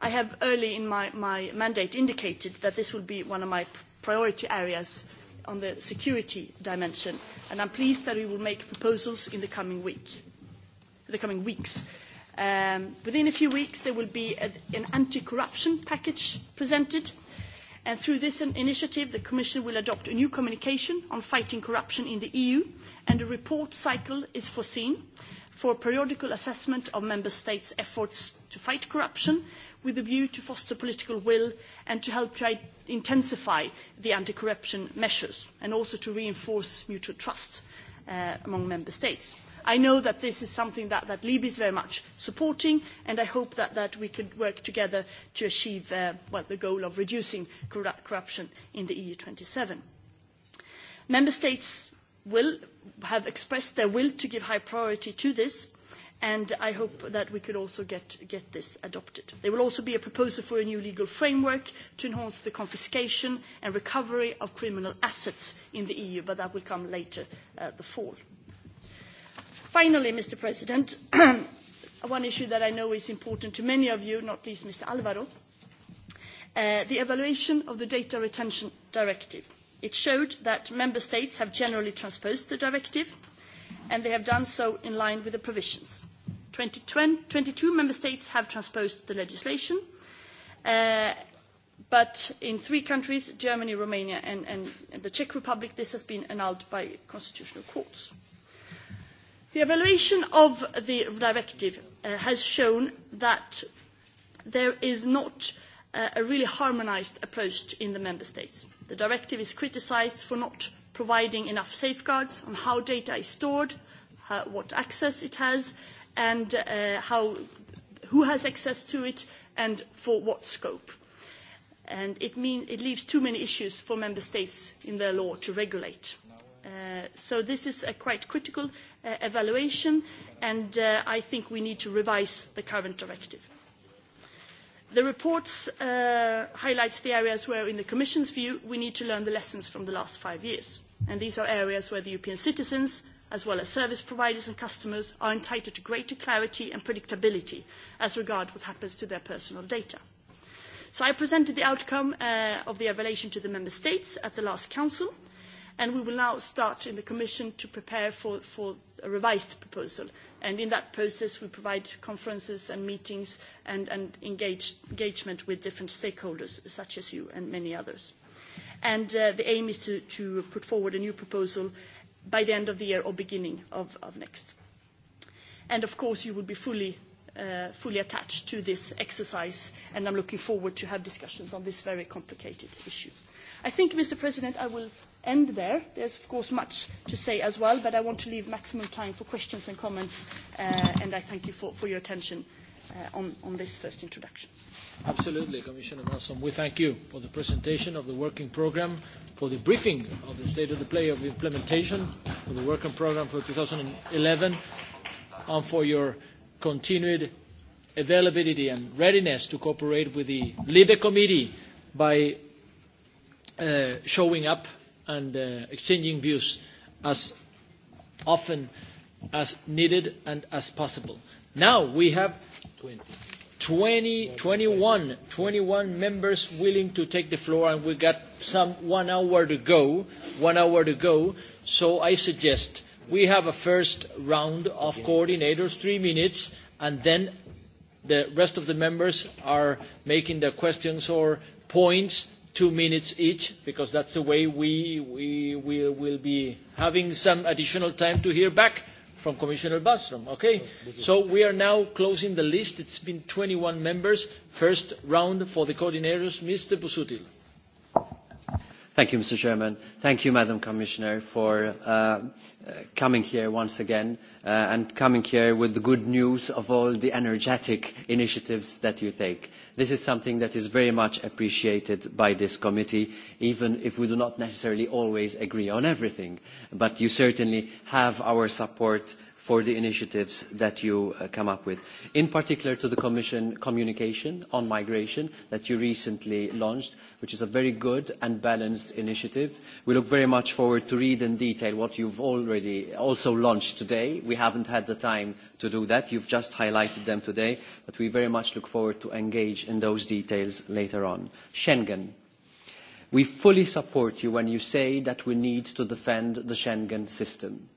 I have early in my, my, mandate indicated that this will be one of my priority areas on the security dimension, and I am pleased that we will make proposals in the coming, week, the coming weeks. Um, within a few weeks, there will be a, an anti-corruption package presented, And through this initiative the commission will adopt a new communication on fighting corruption in the eu and a report cycle is foreseen for a periodical assessment of member states' efforts to fight corruption with a view to fostering political will and to help to intensify the anti corruption measures and also to reinforce mutual trust uh, among member states i know that this is something that, libe is very much supporting and i hope that, we can work together to achieve uh, the goal of reducing corruption in the eu twenty seven member states will have expressed their will to give high priority to this and i hope that we could also get, this adopted. there will also be a proposal for a new legal framework to enhance the confiscation and recovery of criminal assets in the eu but that will come later in uh, the fall finally mr president (clears throat) one issue that i know is important to many of you not least mr alvaro uh, the evaluation of the data retention directive it showed that member states have generally transposed the directive and they have done so in line with the provisions. twenty two member states have transposed the legislation uh, but in three countries germany romania and the czech republic this has been annulled by constitutional courts. The evaluation of the directive uh, has shown that there is not uh, a really harmonised approach in the member states. The directive is criticised for not providing enough safeguards on how data is stored, uh, what access it has, and how, who has access to it, and for what scope. And it, mean, it leaves too many issues for member states in their law to regulate. so this is a quite critical Uh, evaluation, and uh, I think we need to revise the current directive. The report uh, highlights the areas where, in the Commission's view, we need to learn the lessons from the last five years. And these are areas where the European citizens, as well as service providers and customers, are entitled to greater clarity and predictability as regards what happens to their personal data. So I presented the outcome uh, of the evaluation to the Member States at the last Council, and we will now start in the Commission to prepare for, for a revised proposal and in that process we provide conferences and meetings and, engagement with different stakeholders such as you and many others. And, uh, the aim is to, put forward a new proposal by the end of the year or beginning of, of next. And of course you will be fully, uh, fully attached to this exercise and I'm looking forward to have discussions on this very complicated issue. I think, Mr. President, I will end there. There's, of course, much to say as well, but I want to leave maximum time for questions and comments, uh, and I thank you for, your attention uh, on, this first introduction. Absolutely, Commissioner malmstrm We thank you for the presentation of the working program, for the briefing of the state of the play of implementation of the working program for 2011, and for your continued availability and readiness to cooperate with the LIBE committee by uh, showing up and uh, exchanging views as often as needed and as possible. Now we have 20, 20 21, 21 members willing to take the floor, and we got some one hour to go, one hour to go. So I suggest we have a first round of coordinators, three minutes, and then the rest of the members are making their questions or points two minutes each, because that's the way we, we, we will be having some additional time to hear back from Commissioner Bastrom. Okay? Oh, so we are now closing the list. It's been 21 members. First round for the coordinators, Mr. Busutil. Thank you, Mr. Chairman. Thank you, Madam Commissioner, for uh, uh, coming here once again uh, and coming here with the good news of all the energetic initiatives that you take. This is something that is very much appreciated by this committee, even if we do not necessarily always agree on everything. But you certainly have our support for the initiatives that you uh, come up with. In particular to the Commission communication on migration that you recently launched, which is a very good and balanced initiative. We look very much forward to read in detail what you've already also launched today. We haven't had the time to do that. You've just highlighted them today, but we very much look forward to engage in those details later on. Schengen. We fully support you when you say that we need to defend the Schengen system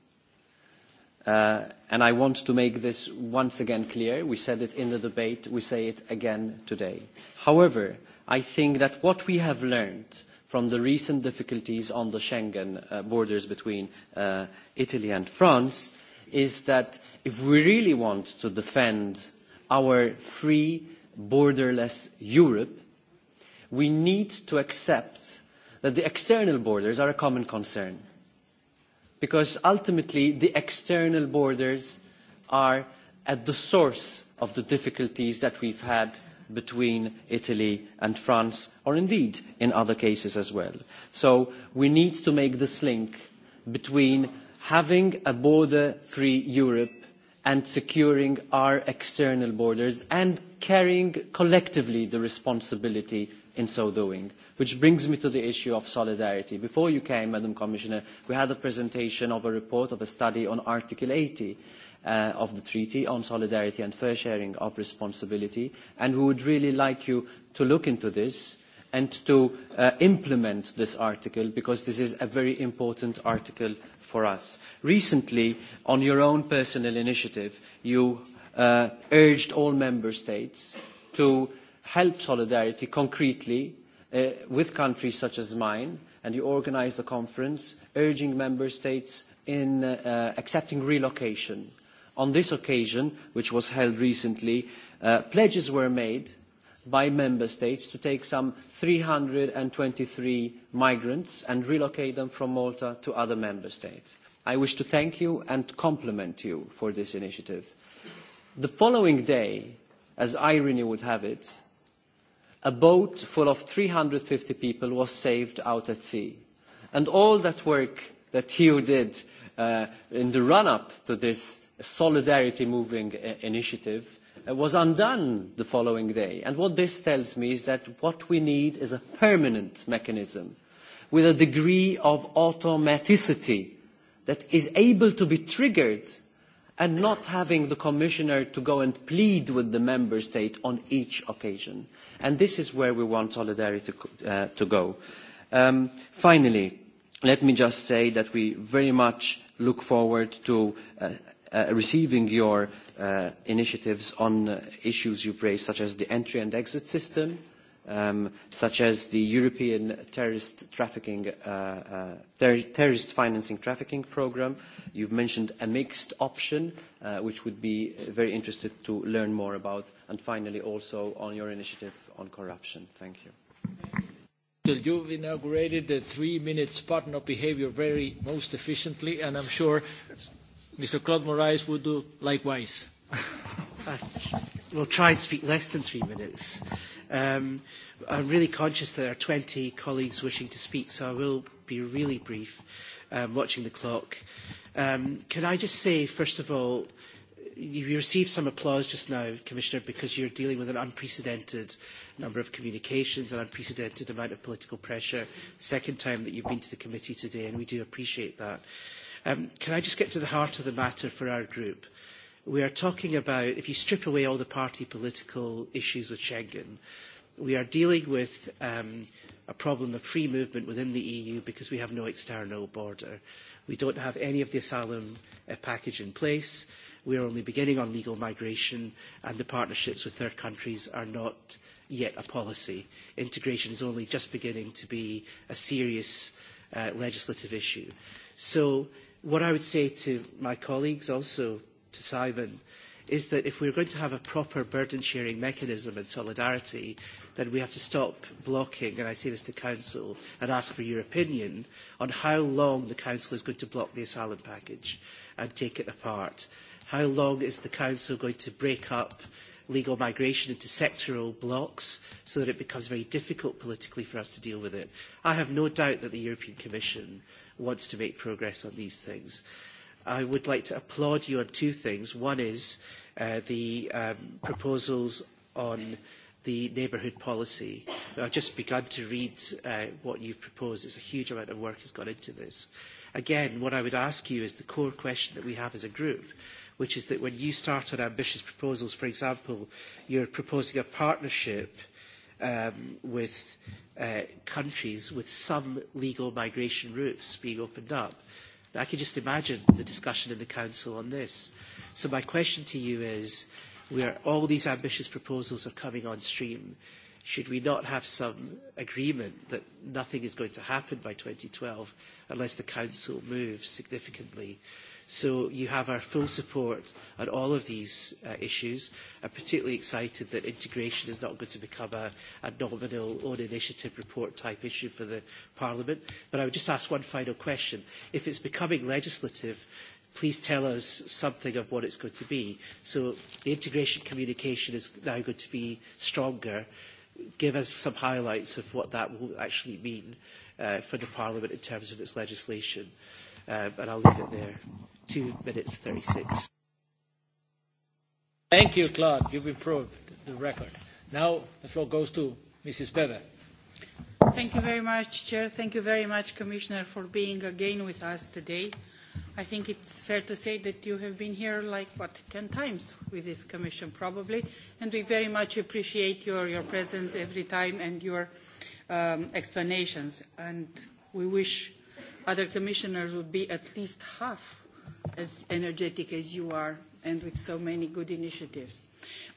Uh, and I want to make this once again clear. We said it in the debate. We say it again today. However, I think that what we have learned from the recent difficulties on the Schengen uh, borders between uh, Italy and France is that if we really want to defend our free, borderless Europe, we need to accept that the external borders are a common concern because ultimately the external borders are at the source of the difficulties that we've had between Italy and France, or indeed in other cases as well. So we need to make this link between having a border-free Europe and securing our external borders and carrying collectively the responsibility in so doing. Which brings me to the issue of solidarity. Before you came, Madam Commissioner, we had a presentation of a report of a study on Article 80 uh, of the treaty on solidarity and fair sharing of responsibility, and we would really like you to look into this and to uh, implement this article because this is a very important article for us. Recently, on your own personal initiative, you uh, urged all member states to help solidarity concretely uh, with countries such as mine, and you organised a conference urging member states in uh, uh, accepting relocation. On this occasion, which was held recently, uh, pledges were made by member states to take some 323 migrants and relocate them from Malta to other member states. I wish to thank you and compliment you for this initiative. The following day, as irony would have it, a boat full of 350 people was saved out at sea. And all that work that Hugh did uh, in the run-up to this solidarity moving uh, initiative uh, was undone the following day. And what this tells me is that what we need is a permanent mechanism with a degree of automaticity that is able to be triggered and not having the commissioner to go and plead with the member state on each occasion. And this is where we want solidarity to, uh, to go. Um, finally, let me just say that we very much look forward to uh, uh, receiving your uh, initiatives on uh, issues you've raised, such as the entry and exit system, uh, um, such as the European terrorist, trafficking, uh, uh, ter terrorist financing trafficking programme. You've mentioned a mixed option, uh, which would be very interested to learn more about. And finally, also on your initiative on corruption. Thank you. You've inaugurated the three-minute spot on behaviour very most efficiently, and I'm sure Mr. Claude Moraes would do likewise. (laughs) we'll try and speak less than three minutes. Um, I'm really conscious that there are 20 colleagues wishing to speak, so I will be really brief, um, watching the clock. Um, can I just say, first of all, you received some applause just now, Commissioner, because you're dealing with an unprecedented number of communications, an unprecedented amount of political pressure, second time that you've been to the committee today, and we do appreciate that. Um, can I just get to the heart of the matter for our group? we are talking about, if you strip away all the party political issues with Schengen, we are dealing with um, a problem of free movement within the EU because we have no external border. We don't have any of the asylum uh, package in place. We are only beginning on legal migration, and the partnerships with third countries are not yet a policy. Integration is only just beginning to be a serious uh, legislative issue. So what I would say to my colleagues also to Simon, is that if we're going to have a proper burden sharing mechanism and solidarity, then we have to stop blocking, and I say this to Council, and ask for your opinion on how long the Council is going to block the asylum package and take it apart. How long is the Council going to break up legal migration into sectoral blocks so that it becomes very difficult politically for us to deal with it. I have no doubt that the European Commission wants to make progress on these things. I would like to applaud you on two things. One is uh, the um, proposals on the neighbourhood policy. I've just begun to read uh, what you've proposed. It's a huge amount of work has gone into this. Again, what I would ask you is the core question that we have as a group, which is that when you start on ambitious proposals, for example, you're proposing a partnership um, with uh, countries with some legal migration routes being opened up I can just imagine the discussion in the Council on this. So my question to you is, where all these ambitious proposals are coming on stream, should we not have some agreement that nothing is going to happen by 2012 unless the Council moves significantly? Uh, So you have our full support on all of these uh, issues. I'm particularly excited that integration is not going to become a, a nominal own initiative report type issue for the Parliament. But I would just ask one final question. If it's becoming legislative, please tell us something of what it's going to be. So the integration communication is now going to be stronger. Give us some highlights of what that will actually mean uh, for the Parliament in terms of its legislation. Um, and I'll leave it there. 2 minutes 36. Thank you, Claude. You've improved the record. Now the floor goes to Mrs. Weber. Thank you very much, Chair. Thank you very much, Commissioner, for being again with us today. I think it's fair to say that you have been here like, what, 10 times with this Commission probably, and we very much appreciate your, your presence every time and your um, explanations. And we wish other commissioners would be at least half as energetic as you are and with so many good initiatives.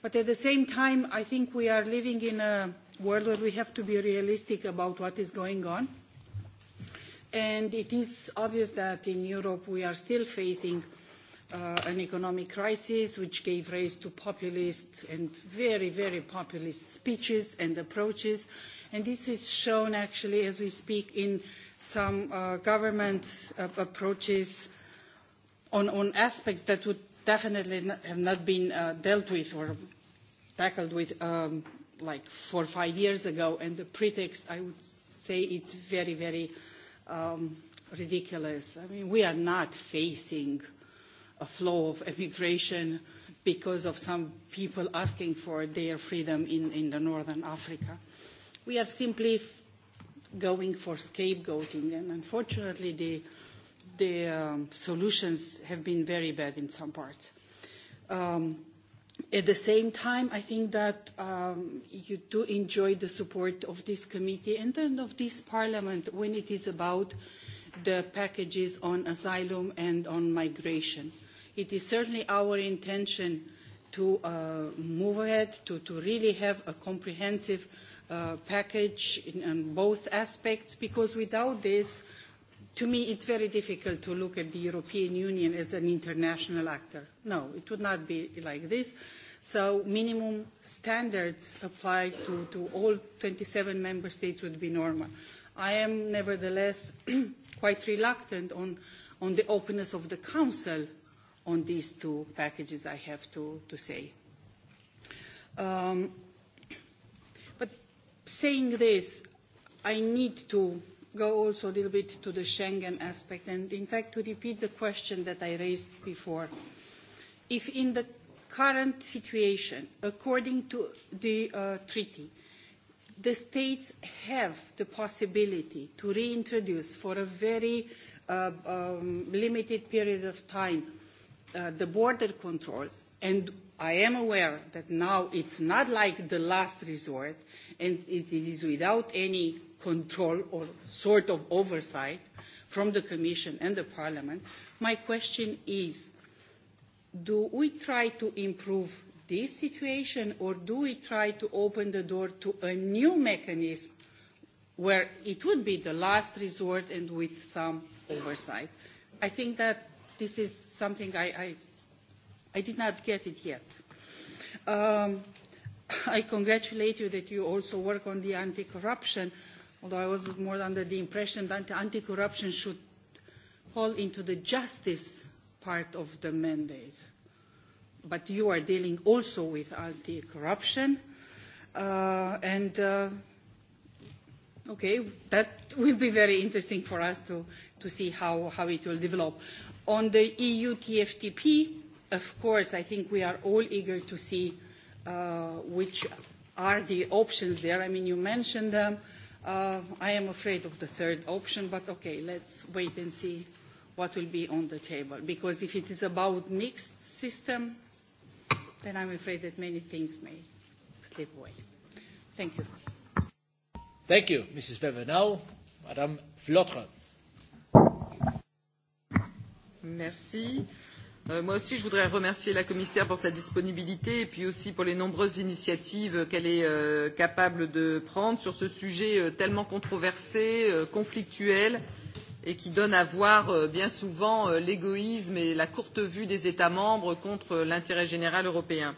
But at the same time, I think we are living in a world where we have to be realistic about what is going on. And it is obvious that in Europe we are still facing uh, an economic crisis which gave rise to populist and very, very populist speeches and approaches. And this is shown actually as we speak in some uh, government uh, approaches on, on aspects that would definitely not, have not been uh, dealt with or tackled with um, like four or five years ago. And the pretext, I would say it's very, very um, ridiculous. I mean, we are not facing a flow of immigration because of some people asking for their freedom in, in the northern Africa. We are simply going for scapegoating, and unfortunately, the the um, solutions have been very bad in some parts. Um, at the same time, I think that um, you do enjoy the support of this committee and then of this parliament when it is about the packages on asylum and on migration. It is certainly our intention to uh, move ahead, to, to really have a comprehensive uh, package in, in both aspects, because without this, to me it's very difficult to look at the European Union as an international actor. No, it would not be like this. So minimum standards applied to, to all 27 member states would be normal. I am nevertheless (clears throat) quite reluctant on, on the openness of the Council on these two packages, I have to, to say. Um, but saying this, I need to go also a little bit to the Schengen aspect and, in fact, to repeat the question that I raised before. If in the current situation, according to the uh, treaty, the states have the possibility to reintroduce for a very uh, um, limited period of time uh, the border controls and I am aware that now it's not like the last resort and it is without any control or sort of oversight from the Commission and the Parliament. My question is, do we try to improve this situation or do we try to open the door to a new mechanism where it would be the last resort and with some oversight? I think that this is something I, I, I did not get it yet. Um, (laughs) I congratulate you that you also work on the anti-corruption. Uh, although I was more under the impression that anti-corruption should fall into the justice part of the mandate. But you are dealing also with anti-corruption, uh, and uh, okay, that will be very interesting for us to, to see how, how it will develop. On the EU TFTP, of course, I think we are all eager to see uh, which are the options there. I mean, you mentioned them. Uh, Uh, I am afraid of the third option, but okay, let's wait and see what will be on the table. Because if it is about mixed system, then I'm afraid that many things may slip away. Thank you. Thank you, Mrs. Weber. Now, Madame Flotre. Merci. Euh, moi aussi je voudrais remercier la commissaire pour sa disponibilité et puis aussi pour les nombreuses initiatives qu'elle est euh, capable de prendre sur ce sujet euh, tellement controversé conflictuel et qui donne à voir bien souvent l'égoïsme et la courte vue des états membres contre l'intérêt général européen.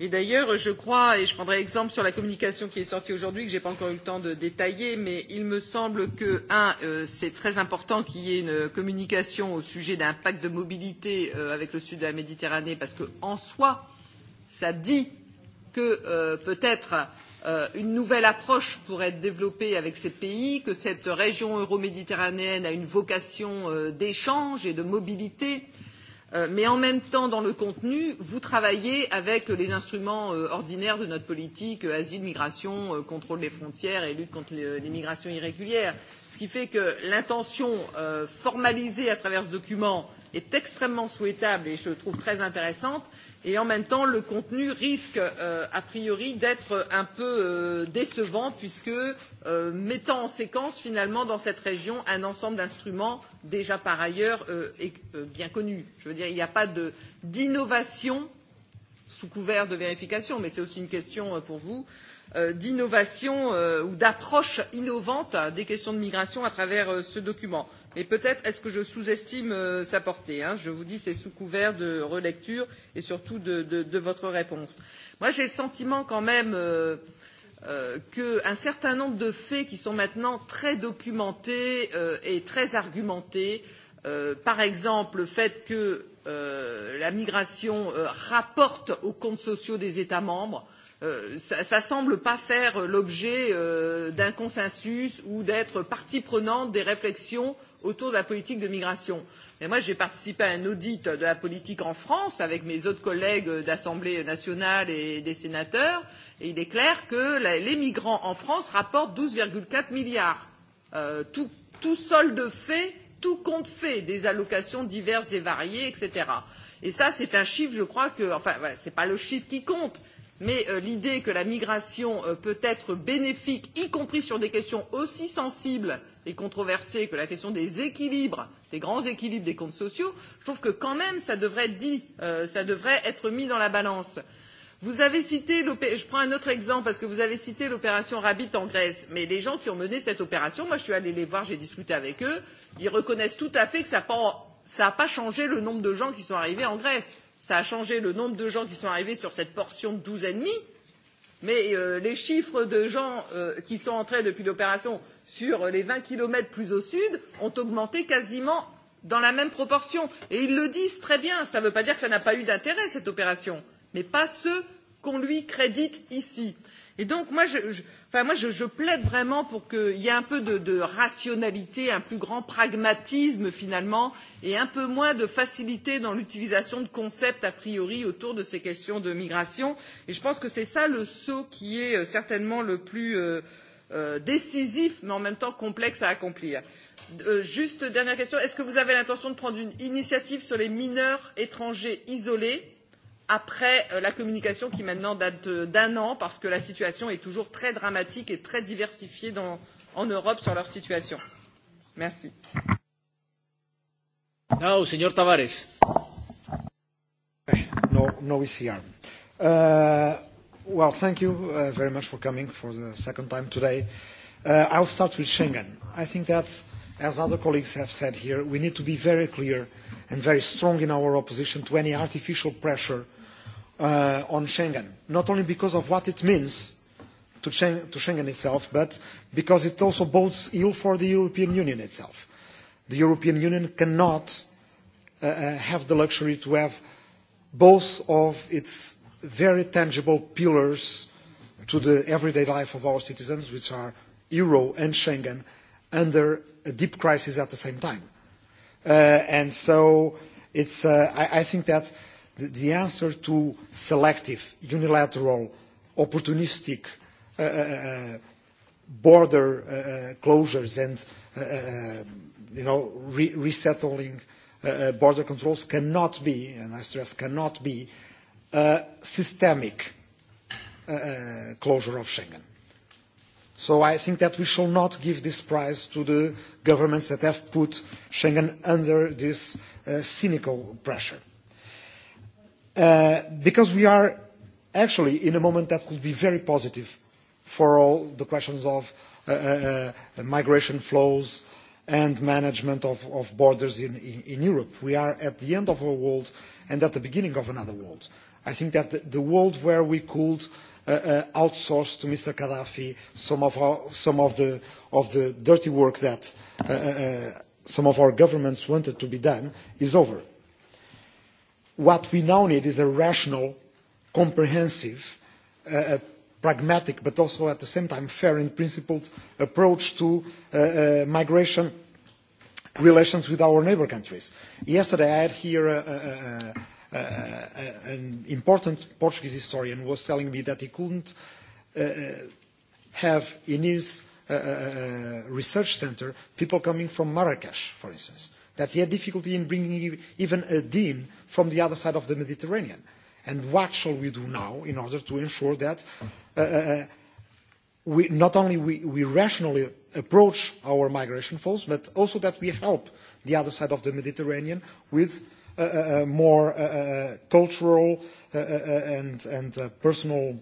Et d'ailleurs, je crois, et je prendrai exemple sur la communication qui est sortie aujourd'hui, que je n'ai pas encore eu le temps de détailler, mais il me semble que, un, euh, c'est très important qu'il y ait une communication au sujet d'un pacte de mobilité euh, avec le sud de la Méditerranée, parce que, en soi, ça dit que euh, peut-être euh, une nouvelle approche pourrait être développée avec ces pays, que cette région euro-méditerranéenne a une vocation euh, d'échange et de mobilité. Euh, Euh, mais en même temps dans le contenu vous travaillez avec euh, les instruments euh, ordinaires de notre politique asile migration contrôle des frontières et lutte contre l'immigration irrégulière ce qui fait que l'intention formalisée à travers ce document est extrêmement souhaitable et je trouve très intéressante et en même temps le contenu risque euh, a priori d'être un peu euh, décevant puisque euh, mettant en séquence finalement dans cette région un ensemble d'instruments déjà par ailleurs euh, et, euh, bien connus. Je veux dire, il n'y a pas d'innovation sous couvert de vérification, mais c'est aussi une question euh, pour vous euh, d'innovation euh, ou d'approche innovante des questions de migration à travers euh, ce document mais peut être est ce que je sous estime euh, sa portée hein je vous dis c'est sous couvert de relecture et surtout de, de, de votre réponse. Moi j'ai le sentiment quand même euh, euh, qu'un certain nombre de faits qui sont maintenant très documentés euh, et très argumentés euh, par exemple le fait que euh, la migration euh, rapporte aux comptes sociaux des États membres euh, ça ne semble pas faire l'objet euh, d'un consensus ou d'être partie prenante des réflexions autour de la politique de migration. Mais moi, j'ai participé à un audit de la politique en France avec mes autres collègues d'Assemblée nationale et des sénateurs, et il est clair que la, les migrants en France rapportent 12,4 milliards. Euh, tout, tout solde fait, tout compte fait, des allocations diverses et variées, etc. Et ça, c'est un chiffre, je crois que, enfin, voilà, ce n'est pas le chiffre qui compte, mais euh, l'idée que la migration euh, peut être bénéfique, y compris sur des questions aussi sensibles et controversé que la question des équilibres, des grands équilibres des comptes sociaux, je trouve que quand même ça devrait être dit, euh, ça devrait être mis dans la balance. Vous avez cité, je prends un autre exemple parce que vous avez cité l'opération Rabbit en Grèce, mais les gens qui ont mené cette opération, moi je suis allé les voir, j'ai discuté avec eux, ils reconnaissent tout à fait que ça n'a pas, pas changé le nombre de gens qui sont arrivés en Grèce. Ça a changé le nombre de gens qui sont arrivés sur cette portion de 12,5 mais euh, les chiffres de gens euh, qui sont entrés depuis l'opération sur les vingt kilomètres plus au sud ont augmenté quasiment dans la même proportion et ils le disent très bien cela ne veut pas dire que ça n'a pas eu d'intérêt cette opération mais pas ceux qu'on lui crédite ici et donc moi je, je, enfin, moi, je, je plaide vraiment pour qu'il y ait un peu de, de rationalité un plus grand pragmatisme finalement et un peu moins de facilité dans l'utilisation de concepts a priori autour de ces questions de migration et je pense que c'est ça le saut qui est euh, certainement le plus euh, euh, décisif mais en même temps complexe à accomplir. Euh, juste dernière question est ce que vous avez l'intention de prendre une initiative sur les mineurs étrangers isolés? après euh, la communication qui maintenant date d'un an parce que la situation est toujours très dramatique et très diversifiée dans, en Europe sur leur situation. Merci. Now, señor Tavares. No, no ECR. Uh, well, thank you uh, very much for coming for the second time today. Uh, I'll start with Schengen. I think that's as other colleagues have said here, we need to be very clear and very strong in our opposition to any artificial pressure uh, on Schengen, not only because of what it means to, Schengen, to Schengen itself, but because it also bodes ill for the European Union itself. The European Union cannot uh, uh have the luxury to have both of its very tangible pillars to the everyday life of our citizens, which are euro and Schengen, under a deep crisis at the same time. Uh, and so it's, uh, I, I think that the, the answer to selective, unilateral, opportunistic uh, uh, uh border uh, uh, closures and uh, uh um, you know, re resettling uh, border controls cannot be, and I stress cannot be, a systemic uh, closure of Schengen So I think that we shall not give this prize to the governments that have put Schengen under this uh, cynical pressure. Uh, because we are actually in a moment that could be very positive for all the questions of uh, uh, uh migration flows and management of, of borders in, in, Europe. We are at the end of a world and at the beginning of another world. I think that the, the world where we could uh, uh outsource to Mr. Gaddafi some of, our, some of, the, of the dirty work that uh, uh, uh, some of our governments wanted to be done is over. What we now need is a rational, comprehensive, pragmatic, but also at the same time fair and principled approach to migration relations with our neighbour countries. Yesterday I had here a, a, a Uh, uh, an important Portuguese historian was telling me that he couldn't uh, uh have in his uh, uh, research center people coming from Marrakesh, for instance, that he had difficulty in bringing even a dean from the other side of the Mediterranean. And what shall we do now in order to ensure that uh, we, not only we, we rationally approach our migration flows, but also that we help the other side of the Mediterranean with Uh, uh, uh, more cultural and, and personal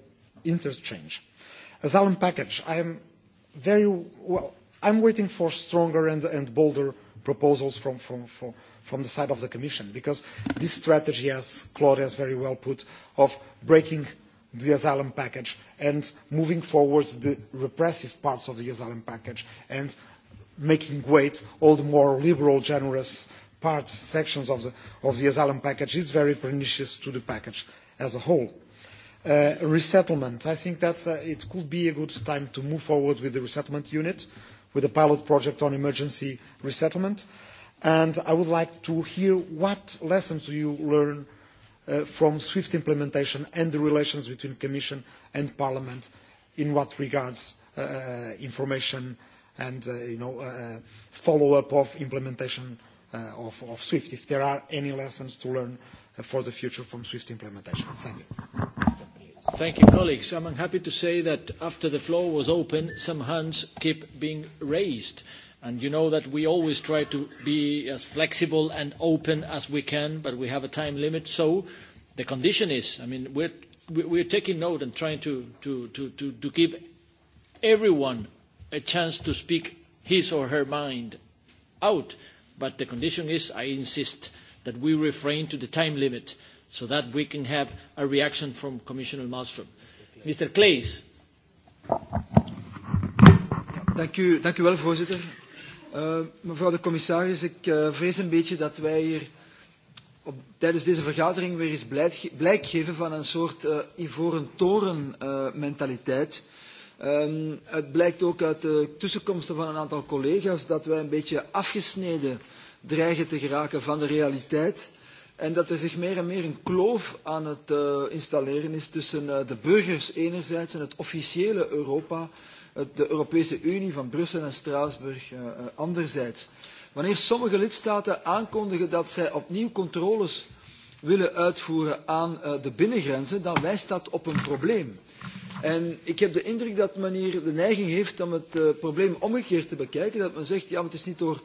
interchange. Asylum package. I am very well. I'm waiting for stronger and, and bolder proposals from, from, from, from the side of the Commission because this strategy, as Claude has very well put, of breaking the asylum package and moving forward the repressive parts of the asylum package and making weight all the more liberal, generous parts, sections of the, of the asylum package is very pernicious to the package as a whole. Uh, resettlement. I think that it could be a good time to move forward with the resettlement unit, with a pilot project on emergency resettlement. And I would like to hear what lessons do you learn uh, from swift implementation and the relations between Commission and Parliament in what regards uh, uh information and uh, you know, uh, follow-up of implementation uh, Uh, of, of SWIFT, if there are any lessons to learn uh, for the future from SWIFT implementation. Thank you. Thank you, colleagues. I'm happy to say that after the floor was open, some hands keep being raised. And you know that we always try to be as flexible and open as we can, but we have a time limit. So the condition is, I mean, we're, we're taking note and trying to, to, to, to, to give everyone a chance to speak his or her mind out but the condition is, I insist, that we refrain to the time limit so that we can have a reaction from Commissioner Malmström. Mr. Claes. Dank u, dank u wel, voorzitter. Uh, mevrouw de commissaris, ik uh, vrees een beetje dat wij hier op, tijdens deze vergadering weer eens blijk, blijk geven van een soort uh, ivoren toren uh, mentaliteit Um, het blijkt ook uit de tussenkomsten van een aantal collega's dat wij een beetje afgesneden dreigen te geraken van de realiteit. En dat er zich meer en meer een kloof aan het uh, installeren is tussen uh, de burgers enerzijds en het officiële Europa, het, de Europese Unie van Brussel en Straatsburg uh, anderzijds. Wanneer sommige lidstaten aankondigen dat zij opnieuw controles willen uitvoeren aan eh, de binnengrenzen, dan wijst dat op een probleem. En ik heb de indruk dat men hier de neiging heeft om het eh, probleem omgekeerd te bekijken. Dat men zegt, ja, maar het is niet door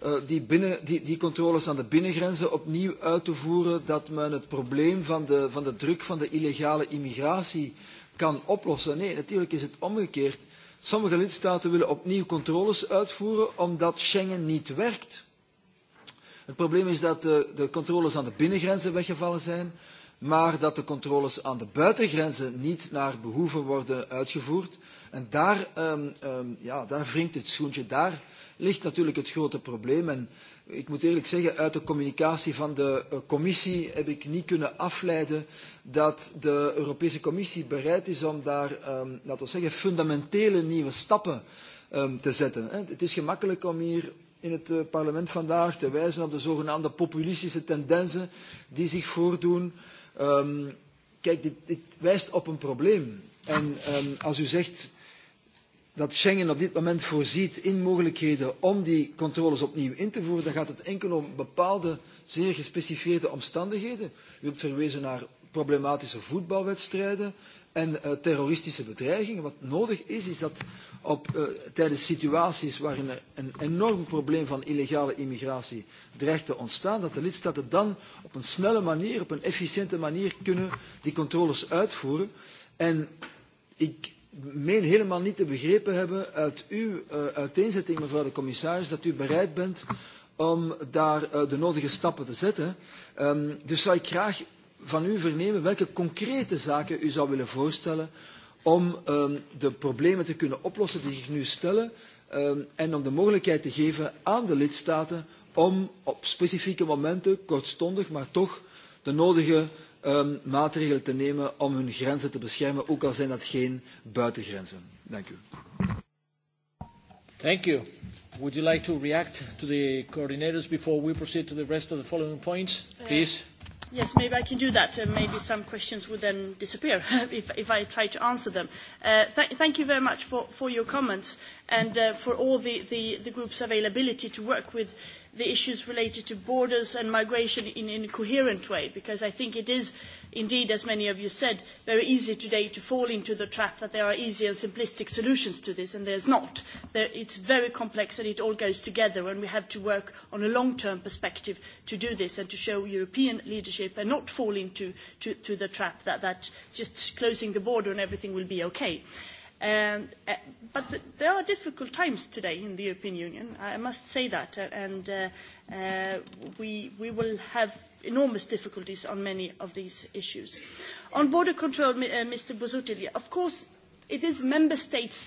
eh, die, binnen, die, die controles aan de binnengrenzen opnieuw uit te voeren dat men het probleem van de, van de druk van de illegale immigratie kan oplossen. Nee, natuurlijk is het omgekeerd. Sommige lidstaten willen opnieuw controles uitvoeren omdat Schengen niet werkt. Het probleem is dat de, eh, de controles aan de binnengrenzen weggevallen zijn, maar dat de controles aan de buitengrenzen niet naar behoeven worden uitgevoerd. En daar, um, um, ja, daar wringt het schoentje. Daar ligt natuurlijk het grote probleem. En ik moet eerlijk zeggen, uit de communicatie van de uh, commissie heb ik niet kunnen afleiden dat de Europese Commissie bereid is om daar, um, laten we zeggen, fundamentele nieuwe stappen um, te zetten. Het is gemakkelijk om hier in het eh, parlement vandaag te wijzen op de zogenaamde populistische tendensen die zich voordoen. Um, kijk, dit, dit wijst op een probleem. En um, als u zegt dat Schengen op dit moment voorziet in mogelijkheden om die controles opnieuw in te voeren, dan gaat het enkel om bepaalde zeer gespecifieerde omstandigheden. U hebt verwezen naar problematische voetbalwedstrijden en uh, terroristische bedreigingen. Wat nodig is, is dat op, uh, tijdens situaties waarin er een enorm probleem van illegale immigratie dreigt te ontstaan, dat de lidstaten dan op een snelle manier, op een efficiënte manier kunnen die controles uitvoeren. En ik meen helemaal niet te begrepen hebben uit uw uh, uiteenzetting, mevrouw de commissaris, dat u bereid bent om daar uh, de nodige stappen te zetten. Um, dus zou ik graag van u vernemen welke concrete zaken u zou willen voorstellen om um, de problemen te kunnen oplossen die zich nu stellen um, en om de mogelijkheid te geven aan de lidstaten om op specifieke momenten, kortstondig, maar toch de nodige um, maatregelen te nemen om hun grenzen te beschermen, ook al zijn dat geen buitengrenzen. Dank u. Thank you. Would you like to react to the coordinators before we proceed to the rest of the following points, please? Yeah. Yes, maybe I can do that, and uh, maybe some questions would then disappear (laughs) if, if I try to answer them. Uh, th thank you very much for, for your comments and uh, for all the, the, the group's availability to work with the issues related to borders and migration in, in a coherent way, because I think it is indeed as many of you said it is very easy today to fall into the trap that there are easy and simplistic solutions to this and there are not. it is very complex and it all goes together and we have to work on a long term perspective to do this and to show european leadership and not fall into to, to the trap that, that just closing the border and everything will be okay. And, um, uh, but the, there are difficult times today in the European Union, I must say that, uh, and uh, uh, we, we will have enormous difficulties on many of these issues. on border control mr uh, busuttil of course it is member states'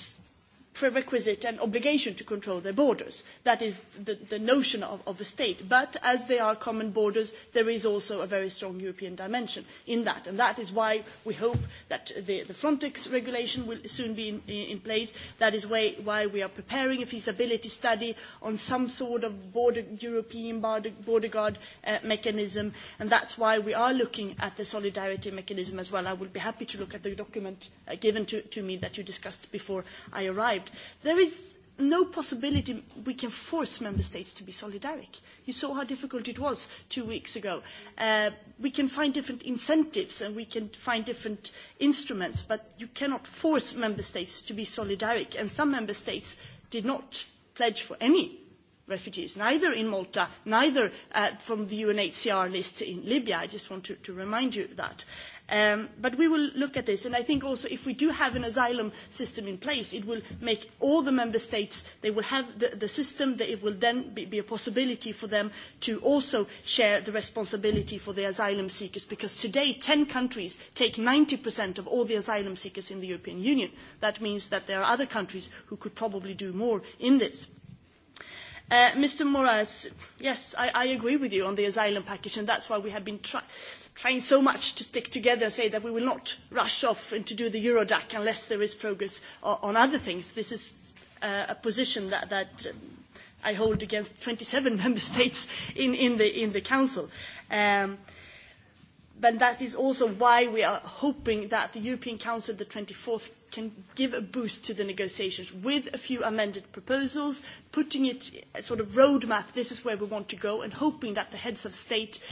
prerequisite and obligation to control their borders. that is the, notion of, of a state but as they are common borders there is also a very strong european dimension in that and that is why we hope that the, frontex regulation will soon be in, place. that is why, we are preparing a feasibility study on some sort of border, european border, guard uh, mechanism and that is why we are looking at the solidarity mechanism as well. i would be happy to look at the document uh, given to me that you discussed before i arrived there is no possibility we can force member states to be solidaric. You saw how difficult it was two weeks ago. Uh, we can find different incentives and we can find different instruments, but you cannot force member states to be solidaric. And some member states did not pledge for any refugees, neither in Malta, neither uh, from the UNHCR list in Libya. I just want to, to remind you of that. Um, but we will look at this, and I think also if we do have an asylum system in place, it will make all the member states, they will have the, system, that it will then be, a possibility for them to also share the responsibility for the asylum seekers, because today ten countries take 90% of all the asylum seekers in the European Union. That means that there are other countries who could probably do more in this. Uh, Mr. Moraes, yes, I, agree with you on the asylum package, and that's why we have been trying so much to stick together and say that we will not rush off and to do the Eurodac unless there is progress on, other things. This is uh, a position that, um, I hold against 27 (laughs) member states in, the, Council. Um, but that is also why we are hoping that the European Council the 24th can give a boost to the negotiations with a few amended proposals, putting it a sort of roadmap, this is where we want to go, and hoping that the heads of state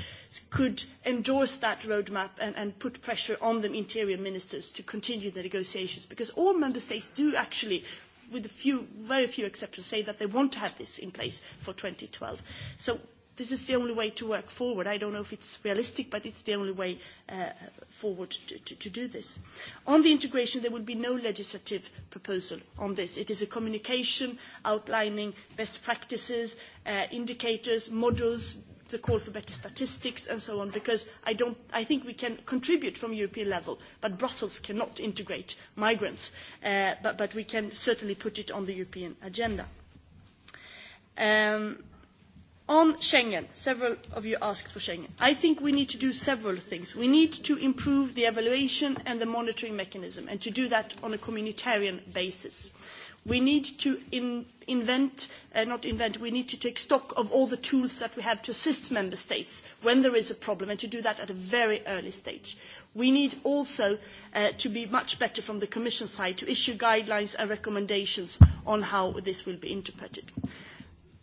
could endorse that roadmap and, and put pressure on the interior ministers to continue the negotiations, because all member states do actually with a few, very few exceptions, say that they want to have this in place for 2012. So this is the only way to work forward. I don't know if it's realistic, but it's the only way uh, forward to, to, to, do this. On the integration, there will be no legislative proposal on this. It is a communication outlining best practices, uh, indicators, models, the call for better statistics and so on, because I, don't, I think we can contribute from European level, but Brussels cannot integrate migrants, uh, but, but, we can certainly put it on the European agenda. Um, On Schengen, several of you asked for Schengen. I think we need to do several things. We need to improve the evaluation and the monitoring mechanism, and to do that on a communitarian basis. We need to invent, uh, not invent, we need to take stock of all the tools that we have to assist member states when there is a problem, and to do that at a very early stage. We need also uh, to be much better from the Commission side to issue guidelines and recommendations on how this will be interpreted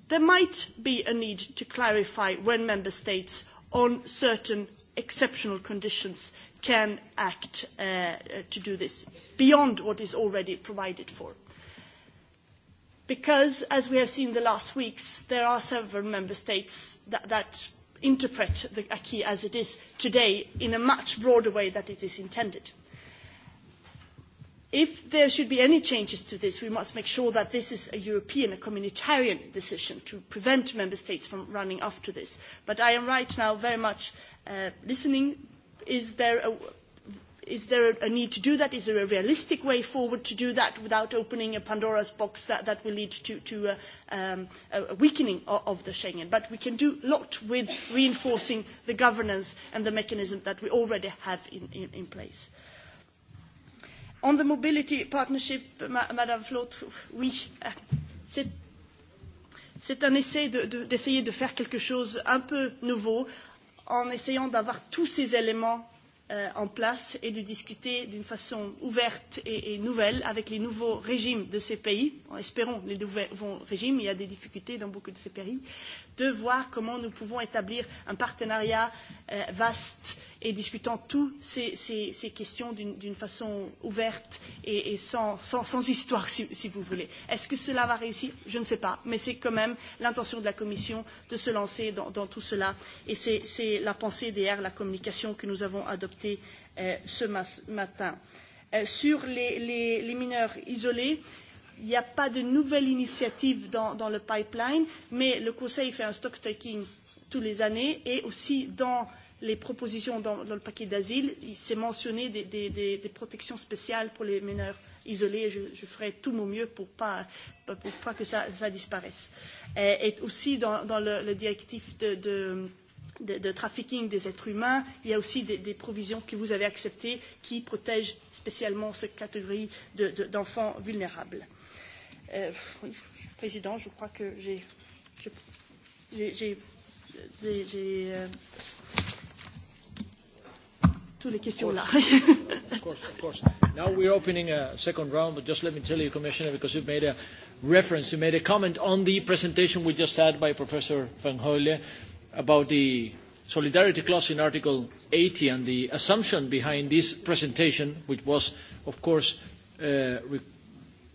there might be a need to clarify when member states on certain exceptional conditions can act uh, uh, to do this beyond what is already provided for because as we have seen in the last weeks there are several member states that, that interpret the acquis as it is today in a much broader way than it is intended if there should be any changes to this we must make sure that this is a european a communitarian decision to prevent member states from running after this but i am right now very much uh, listening is there a need to do that? Is there a realistic way forward to do that without opening a Pandora's box that, will lead to, uh, um, a, weakening of, the Schengen? But we can do a lot with reinforcing the governance and the mechanism that we already have in place. On the mobility partnership, ma Madame Flautre, oui, euh, c'est un essai d'essayer de, faire quelque chose d'un peu nouveau en essayant d'avoir tous ces éléments euh, en place et de discuter d'une façon ouverte et, et nouvelle avec les nouveaux régimes de ces pays. Espérons les nouveaux régimes, il y a des difficultés dans beaucoup de ces pays de voir comment nous pouvons établir un partenariat euh, vaste et discutant toutes ces, ces, ces questions d'une façon ouverte et, et sans, sans, sans histoire, si, si vous voulez. Est-ce que cela va réussir Je ne sais pas, mais c'est quand même l'intention de la Commission de se lancer dans, dans tout cela et c'est la pensée derrière la communication que nous avons adoptée euh, ce matin. Euh, sur les, les, les mineurs isolés, euh, Il n'y a pas de nouvelle initiative dans, dans le pipeline, mais le Conseil fait un stock taking tous les années et aussi dans les propositions dans, dans le paquet d'asile, il s'est mentionné des, des, des, des protections spéciales pour les mineurs isolés. Je, je ferai tout mon mieux pour pas, pour pas que ça, ça disparaisse. Et, et aussi dans, dans le, le directif de, de de, de trafficking des êtres humains. Il y a aussi des, des provisions que vous avez acceptées qui protègent spécialement cette catégorie d'enfants de, de, vulnérables. Euh, oui, Président, je crois que j'ai euh, toutes les questions là. of course, (laughs) of course. Now we're opening a second round, but just let me tell you, Commissioner, because you've made a reference, you made a comment on the presentation we just had by Professor Van Hoyle about the solidarity clause in Article 80 and the assumption behind this presentation, which was, of course, uh,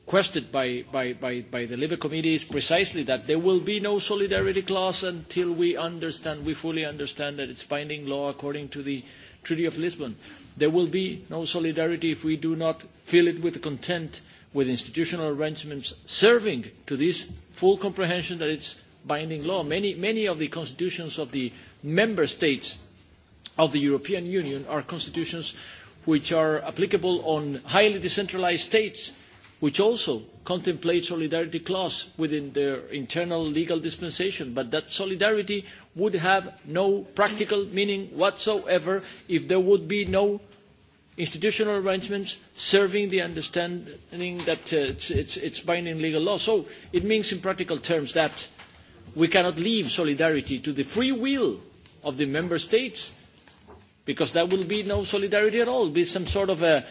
requested by, by, by, by the Labour Committee, is precisely that there will be no solidarity clause until we understand, we fully understand that it's binding law according to the Treaty of Lisbon. There will be no solidarity if we do not fill it with content with institutional arrangements serving to this full comprehension that it's binding law. Many, many of the constitutions of the member states of the European Union are constitutions which are applicable on highly decentralized states, which also contemplate solidarity clause within their internal legal dispensation. But that solidarity would have no practical meaning whatsoever if there would be no institutional arrangements serving the understanding that uh, it's, it's, it's binding legal law. So it means in practical terms that We cannot leave solidarity to the free will of the member states because that will be no solidarity at all. It will be some sort of a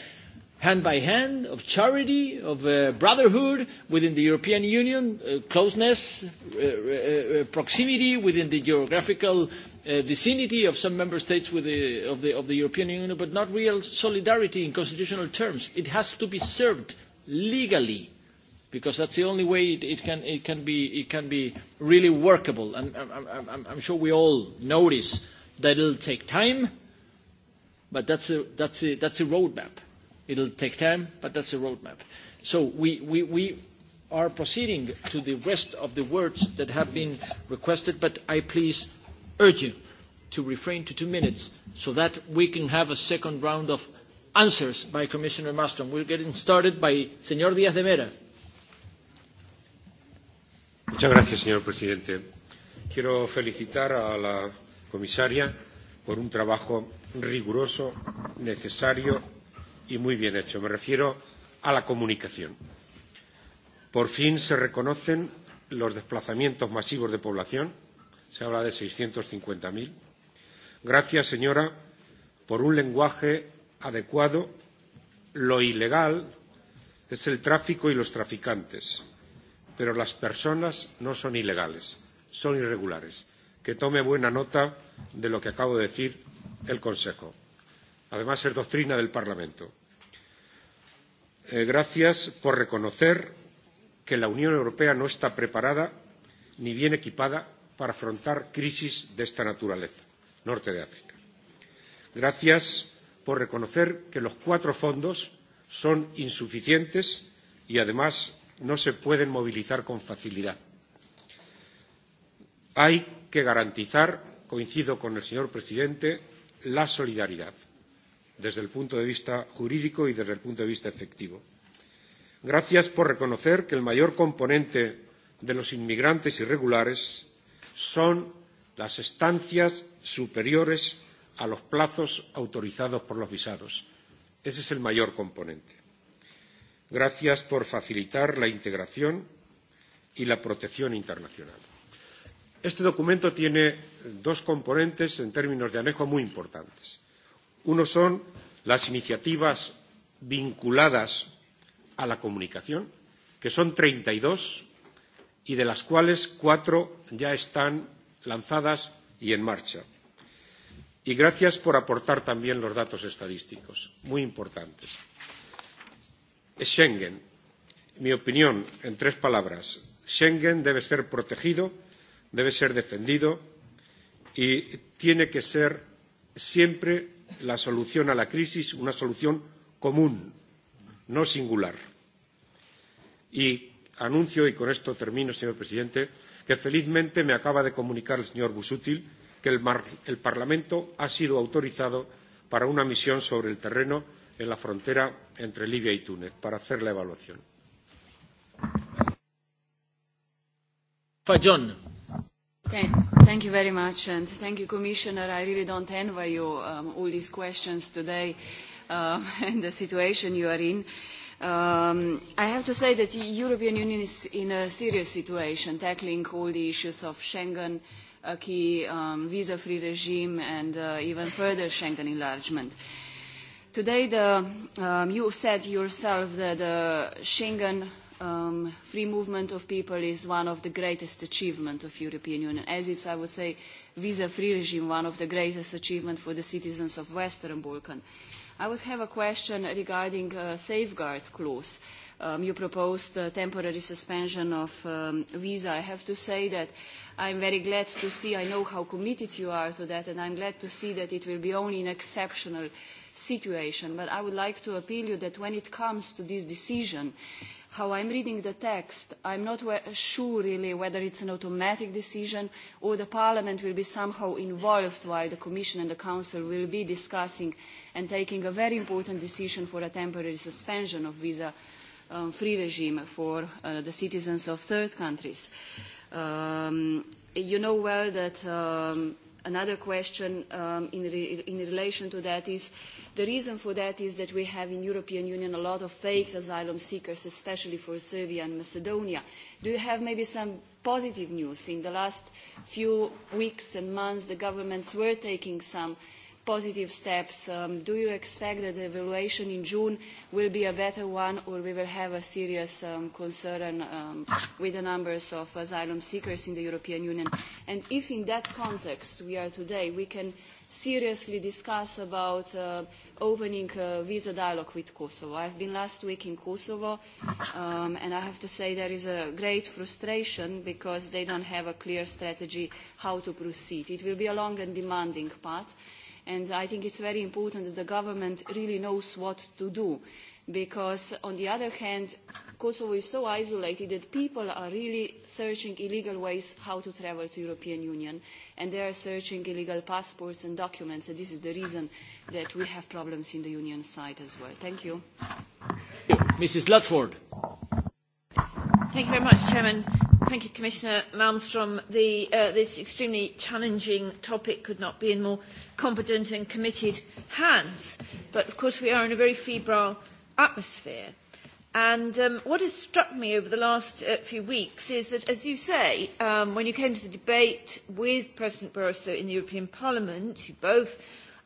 hand by hand of charity, of uh, brotherhood within the European Union, uh, closeness, uh, uh, uh proximity within the geographical vicinity of some member states the, of, the, of the European Union, but not real solidarity in constitutional terms. It has to be served legally because that's the only way it, it, can, it, can, be, it can be really workable. And I'm, I'm, I'm sure we all notice that it'll take time, but that's a, that's a, that's a roadmap. It'll take time, but that's a roadmap. So we, we, we are proceeding to the rest of the words that have been requested, but I please urge you to refrain to two minutes so that we can have a second round of answers by Commissioner Mastrom. We're getting started by Señor Díaz de Mera señor presidente. Quiero felicitar a la comisaria por un trabajo riguroso, necesario y muy bien hecho. Me refiero a la comunicación. Por fin se reconocen los desplazamientos masivos de población. Se habla de 650.000. Gracias, señora, por un lenguaje adecuado. Lo ilegal es el tráfico y los traficantes pero las personas no son ilegales, son irregulares. Que tome buena nota de lo que acabo de decir el Consejo. Además, es doctrina del Parlamento. Eh, gracias por reconocer que la Unión Europea no está preparada ni bien equipada para afrontar crisis de esta naturaleza, norte de África. Gracias por reconocer que los cuatro fondos son insuficientes y, además, no se pueden movilizar con facilidad. Hay que garantizar, coincido con el señor presidente, la solidaridad desde el punto de vista jurídico y desde el punto de vista efectivo. Gracias por reconocer que el mayor componente de los inmigrantes irregulares son las estancias superiores a los plazos autorizados por los visados. Ese es el mayor componente. Gracias por facilitar la integración y la protección internacional. Este documento tiene dos componentes en términos de anejo muy importantes. Uno son las iniciativas vinculadas a la comunicación, que son 32 y de las cuales cuatro ya están lanzadas y en marcha. Y gracias por aportar también los datos estadísticos, muy importantes. Schengen. Mi opinión, en tres palabras, Schengen debe ser protegido, debe ser defendido y tiene que ser siempre la solución a la crisis una solución común, no singular. Y anuncio, y con esto termino, señor presidente, que felizmente me acaba de comunicar el señor Busuttil que el, el Parlamento ha sido autorizado para una misión sobre el terreno en la frontera entre Libia y Túnez para hacer la evaluación. Fajon. Okay. Thank you very much, and thank you, Commissioner. I really don't envy you um, all these questions today uh, (laughs) and the situation you are in. Um, I have to say that the European Union is in a serious situation, tackling all the issues of Schengen, a key um, visa-free regime, and uh, even further Schengen enlargement. Uh, Today, the, um, you said yourself that the Schengen um, free movement of people is one of the greatest achievements of European Union, as it's, I would say, visa-free regime, one of the greatest achievements for the citizens of Western Balkan. I would have a question regarding a uh, safeguard clause. Um, you proposed the temporary suspension of um, visa. I have to say that I'm very glad to see, I know how committed you are to that, and I'm glad to see that it will be only in exceptional situation. But I would like to appeal you that when it comes to this decision, how I'm reading the text, I'm not sure really whether it's an automatic decision or the Parliament will be somehow involved while the Commission and the Council will be discussing and taking a very important decision for a temporary suspension of visa um, free regime for uh, the citizens of third countries. Um, you know well that um, another question um, in, re in relation to that is The reason for that is that we have in European Union a lot of fake asylum seekers, especially for Serbia and Macedonia. Do you have maybe some positive news? In the last few weeks and months, the governments were taking some positive steps. Um, do you expect that the evaluation in June will be a better one, or we will have a serious um, concern um, with the numbers of asylum seekers in the European Union? And if in that context we are today, we can seriously discuss about uh, opening a visa dialogue with Kosovo. I've been last week in Kosovo, um, and I have to say there is a great frustration because they don't have a clear strategy how to proceed. It will be a long and demanding path, and I think it's very important that the government really knows what to do because on the other hand, Kosovo is so isolated that people are really searching illegal ways how to travel to European Union, and they are searching illegal passports and documents, and this is the reason that we have problems in the Union side as well. Thank you. Thank you. Mrs. Ludford. Thank you very much, Chairman. Thank you, Commissioner Malmstrom. The, uh, this extremely challenging topic could not be in more competent and committed hands. But of course, we are in a very febrile atmosphere. And um, what has struck me over the last uh, few weeks is that, as you say, um, when you came to the debate with President Barroso in the European Parliament, you both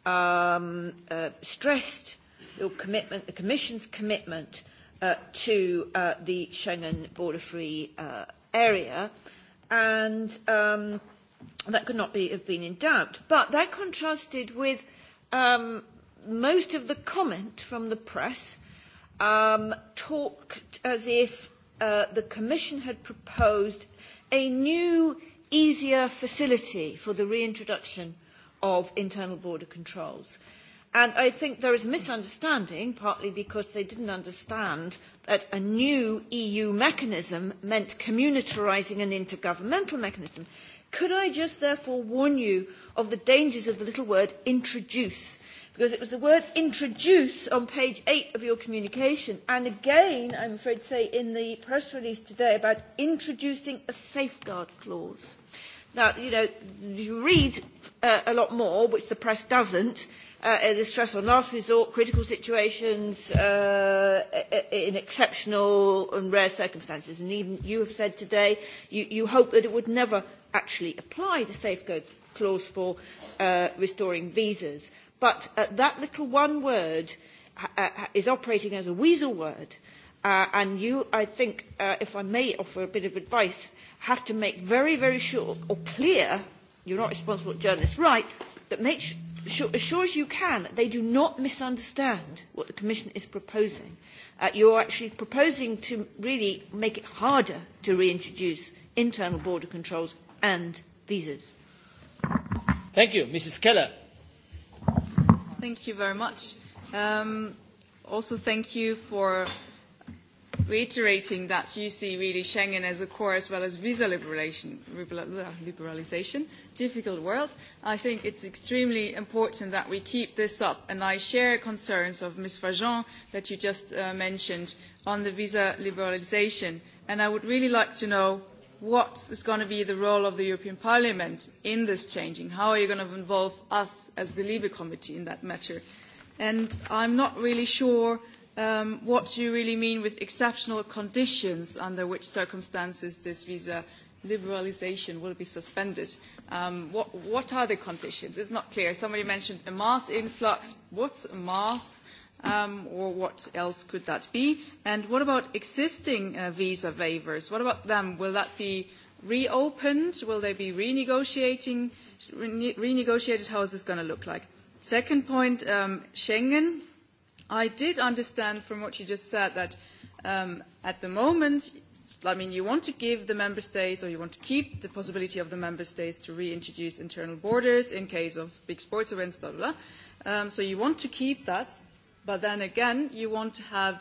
um, uh, stressed your commitment, the Commission's commitment uh, to uh, the Schengen border-free uh, area, and um, that could not be, have been in doubt. But that contrasted with um, most of the comment from the press um, talked as if uh, the Commission had proposed a new, easier facility for the reintroduction of internal border controls. And I think there is misunderstanding, partly because they didn't understand that a new EU mechanism meant communitarising an intergovernmental mechanism. Could I just therefore warn you of the dangers of the little word introduce? Because it was the word introduce on page eight of your communication, and again, I'm afraid to say, in the press release today about introducing a safeguard clause. Now, you know, you read uh, a lot more, which the press doesn't, uh, the stress on last resort, critical situations, uh, in exceptional and rare circumstances. And even you have said today you, you hope that it would never actually apply the safeguard clause for uh, restoring visas. But uh, that little one word uh, uh, is operating as a weasel word. Uh, and you, I think, uh, if I may offer a bit of advice, have to make very, very sure or clear, you're not responsible journalists, right, that make sure, as sure as you can that they do not misunderstand what the Commission is proposing. Uh, you're actually proposing to really make it harder to reintroduce internal border controls and visas. Thank you. Mrs. Keller. Thank you very much. Um, also, thank you for reiterating that you see really Schengen as a core as well as visa uh, liberalisation. difficult world. I think it's extremely important that we keep this up, and I share concerns of Ms. Fajon that you just uh, mentioned on the visa liberalisation. and I would really like to know what is going to be the role of the European Parliament in this changing? How are you going to involve us as the Libe Committee in that matter? And I'm not really sure um, what you really mean with exceptional conditions under which circumstances this visa liberalisation will be suspended. Um, what, what are the conditions? It's not clear. Somebody mentioned a mass influx. What's a mass um, or what else could that be? And what about existing uh, visa waivers? What about them? Will that be reopened? Will they be renegotiating, renegotiated? How is this going to look like? Second point, um, Schengen. I did understand from what you just said that um, at the moment, I mean, you want to give the member states or you want to keep the possibility of the member states to reintroduce internal borders in case of big sports events, blah, blah, blah. Um, so you want to keep that But then again, you want to have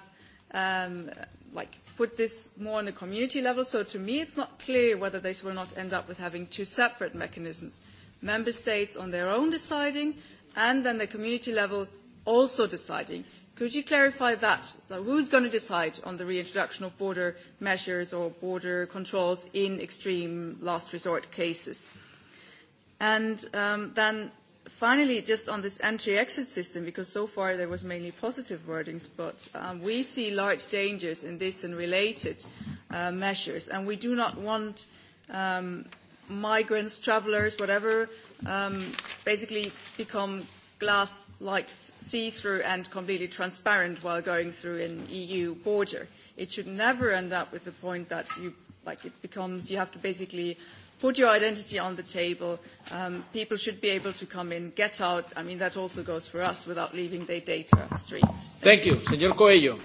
um, like put this more on the community level. So to me, it's not clear whether this will not end up with having two separate mechanisms: member states on their own deciding, and then the community level also deciding. Could you clarify that? So who's going to decide on the reintroduction of border measures or border controls in extreme last resort cases? And um, then Finally, just on this entry-exit system, because so far there was mainly positive wordings, but um, we see large dangers in this and related uh, measures, and we do not want um, migrants, travellers, whatever, um, basically become glass-like see-through and completely transparent while going through an EU border. It should never end up with the point that you, like, it becomes you have to basically put your identity on the table. Um, people should be able to come in, get out. I mean, that also goes for us without leaving their data street. Thank, Thank you. Senor Coelho.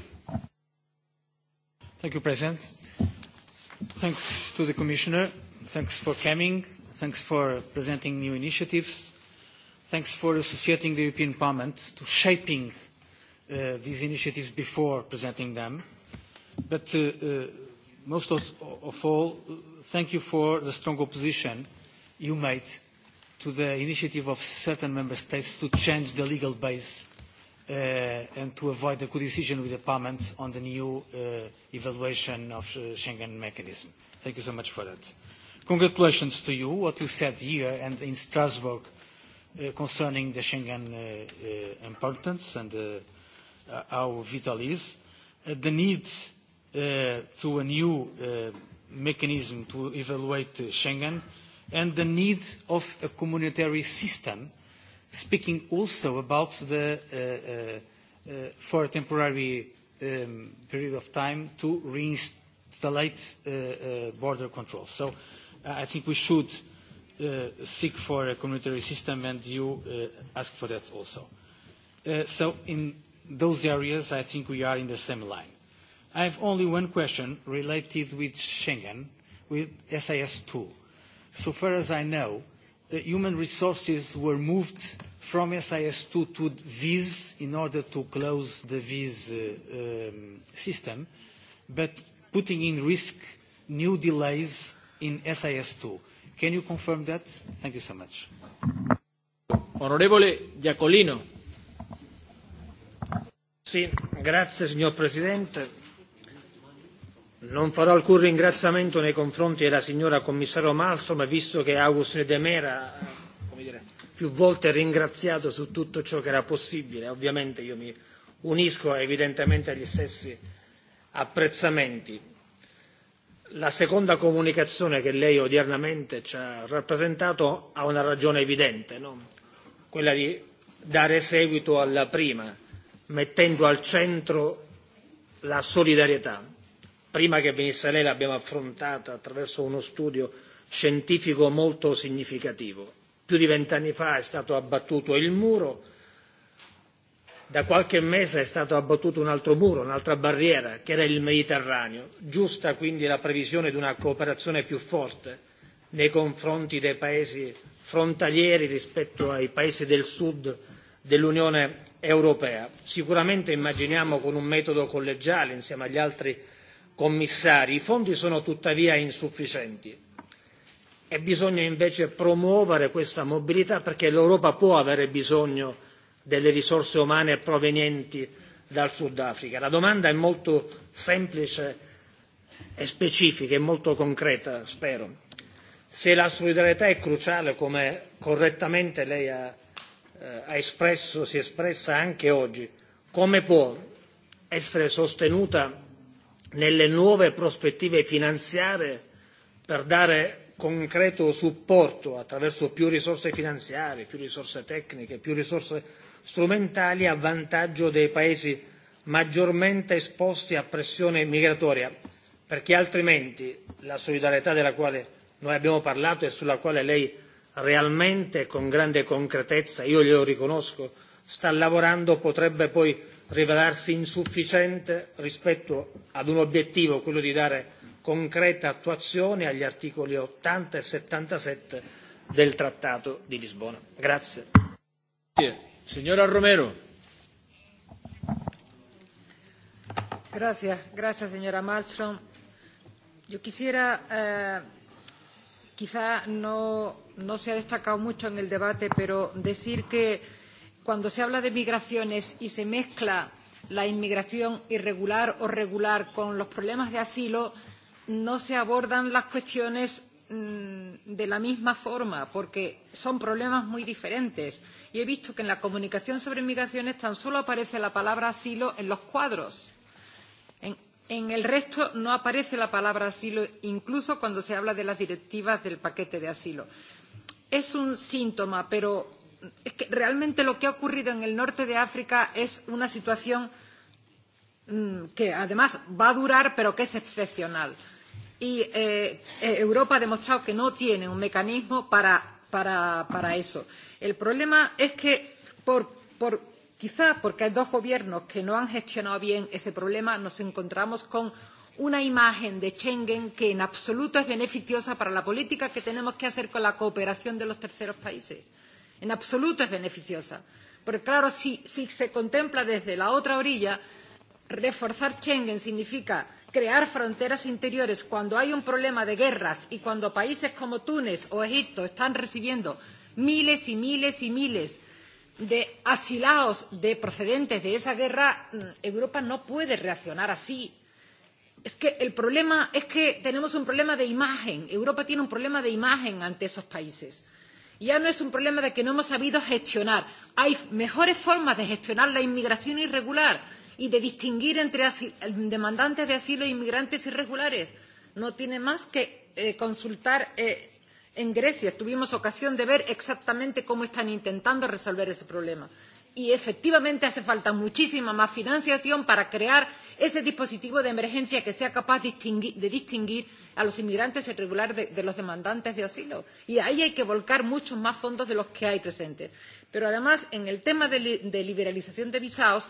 Thank you, President. Thanks to the Commissioner. Thanks for coming. Thanks for presenting new initiatives. Thanks for associating the European Parliament to shaping uh, these initiatives before presenting them. But uh, uh, most of, of all, thank you for the strong opposition you made to the initiative of certain member states to change the legal base uh, and to avoid a co-decision with the Parliament on the new uh, evaluation of the uh, Schengen mechanism. Thank you so much for that. Congratulations to you, what you said here and in Strasbourg uh, concerning the Schengen uh, uh, importance and uh, uh how vital it is, uh, the need uh, to a new uh, mechanism to evaluate Schengen and the need of a communitary system, speaking also about the, uh, uh, uh, for a temporary um, period of time to reinstate uh, uh, border controls. So uh, I think we should uh, seek for a communitary system and you uh, ask for that also. Uh, so in those areas, I think we are in the same line. I have only one question related with Schengen, with SIS 2 So far as I know, the human resources were moved from SIS2 to VIS in order to close the VIS uh, um, system, but putting in risk new delays in SIS2. Can you confirm that? Thank you so much. Onorevole Giacolino. Sì, grazie signor Presidente Non farò alcun ringraziamento nei confronti della signora commissario Malmström, visto che August De Mera più volte ringraziato su tutto ciò che era possibile. Ovviamente io mi unisco evidentemente agli stessi apprezzamenti. La seconda comunicazione che lei odiernamente ci ha rappresentato ha una ragione evidente, no? quella di dare seguito alla prima, mettendo al centro la solidarietà prima che venisse lei l'abbiamo affrontata attraverso uno studio scientifico molto significativo. Più di vent'anni fa è stato abbattuto il muro, da qualche mese è stato abbattuto un altro muro, un'altra barriera, che era il Mediterraneo. Giusta quindi la previsione di una cooperazione più forte nei confronti dei paesi frontalieri rispetto ai paesi del sud dell'Unione europea. Sicuramente immaginiamo con un metodo collegiale insieme agli altri commissari. I fondi sono tuttavia insufficienti e bisogna invece promuovere questa mobilità perché l'Europa può avere bisogno delle risorse umane provenienti dal Sudafrica. La domanda è molto semplice e specifica e molto concreta, spero. Se la solidarietà è cruciale, come correttamente lei ha, eh, ha espresso, si è espressa anche oggi, come può essere sostenuta nelle nuove prospettive finanziarie per dare concreto supporto attraverso più risorse finanziarie, più risorse tecniche, più risorse strumentali a vantaggio dei paesi maggiormente esposti a pressione migratoria, perché altrimenti la solidarietà della quale noi abbiamo parlato e sulla quale lei realmente con grande concretezza, io glielo riconosco, sta lavorando potrebbe poi rivelarsi insufficiente rispetto ad un obiettivo, quello di dare concreta attuazione agli articoli 80 e 77 del Trattato di Lisbona. Grazie. Signora Romero. Gracias, gracias señora Malmström. Yo quisiera, eh, quizá no, no se ha destacado mucho en el debate, pero decir que cuando se habla de migraciones y se mezcla la inmigración irregular o regular con los problemas de asilo, no se abordan las cuestiones mmm, de la misma forma, porque son problemas muy diferentes. Y he visto que en la comunicación sobre migraciones tan solo aparece la palabra asilo en los cuadros. En, en el resto no aparece la palabra asilo, incluso cuando se habla de las directivas del paquete de asilo. Es un síntoma, pero es que realmente lo que ha ocurrido en el norte de África es una situación mm, que además va a durar, pero que es excepcional. Y eh, eh, Europa ha demostrado que no tiene un mecanismo para, para, para eso. El problema es que, por, por, quizás porque hay dos gobiernos que no han gestionado bien ese problema, nos encontramos con una imagen de Schengen que en absoluto es beneficiosa para la política que tenemos que hacer con la cooperación de los terceros países en absoluto es beneficiosa. Porque claro, si, si se contempla desde la otra orilla, reforzar Schengen significa crear fronteras interiores cuando hay un problema de guerras y cuando países como Túnez o Egipto están recibiendo miles y miles y miles de asilados de procedentes de esa guerra, mm, Europa no puede reaccionar así. Es que el problema es que tenemos un problema de imagen. Europa tiene un problema de imagen ante esos países Ya no es un problema de que no hemos sabido gestionar. Hay mejores formas de gestionar la inmigración irregular y de distinguir entre demandantes de asilo e inmigrantes irregulares. No tiene más que eh, consultar eh, en Grecia. Tuvimos ocasión de ver exactamente cómo están intentando resolver ese problema y efectivamente hace falta muchísima más financiación para crear ese dispositivo de emergencia que sea capaz distinguir, de distinguir a los inmigrantes irregulares de, de los demandantes de asilo. Y ahí hay que volcar muchos más fondos de los que hay presentes. Pero además, en el tema de, li, de liberalización de visados,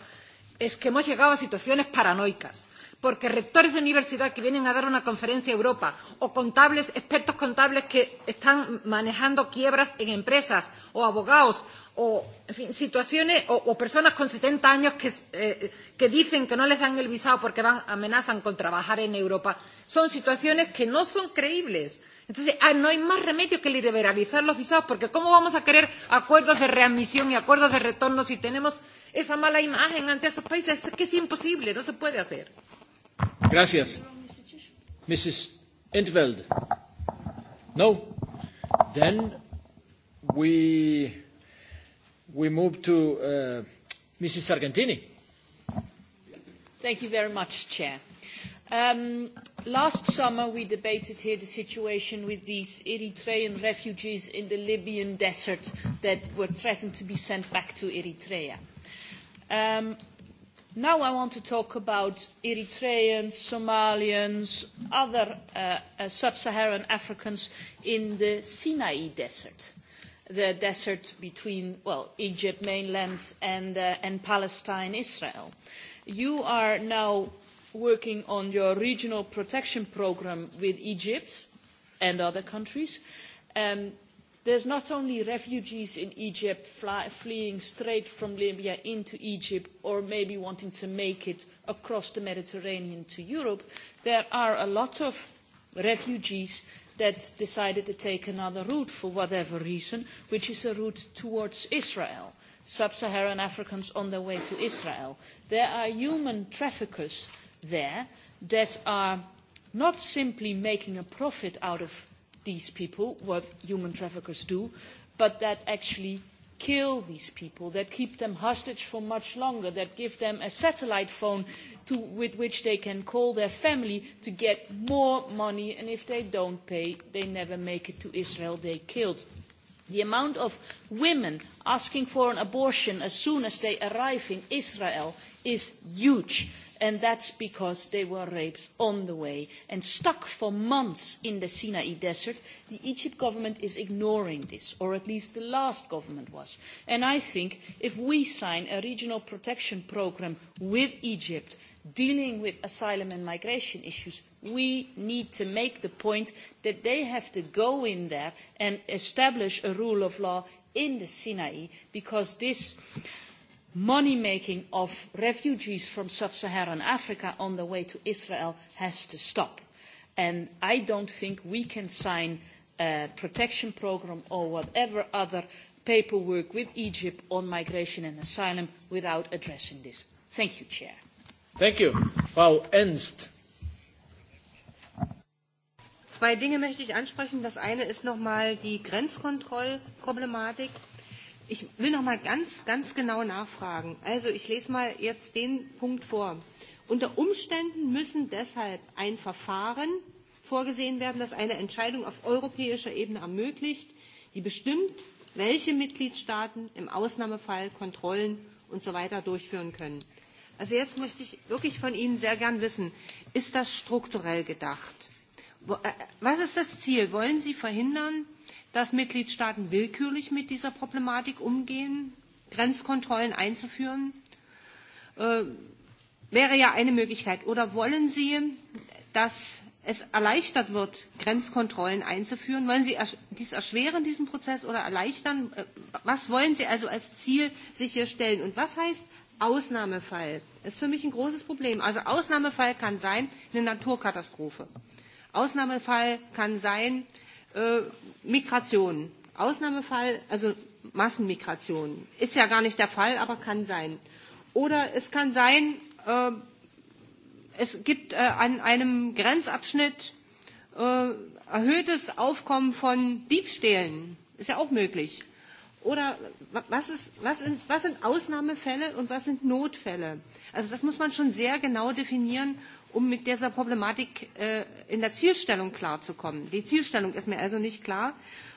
es que hemos llegado a situaciones paranoicas porque rectores de universidad que vienen a dar una conferencia a Europa o contables, expertos contables que están manejando quiebras en empresas o abogados o en fin, situaciones o, o personas con 70 años que, eh, que dicen que no les dan el visado porque van, amenazan con trabajar en Europa. Son situaciones que no son creíbles. Entonces, ah, no hay más remedio que liberalizar los visados porque ¿cómo vamos a querer acuerdos de readmisión y acuerdos de retorno si tenemos esa mala imagen ante esos países? Es que es imposible, no se puede hacer. Gracias. Mrs. Intveld. No. Then we we move to uh, Mrs. Sargentini. Thank you very much, Chair. Um, last summer we debated here the situation with these Eritrean refugees in the Libyan desert that were threatened to be sent back to Eritrea. Um, now I want to talk about Eritreans, Somalians, other uh, uh, sub-Saharan Africans in the Sinai desert. Uh, the desert between, well, Egypt mainland and, uh, and Palestine, Israel. You are now working on your regional protection program with Egypt and other countries. Um, there's not only refugees in Egypt fly, fleeing straight from Libya into Egypt or maybe wanting to make it across the Mediterranean to Europe. There are a lot of refugees that decided to take another route for whatever reason, which is a route towards Israel, sub-Saharan Africans on their way to Israel. There are human traffickers there that are not simply making a profit out of these people, what human traffickers do, but that actually kill these people, that keep them hostage for much longer, that give them a satellite phone to, with which they can call their family to get more money, and if they don't pay, they never make it to Israel, they killed. The amount of women asking for an abortion as soon as they arrive in Israel is huge and that's because they were raped on the way and stuck for months in the Sinai desert. The Egyptian government is ignoring this, or at least the last government was. And I think if we sign a regional protection programme with Egypt dealing with asylum and migration issues, we need to make the point that they have to go in there and establish a rule of law in the Sinai because this money making of refugees from sub-Saharan Africa on their way to Israel has to stop. And I not think we can sign a protection programme or whatever other paperwork with Egypt on migration and asylum without addressing this. Thank you, Chair. Thank you. Frau Ernst. Zwei Dinge möchte ich ansprechen. Das eine ist nochmal die Grenzkontrollproblematik. Ich will noch mal ganz, ganz genau nachfragen. Also ich lese mal jetzt den Punkt vor. Unter Umständen müssen deshalb ein Verfahren vorgesehen werden, das eine Entscheidung auf europäischer Ebene ermöglicht, die bestimmt, welche Mitgliedstaaten im Ausnahmefall Kontrollen und so weiter durchführen können. Also jetzt möchte ich wirklich von Ihnen sehr gern wissen, ist das strukturell gedacht? Äh, was ist das Ziel? Wollen Sie verhindern, dass Mitgliedstaaten willkürlich mit dieser Problematik umgehen, Grenzkontrollen einzuführen, äh, wäre ja eine Möglichkeit. Oder wollen Sie, dass es erleichtert wird, Grenzkontrollen einzuführen? Wollen Sie ersch dies erschweren, diesen Prozess, oder erleichtern? Äh, was wollen Sie also als Ziel sich hier stellen? Und was heißt Ausnahmefall? Das ist für mich ein großes Problem. Also Ausnahmefall kann sein eine Naturkatastrophe. Ausnahmefall kann sein Äh, Migration. Ausnahmefall, also Massenmigration. Ist ja gar nicht der Fall, aber kann sein. Oder es kann sein, äh, es gibt äh, an einem Grenzabschnitt äh, erhöhtes Aufkommen von Diebstählen. Ist ja auch möglich. Oder was, ist, was, ist, was sind Ausnahmefälle und was sind Notfälle? Also das muss man schon sehr genau definieren um mit dieser Problematik äh, in der Zielstellung klarzukommen. Die Zielstellung ist mir also nicht klar.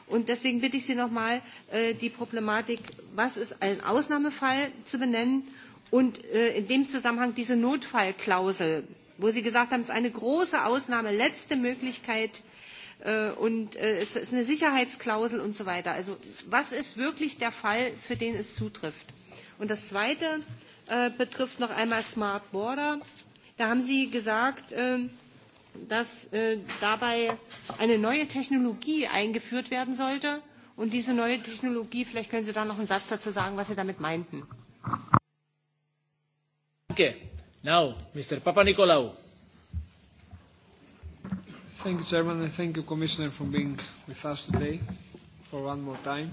Und deswegen bitte ich Sie nochmal, äh, die Problematik, was ist ein Ausnahmefall, zu benennen und äh, in dem Zusammenhang diese Notfallklausel, wo Sie gesagt haben, es ist eine große Ausnahme, letzte Möglichkeit äh, und äh, es ist eine Sicherheitsklausel und so weiter. Also was ist wirklich der Fall, für den es zutrifft? Und das Zweite äh, betrifft noch einmal Smart Border. Da haben Sie gesagt, ähm, dass äh, dabei eine neue Technologie eingeführt werden sollte. Und diese neue Technologie, vielleicht können Sie da noch einen Satz dazu sagen, was Sie damit meinten. Danke. Now, Mr. Papanikolaou. Thank you, Chairman, and thank you, Commissioner, for being with us today for one more time.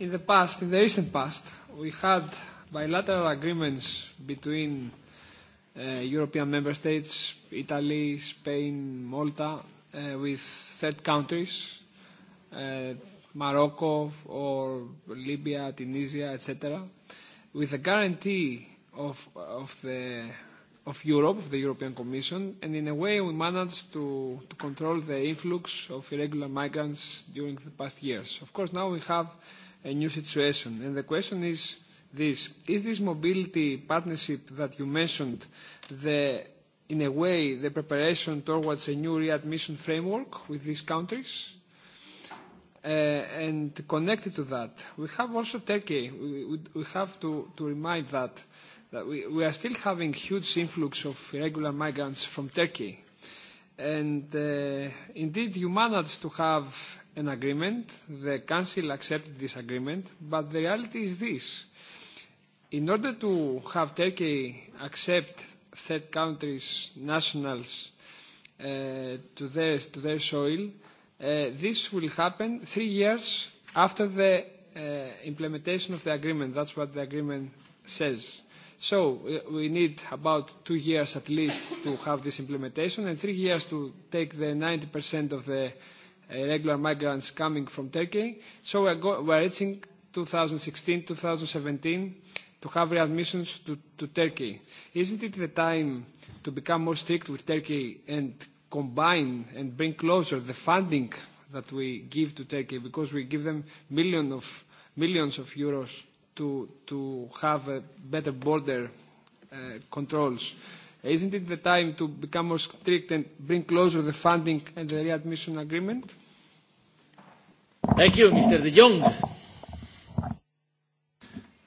In the past, in the recent past, we had bilateral agreements between Uh, European member states, Italy, Spain, Malta, uh, with third countries, uh, Morocco or Libya, Tunisia, etc., with a guarantee of, of, the, of Europe, of the European Commission, and in a way we managed to, to control the influx of irregular migrants during the past years. Of course, now we have a new situation, and the question is, this. Is this mobility partnership that you mentioned in a way the preparation towards a new readmission framework with these countries? Uh, and connected to that, we have also Turkey. We, we have to, to remind that, that we, we are still having huge influx of irregular migrants from Turkey. And uh, indeed, you managed to have an agreement. The Council accepted this agreement. But the reality is this In order to have Turkey accept third countries' nationals uh, to, their, to their soil, uh, this will happen three years after the uh, implementation of the agreement. That's what the agreement says. So we need about two years at least to have this implementation and three years to take the 90% of the uh, regular migrants coming from Turkey. So we're, go- we're reaching 2016, 2017 to have readmissions to, to Turkey. Isn't it the time to become more strict with Turkey and combine and bring closer the funding that we give to Turkey because we give them million of, millions of euros to, to have a better border uh, controls. Isn't it the time to become more strict and bring closer the funding and the readmission agreement? Thank you, Mr. De Jong.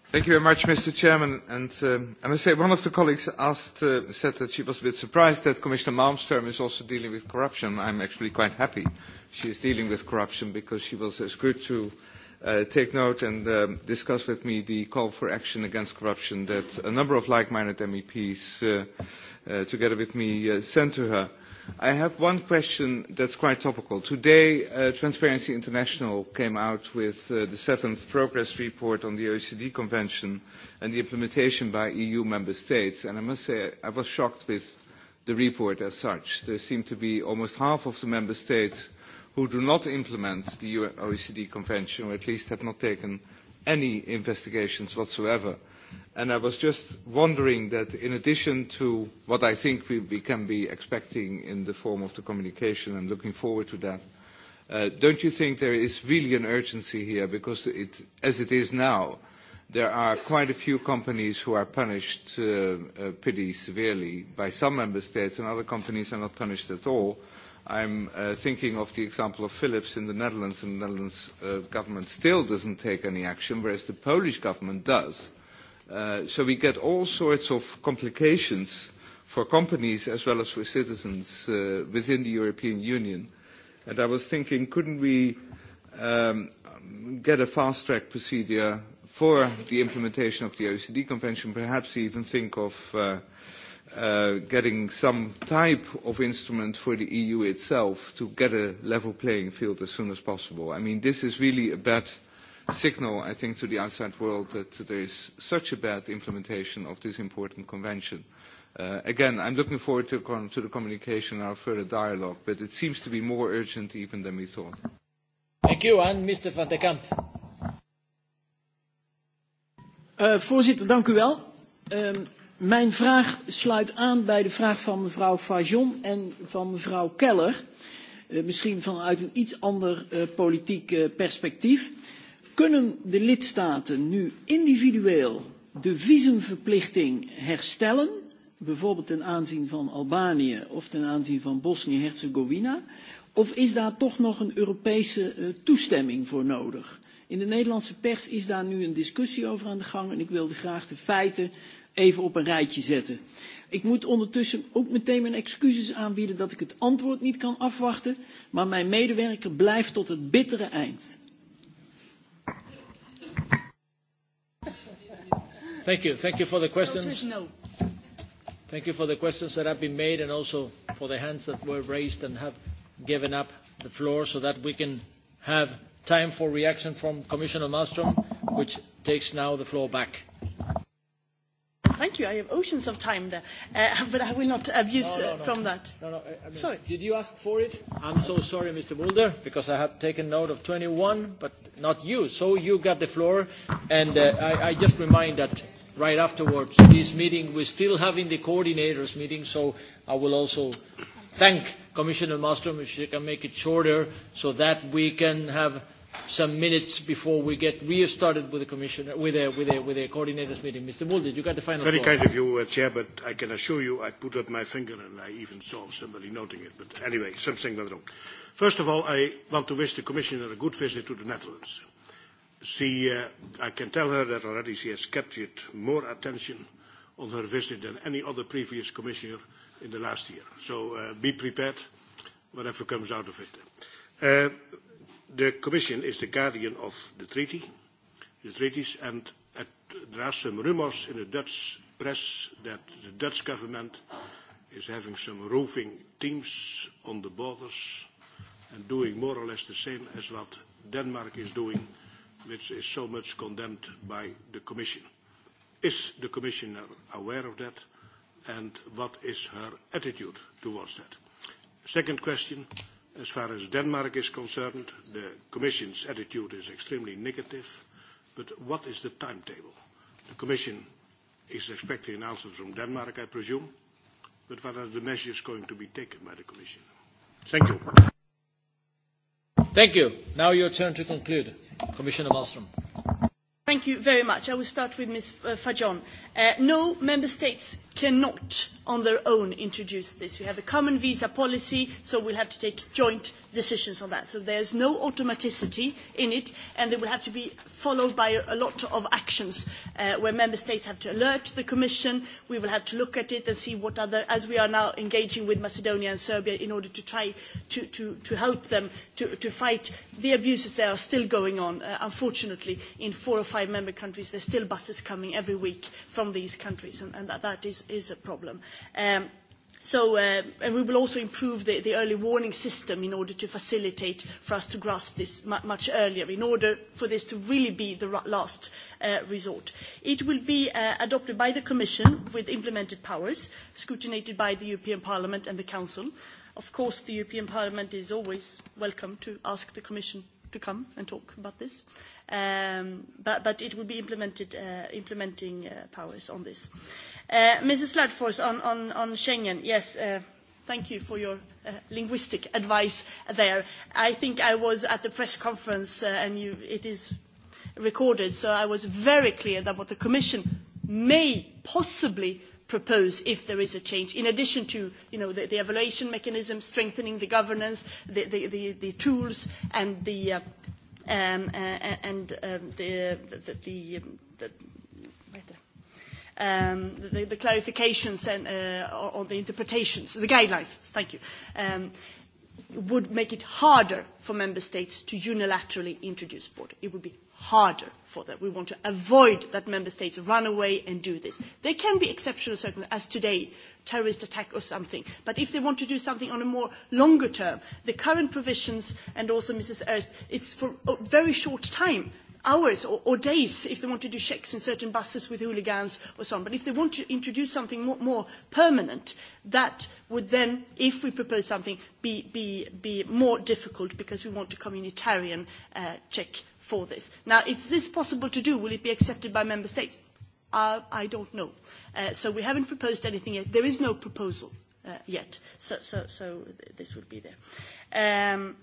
Thank you very much, Mr. Chairman. And uh, I must say, one of the colleagues asked, uh, said that she was a bit surprised that Commissioner Malmström is also dealing with corruption. I'm actually quite happy she is dealing with corruption because she was as good to uh, take note and um, discuss with me the call for action against corruption that a number of like-minded MEPs, together with me, sent to her. I have one question that's quite topical. Today, uh, Transparency International came out with uh, the seventh progress report on the OECD Convention and the implementation by EU member states. And I must say, I was shocked with the report as such. There seem to be almost half of the member states who do not implement the OECD Convention, or at least have not taken any investigations whatsoever And I was just wondering that in addition to what I think we, we can be expecting in the form of the communication, and looking forward to that, uh, don't you think there is really an urgency here? Because it, as it is now, there are quite a few companies who are punished uh, uh, pretty severely by some member states, and other companies are not punished at all. I'm uh, thinking of the example of Philips in the Netherlands, and the Netherlands uh, government still doesn't take any action, whereas the Polish government does. Uh, so we get all sorts of complications for companies as well as for citizens uh, within the European Union. And I was thinking, couldn't we um, get a fast-track procedure for the implementation of the OECD Convention, perhaps even think of uh, uh, getting some type of instrument for the EU itself to get a level playing field as soon as possible. I mean, this is really a bet signal, I think, to the outside world that there is such a bad implementation of this important convention. Uh, again, I'm looking forward to, con to the communication and our further dialogue, but it seems to be more urgent even than we thought. Thank you, and Mr. van de Kamp. Uh, voorzitter, dank u wel. Um, mijn vraag sluit aan bij de vraag van mevrouw Fajon en van mevrouw Keller. Uh, misschien vanuit een iets ander uh, politiek uh, perspectief. Uh, Kunnen de lidstaten nu individueel de visumverplichting herstellen, bijvoorbeeld ten aanzien van Albanië of ten aanzien van Bosnië-Herzegovina, of is daar toch nog een Europese eh, toestemming voor nodig? In de Nederlandse pers is daar nu een discussie over aan de gang en ik wilde graag de feiten even op een rijtje zetten. Ik moet ondertussen ook meteen mijn excuses aanbieden dat ik het antwoord niet kan afwachten, maar mijn medewerker blijft tot het bittere eind. Thank you. Thank you for the questions. The no. Thank you for the questions that have been made and also for the hands that were raised and have given up the floor so that we can have time for reaction from Commissioner Malmström, which takes now the floor back. Thank you. I have oceans of time there, uh, but I will not abuse no, no, uh, no. from that. No, no. I mean, sorry. Did you ask for it? I'm so sorry, Mr. Mulder, because I have taken note of 21, but not you. So you got the floor, and uh, I, I just remind that right afterwards this meeting. We're still having the coordinators meeting, so I will also thank Commissioner Malmström if she can make it shorter so that we can have some minutes before we get restarted with the commissioner with a with a with a coordinators meeting. Mr. Mulder, you got the final. Very floor. kind of you, uh, Chair, but I can assure you, I put up my finger and I even saw somebody noting it. But anyway, something went wrong. First of all, I want to wish the commissioner a good visit to the Netherlands she, uh, I can tell her that already she has captured more attention on her visit than any other previous commissioner in the last year. So uh, be prepared, whatever comes out of it. Uh, the Commission is the guardian of the treaty, the treaties, and at, there are some rumours in the Dutch press that the Dutch government is having some roving teams on the borders and doing more or less the same as what Denmark is doing which is so much condemned by the Commission. Is the Commissioner aware of that? And what is her attitude towards that? Second question, as far as Denmark is concerned, the Commission's attitude is extremely negative, but what is the timetable? The Commission is expecting an answer from Denmark, I presume, but what are the measures going to be taken by the Commission? Thank you. Thank you. Now your turn to conclude. Commissioner Malmström. Thank you very much. I will start with Ms. Fajon. Uh, no member states cannot on their own introduce this. we have a common visa policy so we will have to take joint decisions on that. so there is no automaticity in it and it will have to be followed by a lot of actions uh, where member states have to alert the commission we will have to look at it and see what other as we are now engaging with macedonia and serbia in order to try to, to, to help them to, to fight the abuses that are still going on. Uh, unfortunately in four or five member countries there are still buses coming every week from these countries and, and that, that is is a problem. Um, so, uh, and we will also improve the, the early warning system in order to facilitate for us to grasp this much earlier, in order for this to really be the last uh, resort. It will be uh, adopted by the Commission with implemented powers, scrutinated by the European Parliament and the Council. Of course, the European Parliament is always welcome to ask the Commission to come and talk about this. Uh, Um, but, it will be implemented, uh, implementing uh, powers on this. Uh, Mrs. Ludford, on, on, on Schengen, yes, uh, thank you for your uh, linguistic advice there. I think I was at the press conference, uh, and you, it is recorded, so I was very clear that what the Commission may possibly propose if there is a change in addition to you know, the, the, evaluation mechanism strengthening the governance the, the, the tools and the uh, um, uh, and um, the, the, the, the um, the, um, the clarifications and uh, or, or the interpretations, the guidelines, thank you, um, would make it harder for member states to unilaterally introduce border. It would be harder for them. We want to avoid that member states run away and do this. There can be exceptional circumstances, as today terrorist attack or something. But if they want to do something on a more longer term, the current provisions, and also Mrs. Erst, it's for a very short time hours or, or, days if they want to do checks in certain buses with hooligans or so on. But if they want to introduce something more, more permanent, that would then, if we propose something, be, be, be more difficult because we want a communitarian uh, check for this. Now, is this possible to do? Will it be accepted by member states? I don't know. Uh, so we haven't proposed anything yet. There is no proposal uh, yet. So, this would be there. Um,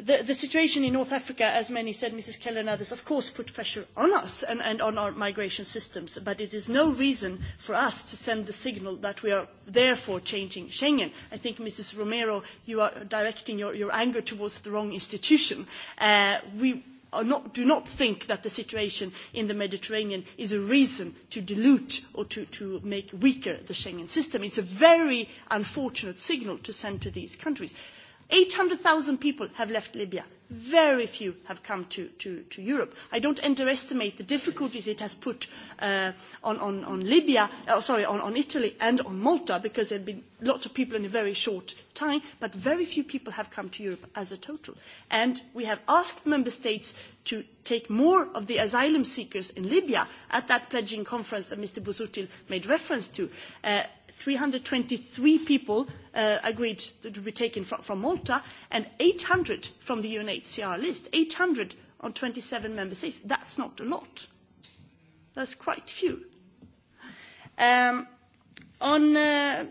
the, situation in north africa as many said mrs keller and others of course puts pressure on us and, on our migration systems but it is no reason for us to send the signal that we are therefore changing schengen. i think mrs romero you are directing your, anger towards the wrong institution. Uh, we, Uh, do not think that the situation in the Mediterranean is a reason to dilute or to, make weaker the Schengen system. It is a very unfortunate signal to send to these countries. 800,000 people have left Libya. Very few have come to, Europe. I do not underestimate the difficulties it has put uh, on, Libya, uh, sorry, on, Italy and on Malta, because have been lots of people in a very short time but very few people have come to europe as a total and we have asked member states to take more of the asylum seekers in libya at that pledging conference that mr busuttil made reference to uh, 323 people uh, agreed to be taken from, from malta and 800 from the unhcr list 800 on 27 member states that's not a lot that's quite few um, on uh,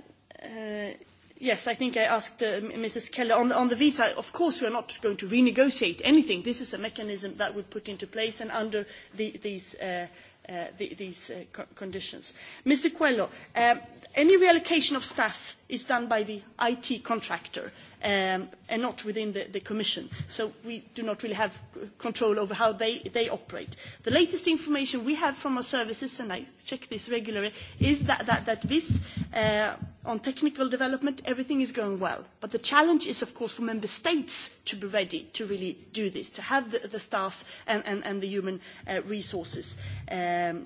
Uh, yes, I think I asked uh, Mrs. Keller on, on the visa. Of course, we are not going to renegotiate anything. This is a mechanism that we put into place and under the, these, uh, uh, the, these uh, co conditions. Mr. Coelho, uh, any reallocation of staff is done by the IT contractor um, and not within the, Commission. So we do not really have control over how they, operate. The latest information we have from our services, and I check this regularly, is that, this, uh, on technical development, everything is going well. But the challenge is, of course, for member states to be ready to really do this, to have the, staff and, the human uh, resources um,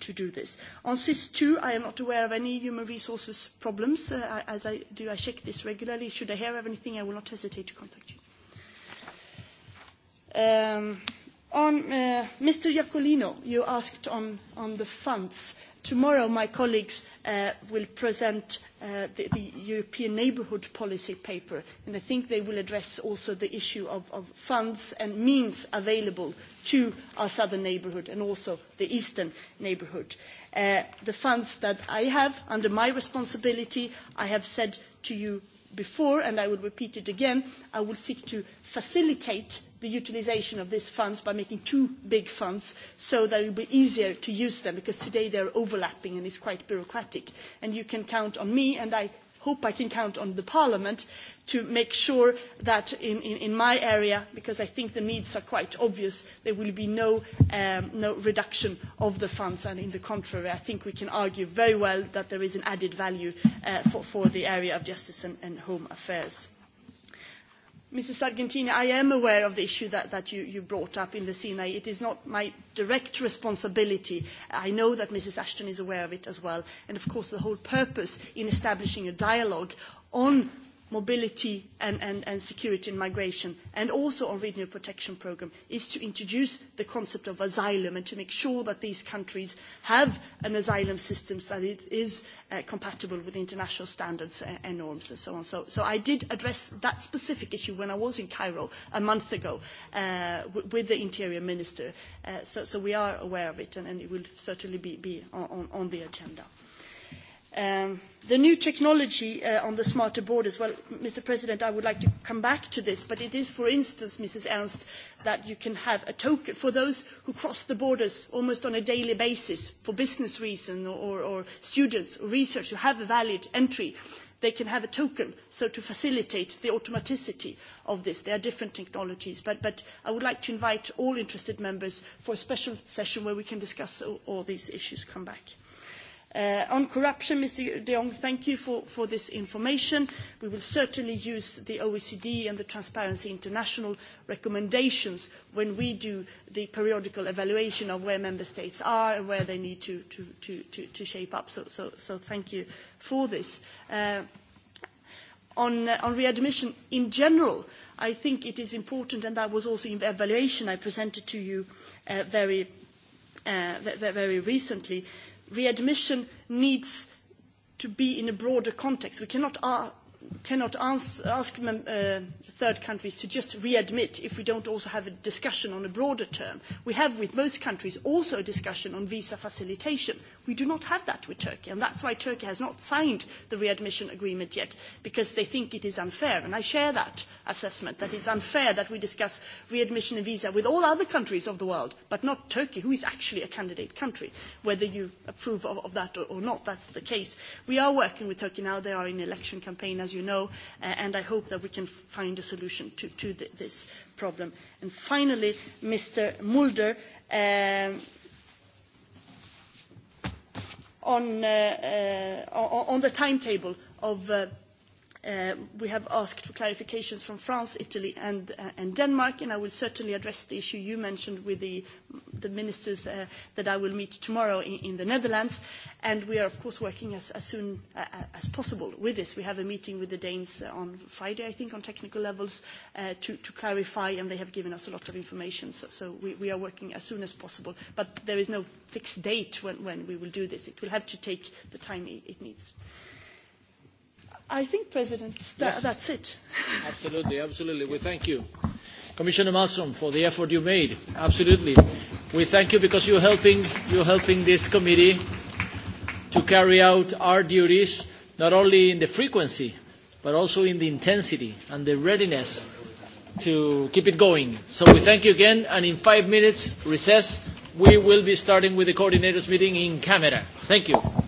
to, do this. On SIS2, I am not aware of any human resources problems. Uh, as I do, I check this regularly. Should I hear of anything, I will not hesitate to contact you. Um, on, uh, Mr. Iacolino, you asked on, on the funds. Tomorrow, my colleagues uh, will present uh, the, the, European Neighbourhood Policy paper, and I think they will address also the issue of, of funds and means available to our southern neighbourhood and also the eastern neighbourhood. Uh, Uh, the funds that I have under my responsibility, I have said to you before, and I will repeat it again, I will seek to facilitate the utilisation of these funds by making two big funds so that it will be easier to use them because today they are overlapping and it is quite bureaucratic. And you can count on me, and I hope I can count on Parliament to make sure that in, my area, because I think the needs are quite obvious, there will be um, no, reduction of the funds. And in the contrary, I think we can argue very well that there is an added value uh, for, the area of justice and home affairs. Mrs. Sargentini, I am aware of the issue that, you, you, brought up in the Sinai. It is not my direct responsibility. I know that Mrs. Ashton is aware of it as well. And of course, the whole purpose in establishing a dialogue on mobility and, security and migration and also on the regional protection programme is to introduce the concept of asylum and to make sure that these countries have an asylum system that is uh, compatible with international standards uh, and norms and so on. So, i did address that specific issue when i was in cairo a month ago uh, with the interior minister so, we are aware of it and, it will certainly be, on the agenda. Um, the new technology uh, on the smarter borders, well, Mr. President, I would like to come back to this, but it is, for instance, Mrs. Ernst, that you can have a token for those who cross the borders almost on a daily basis for business reasons or, students or research who have a valid entry they can have a token so to facilitate the automaticity of this. There are different technologies, but, I would like to invite all interested members for a special session where we can discuss all, all these issues, come back. Uh, on corruption, Mr de Jong, thank you for, this information. We will certainly use the OECD and the Transparency International recommendations when we do the periodical evaluation of where Member States are and where they need to, shape up. So, thank you for this. Uh, uh, on, readmission in general, I think it is important, and that was also in the evaluation I presented to you very, recently, that readmission needs to be in a broader context. We cannot, ask uh, third countries to just readmit if we don't also have a discussion on a broader term. We have with most countries also a discussion on visa facilitation, We do not have that with Turkey, and that's why Turkey has not signed the readmission agreement yet, because they think it is unfair. And I share that assessment, that it's unfair that we discuss readmission and visa with all other countries of the world, but not Turkey, who is actually a candidate country, whether you approve of, of that or, or not. That's the case. We are working with Turkey now. They are in election campaign, as you know, and I hope that we can find a solution to, to the, this problem. And finally, Mr. Mulder, um, on, uh, uh, on the timetable of uh, Uh, we have asked for clarifications from France, Italy and, uh, and, Denmark, and I will certainly address the issue you mentioned with the, the ministers uh, that I will meet tomorrow in, in, the Netherlands. And we are, of course, working as, as soon uh, uh, as possible with this. We have a meeting with the Danes on Friday, I think, on technical levels to, to, clarify, and they have given us a lot of information. So, so we, we, are working as soon as possible. But there is no fixed date when, when we will do this. It will have to take the time it, it needs. Uh, I think, President, that, yes. that's it. (laughs) absolutely, absolutely. We thank you. Commissioner Malmström, for the effort you made. Absolutely. We thank you because you're helping, you're helping this committee to carry out our duties, not only in the frequency, but also in the intensity and the readiness to keep it going. So we thank you again, and in five minutes recess, we will be starting with the coordinators meeting in camera. Thank you.